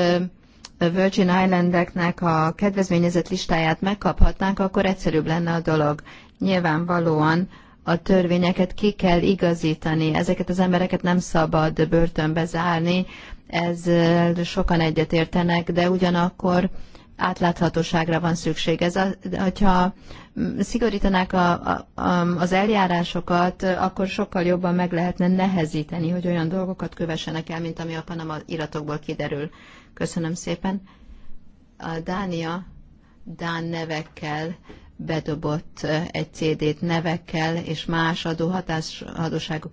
Virgin Islandeknek a kedvezményezett listáját megkaphatnánk, akkor egyszerűbb lenne a dolog. Nyilvánvalóan a törvényeket ki kell igazítani, ezeket az embereket nem szabad börtönbe zárni, ezzel sokan egyetértenek, de ugyanakkor átláthatóságra van szükség. Ez a, hogyha szigorítanák a, a, a, az eljárásokat, akkor sokkal jobban meg lehetne nehezíteni, hogy olyan dolgokat kövessenek el, mint ami a Panama iratokból kiderül. Köszönöm szépen. A Dánia Dán nevekkel bedobott eh, egy CD-t nevekkel, és más adóhatás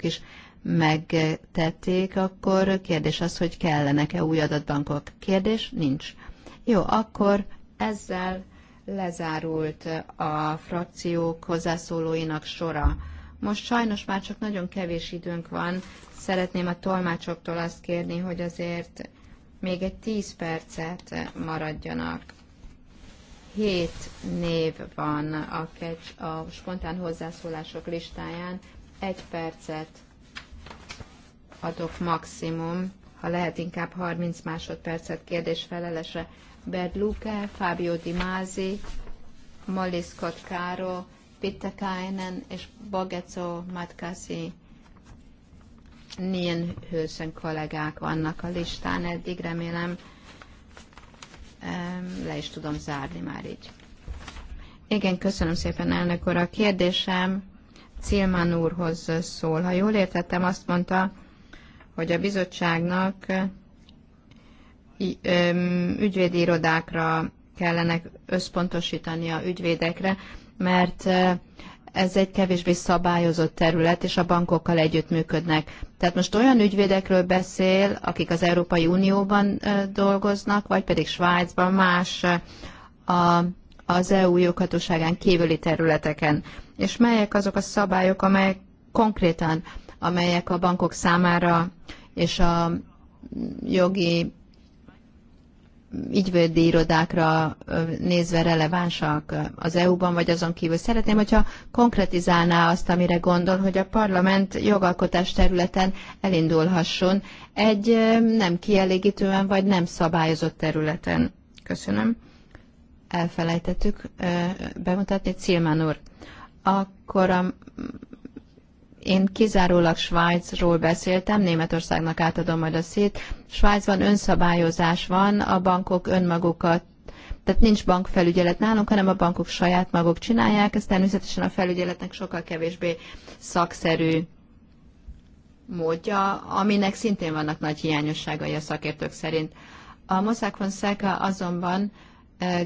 is megtették, akkor kérdés az, hogy kellenek-e új adatbankok. Kérdés? Nincs. Jó, akkor ezzel lezárult a frakciók hozzászólóinak sora. Most sajnos már csak nagyon kevés időnk van. Szeretném a tolmácsoktól azt kérni, hogy azért még egy 10 percet maradjanak. Hét név van a, kecs, a spontán hozzászólások listáján. Egy percet adok maximum, ha lehet inkább 30 másodpercet kérdés-felelesre. Berluke, Fábio Di Mázi, Molly Scott Pittekainen és Bogeco Matkasi Nien hősen kollégák vannak a listán eddig, remélem le is tudom zárni már így. Igen, köszönöm szépen, elnök úr. A kérdésem Cilman úrhoz szól. Ha jól értettem, azt mondta, hogy a bizottságnak ügyvédi irodákra kellene összpontosítani a ügyvédekre, mert ez egy kevésbé szabályozott terület, és a bankokkal együttműködnek. Tehát most olyan ügyvédekről beszél, akik az Európai Unióban dolgoznak, vagy pedig Svájcban, más a, az EU joghatóságán kívüli területeken. És melyek azok a szabályok, amelyek konkrétan amelyek a bankok számára és a jogi ügyvédi irodákra nézve relevánsak az EU-ban, vagy azon kívül. Szeretném, hogyha konkretizálná azt, amire gondol, hogy a parlament jogalkotás területen elindulhasson egy nem kielégítően, vagy nem szabályozott területen. Köszönöm. Elfelejtettük bemutatni. Cilmán úr, akkor a én kizárólag Svájcról beszéltem, Németországnak átadom majd a szét. Svájcban önszabályozás van, a bankok önmagukat tehát nincs bankfelügyelet nálunk, hanem a bankok saját maguk csinálják, ez természetesen a felügyeletnek sokkal kevésbé szakszerű módja, aminek szintén vannak nagy hiányosságai a szakértők szerint. A Mossack Fonseca azonban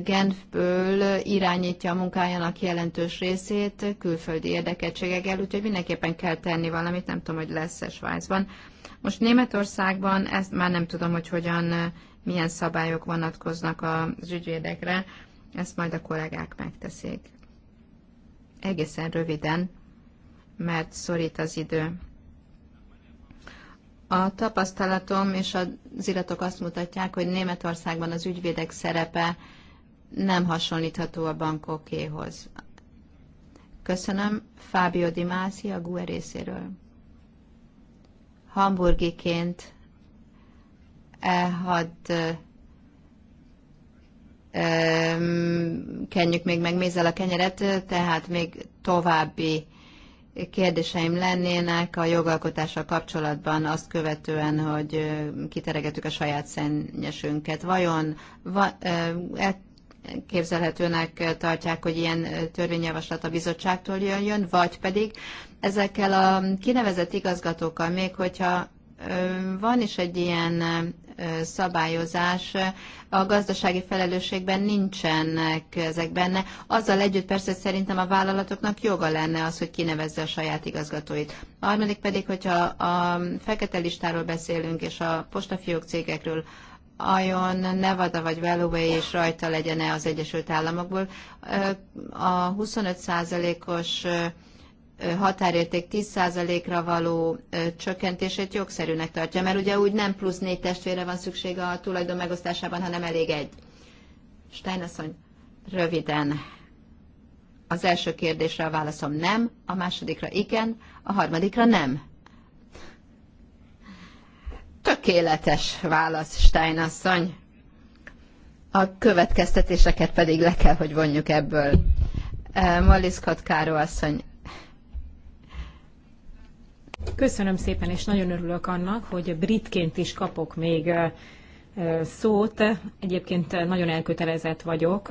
Genfből irányítja a munkájának jelentős részét külföldi érdekeltségekkel, úgyhogy mindenképpen kell tenni valamit, nem tudom, hogy lesz-e Svájcban. Most Németországban ezt már nem tudom, hogy hogyan, milyen szabályok vonatkoznak az ügyvédekre, ezt majd a kollégák megteszik. Egészen röviden, mert szorít az idő. A tapasztalatom és az iratok azt mutatják, hogy Németországban az ügyvédek szerepe nem hasonlítható a bankokéhoz. Köszönöm Fábio Di Mászi a GUE részéről. Hamburgiként eh, hadd eh, kenjük még meg mézzel a kenyeret, tehát még további kérdéseim lennének a jogalkotással kapcsolatban azt követően, hogy eh, kiteregetük a saját szennyesünket. Vajon va, e, képzelhetőnek tartják, hogy ilyen törvényjavaslat a bizottságtól jön. vagy pedig ezekkel a kinevezett igazgatókkal, még hogyha van is egy ilyen szabályozás, a gazdasági felelősségben nincsenek ezek benne. Azzal együtt persze szerintem a vállalatoknak joga lenne az, hogy kinevezze a saját igazgatóit. A harmadik pedig, hogyha a fekete listáról beszélünk, és a postafiók cégekről, Ajon, Nevada vagy Valloway is rajta legyen-e az Egyesült Államokból. A 25%-os határérték 10%-ra való csökkentését jogszerűnek tartja, mert ugye úgy nem plusz négy testvére van szüksége a tulajdon megosztásában, hanem elég egy. Steinasszony, röviden. Az első kérdésre a válaszom nem, a másodikra igen, a harmadikra nem. Tökéletes válasz, Steinasszony. A következtetéseket pedig le kell, hogy vonjuk ebből. Eh, Maliszkot Káró asszony. Köszönöm szépen, és nagyon örülök annak, hogy britként is kapok még eh, eh, szót. Egyébként nagyon elkötelezett vagyok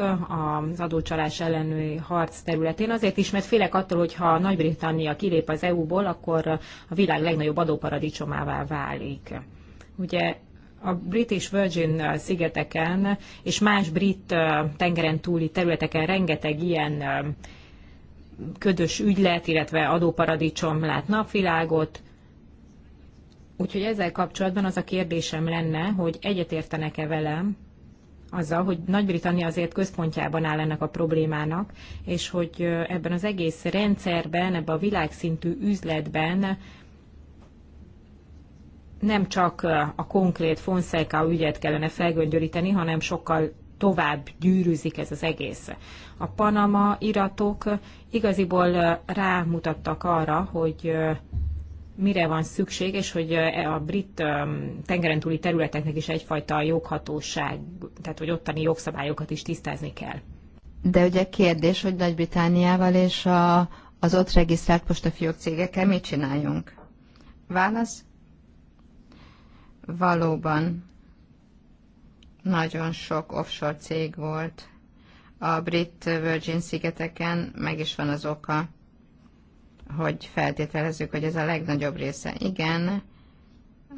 az adócsalás ellenői harc területén, azért is, mert félek attól, hogy ha Nagy-Britannia kilép az EU-ból, akkor a világ legnagyobb adóparadicsomává válik. Ugye a British Virgin szigeteken és más brit tengeren túli területeken rengeteg ilyen ködös ügylet, illetve adóparadicsom lát napvilágot. Úgyhogy ezzel kapcsolatban az a kérdésem lenne, hogy egyetértenek-e velem azzal, hogy Nagy-Britannia azért központjában áll ennek a problémának, és hogy ebben az egész rendszerben, ebben a világszintű üzletben nem csak a konkrét Fonseca ügyet kellene felgöngyöríteni, hanem sokkal tovább gyűrűzik ez az egész. A Panama iratok igaziból rámutattak arra, hogy mire van szükség, és hogy e a brit tengeren túli területeknek is egyfajta joghatóság, tehát hogy ottani jogszabályokat is tisztázni kell. De ugye kérdés, hogy Nagy-Britániával és a, az ott regisztrált postafiók cégekkel mit csináljunk? Válasz, Valóban nagyon sok offshore cég volt a brit Virgin szigeteken, meg is van az oka, hogy feltételezzük, hogy ez a legnagyobb része. Igen,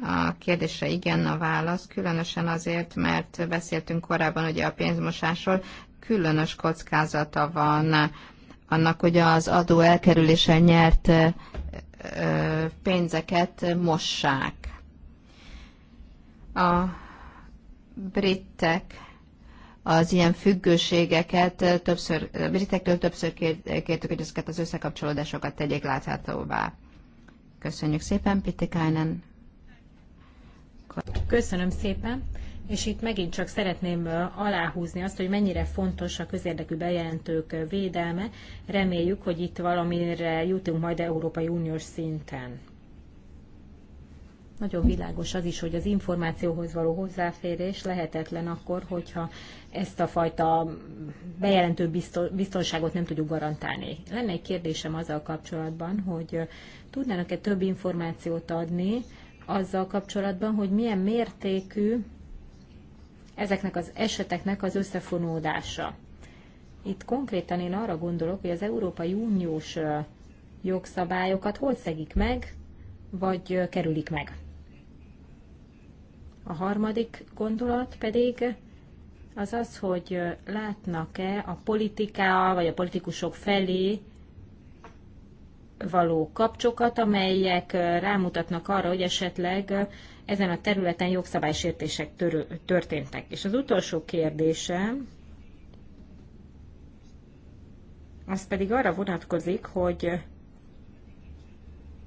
a kérdésre igen a válasz, különösen azért, mert beszéltünk korábban ugye a pénzmosásról, különös kockázata van annak, hogy az adó elkerülésen nyert pénzeket mossák a britek az ilyen függőségeket többször, a britektől többször kértük, hogy ezeket az összekapcsolódásokat tegyék láthatóvá. Köszönjük szépen, Pitikainen. Köszönöm szépen. És itt megint csak szeretném aláhúzni azt, hogy mennyire fontos a közérdekű bejelentők védelme. Reméljük, hogy itt valamire jutunk majd Európai Uniós szinten. Nagyon világos az is, hogy az információhoz való hozzáférés lehetetlen akkor, hogyha ezt a fajta bejelentő biztonságot nem tudjuk garantálni. Lenne egy kérdésem azzal kapcsolatban, hogy tudnának-e több információt adni azzal kapcsolatban, hogy milyen mértékű ezeknek az eseteknek az összefonódása. Itt konkrétan én arra gondolok, hogy az Európai Uniós jogszabályokat hol szegik meg, vagy kerülik meg. A harmadik gondolat pedig az az, hogy látnak-e a politiká vagy a politikusok felé való kapcsokat, amelyek rámutatnak arra, hogy esetleg ezen a területen jogszabálysértések történtek. És az utolsó kérdésem, az pedig arra vonatkozik, hogy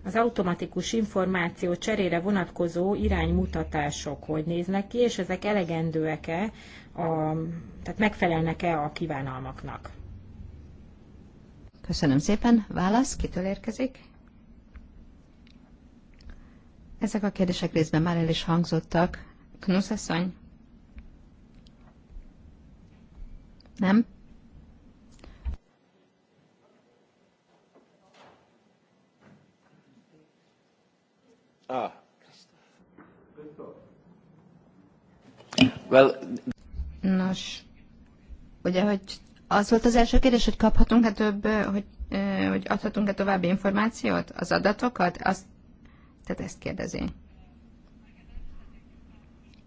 az automatikus információ cserére vonatkozó iránymutatások hogy néznek ki, és ezek elegendőek-e, a, tehát megfelelnek-e a kívánalmaknak? Köszönöm szépen. Válasz kitől érkezik? Ezek a kérdések részben már el is hangzottak. Knusz asszony? Nem? Ah. Well. Nos, ugye, hogy az volt az első kérdés, hogy kaphatunk-e több, hogy, hogy adhatunk-e további információt, az adatokat? Azt, tehát ezt kérdezi.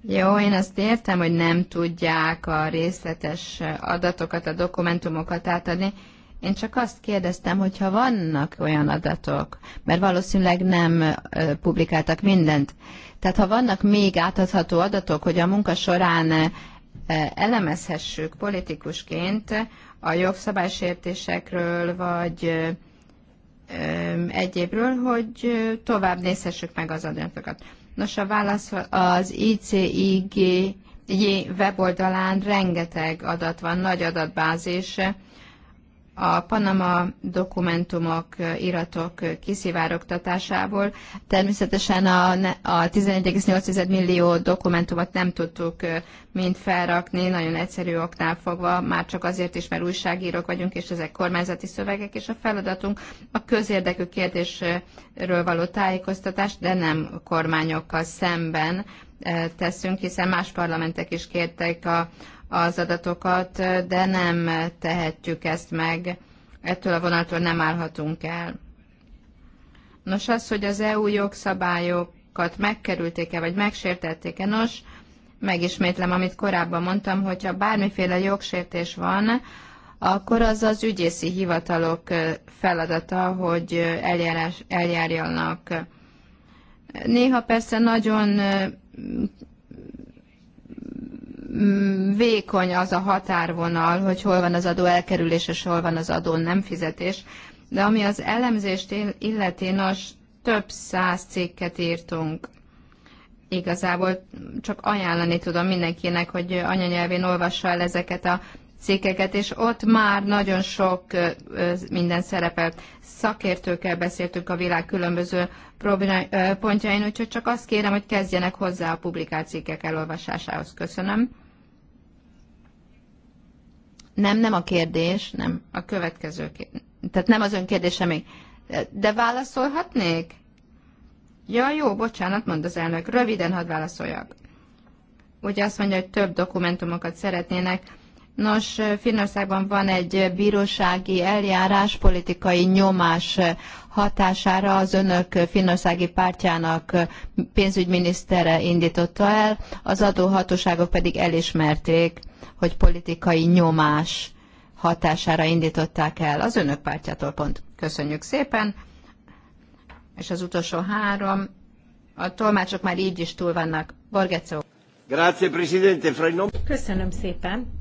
Jó, én azt értem, hogy nem tudják a részletes adatokat, a dokumentumokat átadni, én csak azt kérdeztem, hogy ha vannak olyan adatok, mert valószínűleg nem publikáltak mindent, tehát ha vannak még átadható adatok, hogy a munka során elemezhessük politikusként a jogszabálysértésekről, vagy egyébről, hogy tovább nézhessük meg az adatokat. Nos, a válasz az ICIG weboldalán rengeteg adat van, nagy adatbázis, a Panama dokumentumok, iratok kiszivárogtatásából. Természetesen a, a 11,8 millió dokumentumot nem tudtuk mind felrakni, nagyon egyszerű oknál fogva, már csak azért is, mert újságírók vagyunk, és ezek kormányzati szövegek, és a feladatunk a közérdekű kérdésről való tájékoztatás, de nem kormányokkal szemben teszünk, hiszen más parlamentek is kértek a, az adatokat, de nem tehetjük ezt meg. Ettől a vonaltól nem állhatunk el. Nos, az, hogy az EU jogszabályokat megkerülték-e, vagy megsértették-e, nos, megismétlem, amit korábban mondtam, hogyha bármiféle jogsértés van, akkor az az ügyészi hivatalok feladata, hogy eljárás, eljárjanak. Néha persze nagyon Mm, vékony az a határvonal, hogy hol van az adó elkerülés, és hol van az adó nem fizetés. De ami az elemzést illeti, nos, több száz cikket írtunk. Igazából csak ajánlani tudom mindenkinek, hogy anyanyelvén olvassa el ezeket a cikkeket, és ott már nagyon sok minden szerepel. Szakértőkkel beszéltünk a világ különböző pontjain, úgyhogy csak azt kérem, hogy kezdjenek hozzá a publikált cikkek elolvasásához. Köszönöm. Nem, nem a kérdés, nem a következő kérdés. Tehát nem az ön kérdése még. De válaszolhatnék? Ja, jó, bocsánat, mond az elnök. Röviden hadd válaszoljak. Ugye azt mondja, hogy több dokumentumokat szeretnének. Nos, Finnországban van egy bírósági eljárás politikai nyomás hatására az önök finnországi pártjának pénzügyminisztere indította el, az adóhatóságok pedig elismerték hogy politikai nyomás hatására indították el az önök pártjától pont. Köszönjük szépen. És az utolsó három, a tolmácsok már így is túl vannak. Borgeco. Grazie, Presidente. Köszönöm szépen.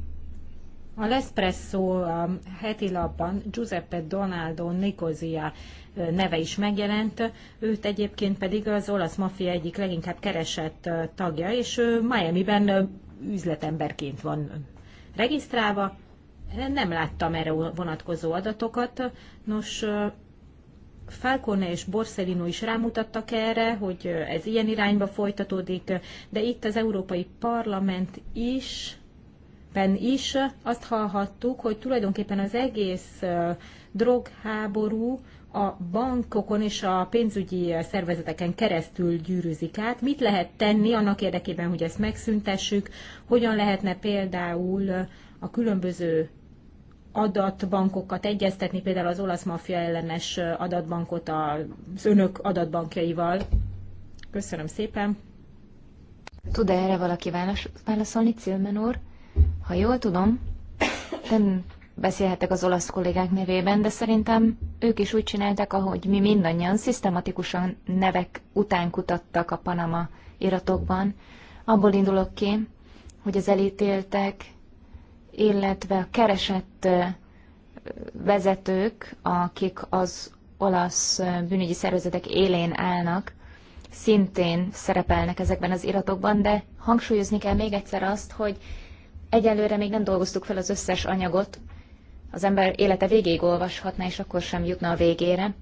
A L'Espresso heti lapban Giuseppe Donaldo Nicosia neve is megjelent, őt egyébként pedig az olasz maffia egyik leginkább keresett tagja, és Miami-ben üzletemberként van regisztrálva. Nem láttam erre vonatkozó adatokat. Nos, Falcone és Borsellino is rámutattak erre, hogy ez ilyen irányba folytatódik, de itt az Európai Parlament is ben is azt hallhattuk, hogy tulajdonképpen az egész drogháború a bankokon és a pénzügyi szervezeteken keresztül gyűrűzik át. Mit lehet tenni annak érdekében, hogy ezt megszüntessük? Hogyan lehetne például a különböző adatbankokat egyeztetni, például az olasz maffia ellenes adatbankot az önök adatbankjaival? Köszönöm szépen. Tud -e erre valaki válaszolni, Cilmen úr? Ha jól tudom, nem beszélhetek az olasz kollégák nevében, de szerintem ők is úgy csináltak, ahogy mi mindannyian szisztematikusan nevek után kutattak a Panama iratokban. Abból indulok ki, hogy az elítéltek, illetve a keresett vezetők, akik az olasz bűnügyi szervezetek élén állnak, szintén szerepelnek ezekben az iratokban, de hangsúlyozni kell még egyszer azt, hogy egyelőre még nem dolgoztuk fel az összes anyagot, az ember élete végéig olvashatná, és akkor sem jutna a végére.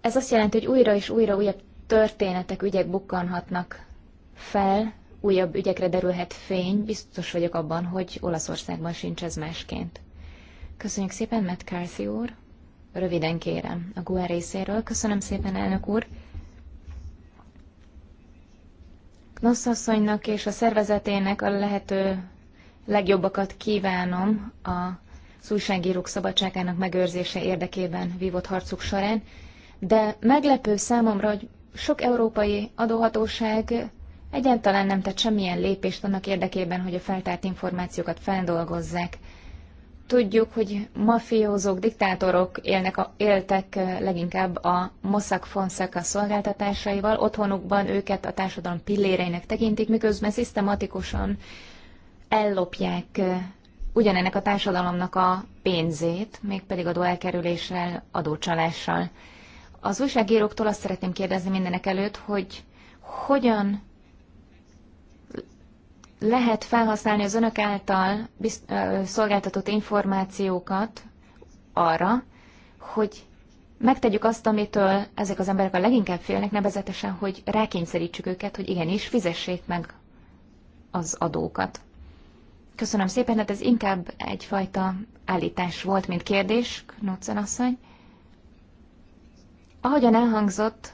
Ez azt jelenti, hogy újra és újra újabb történetek, ügyek bukkanhatnak fel, újabb ügyekre derülhet fény, biztos vagyok abban, hogy Olaszországban sincs ez másként. Köszönjük szépen, Matt Carthy úr. Röviden kérem, a GUE részéről. Köszönöm szépen, elnök úr. Knosszasszonynak és a szervezetének a lehető legjobbakat kívánom a újságírók szabadságának megőrzése érdekében vívott harcuk során, de meglepő számomra, hogy sok európai adóhatóság egyáltalán nem tett semmilyen lépést annak érdekében, hogy a feltárt információkat feldolgozzák. Tudjuk, hogy mafiózók, diktátorok élnek a, éltek leginkább a Mossack Fonseca szolgáltatásaival, otthonukban őket a társadalom pilléreinek tekintik, miközben szisztematikusan ellopják ugyanennek a társadalomnak a pénzét, mégpedig adóelkerüléssel, adócsalással. Az újságíróktól azt szeretném kérdezni mindenek előtt, hogy hogyan lehet felhasználni az önök által bizt, ö, szolgáltatott információkat arra, hogy megtegyük azt, amitől ezek az emberek a leginkább félnek, nevezetesen, hogy rákényszerítsük őket, hogy igenis fizessék meg az adókat. Köszönöm szépen, hát ez inkább egyfajta állítás volt, mint kérdés, Knudsen asszony. Ahogyan elhangzott,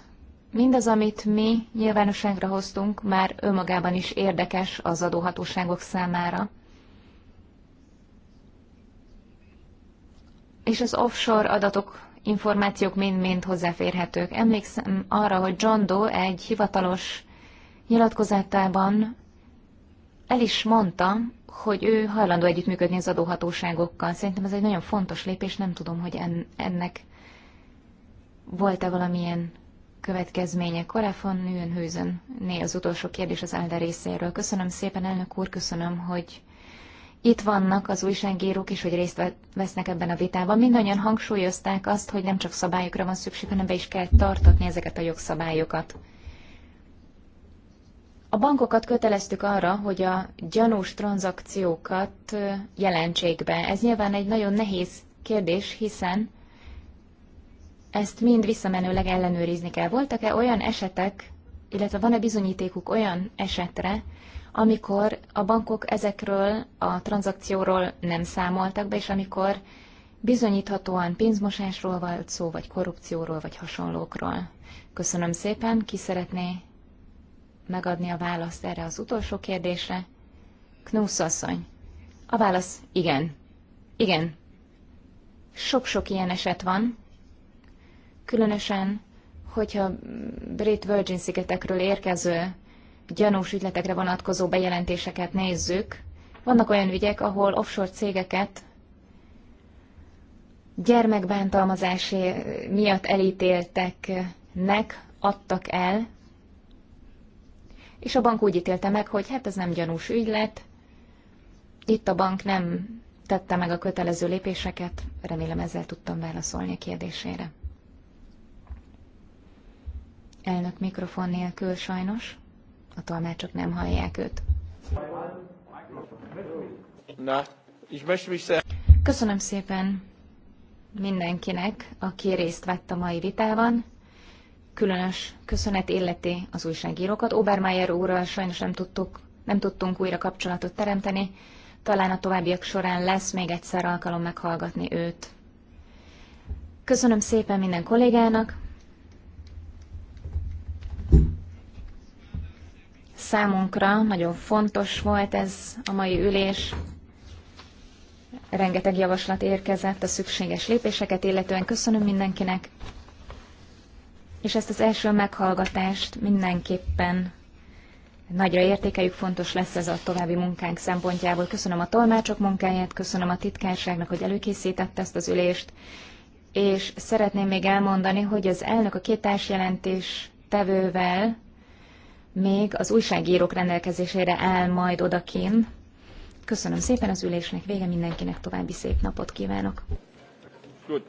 mindaz, amit mi nyilvánosságra hoztunk, már önmagában is érdekes az adóhatóságok számára. És az offshore adatok, információk mind-mind hozzáférhetők. Emlékszem arra, hogy John Doe egy hivatalos nyilatkozatában el is mondtam, hogy ő hajlandó együttműködni az adóhatóságokkal. Szerintem ez egy nagyon fontos lépés, nem tudom, hogy ennek volt-e valamilyen következménye. Koráfon Hőzön né az utolsó kérdés az Álda részéről. Köszönöm szépen, elnök úr, köszönöm, hogy itt vannak az újságírók is, hogy részt vesznek ebben a vitában. Mindannyian hangsúlyozták azt, hogy nem csak szabályokra van szükség, hanem be is kell tartatni ezeket a jogszabályokat. A bankokat köteleztük arra, hogy a gyanús tranzakciókat jelentsék be. Ez nyilván egy nagyon nehéz kérdés, hiszen ezt mind visszamenőleg ellenőrizni kell. Voltak-e olyan esetek, illetve van-e bizonyítékuk olyan esetre, amikor a bankok ezekről a tranzakcióról nem számoltak be, és amikor bizonyíthatóan pénzmosásról volt szó, vagy korrupcióról, vagy hasonlókról. Köszönöm szépen, ki szeretné megadni a választ erre az utolsó kérdésre? Knusz asszony. A válasz igen. Igen. Sok-sok ilyen eset van. Különösen, hogyha Brit Virgin szigetekről érkező gyanús ügyletekre vonatkozó bejelentéseket nézzük, vannak olyan ügyek, ahol offshore cégeket gyermekbántalmazásé miatt elítéltek nek, adtak el és a bank úgy ítélte meg, hogy hát ez nem gyanús ügylet, itt a bank nem tette meg a kötelező lépéseket, remélem ezzel tudtam válaszolni a kérdésére. Elnök mikrofon nélkül sajnos, a tolmácsok nem hallják őt. Na, Köszönöm szépen mindenkinek, aki részt vett a mai vitában különös köszönet illeti az újságírókat. Obermeyer úrral sajnos nem, tudtuk, nem tudtunk újra kapcsolatot teremteni, talán a továbbiak során lesz még egyszer alkalom meghallgatni őt. Köszönöm szépen minden kollégának. Számunkra nagyon fontos volt ez a mai ülés. Rengeteg javaslat érkezett a szükséges lépéseket, illetően köszönöm mindenkinek és ezt az első meghallgatást mindenképpen nagyra értékeljük, fontos lesz ez a további munkánk szempontjából. Köszönöm a tolmácsok munkáját, köszönöm a titkárságnak, hogy előkészítette ezt az ülést, és szeretném még elmondani, hogy az elnök a két társjelentés tevővel még az újságírók rendelkezésére áll majd odakin. Köszönöm szépen az ülésnek, vége mindenkinek további szép napot kívánok. Good.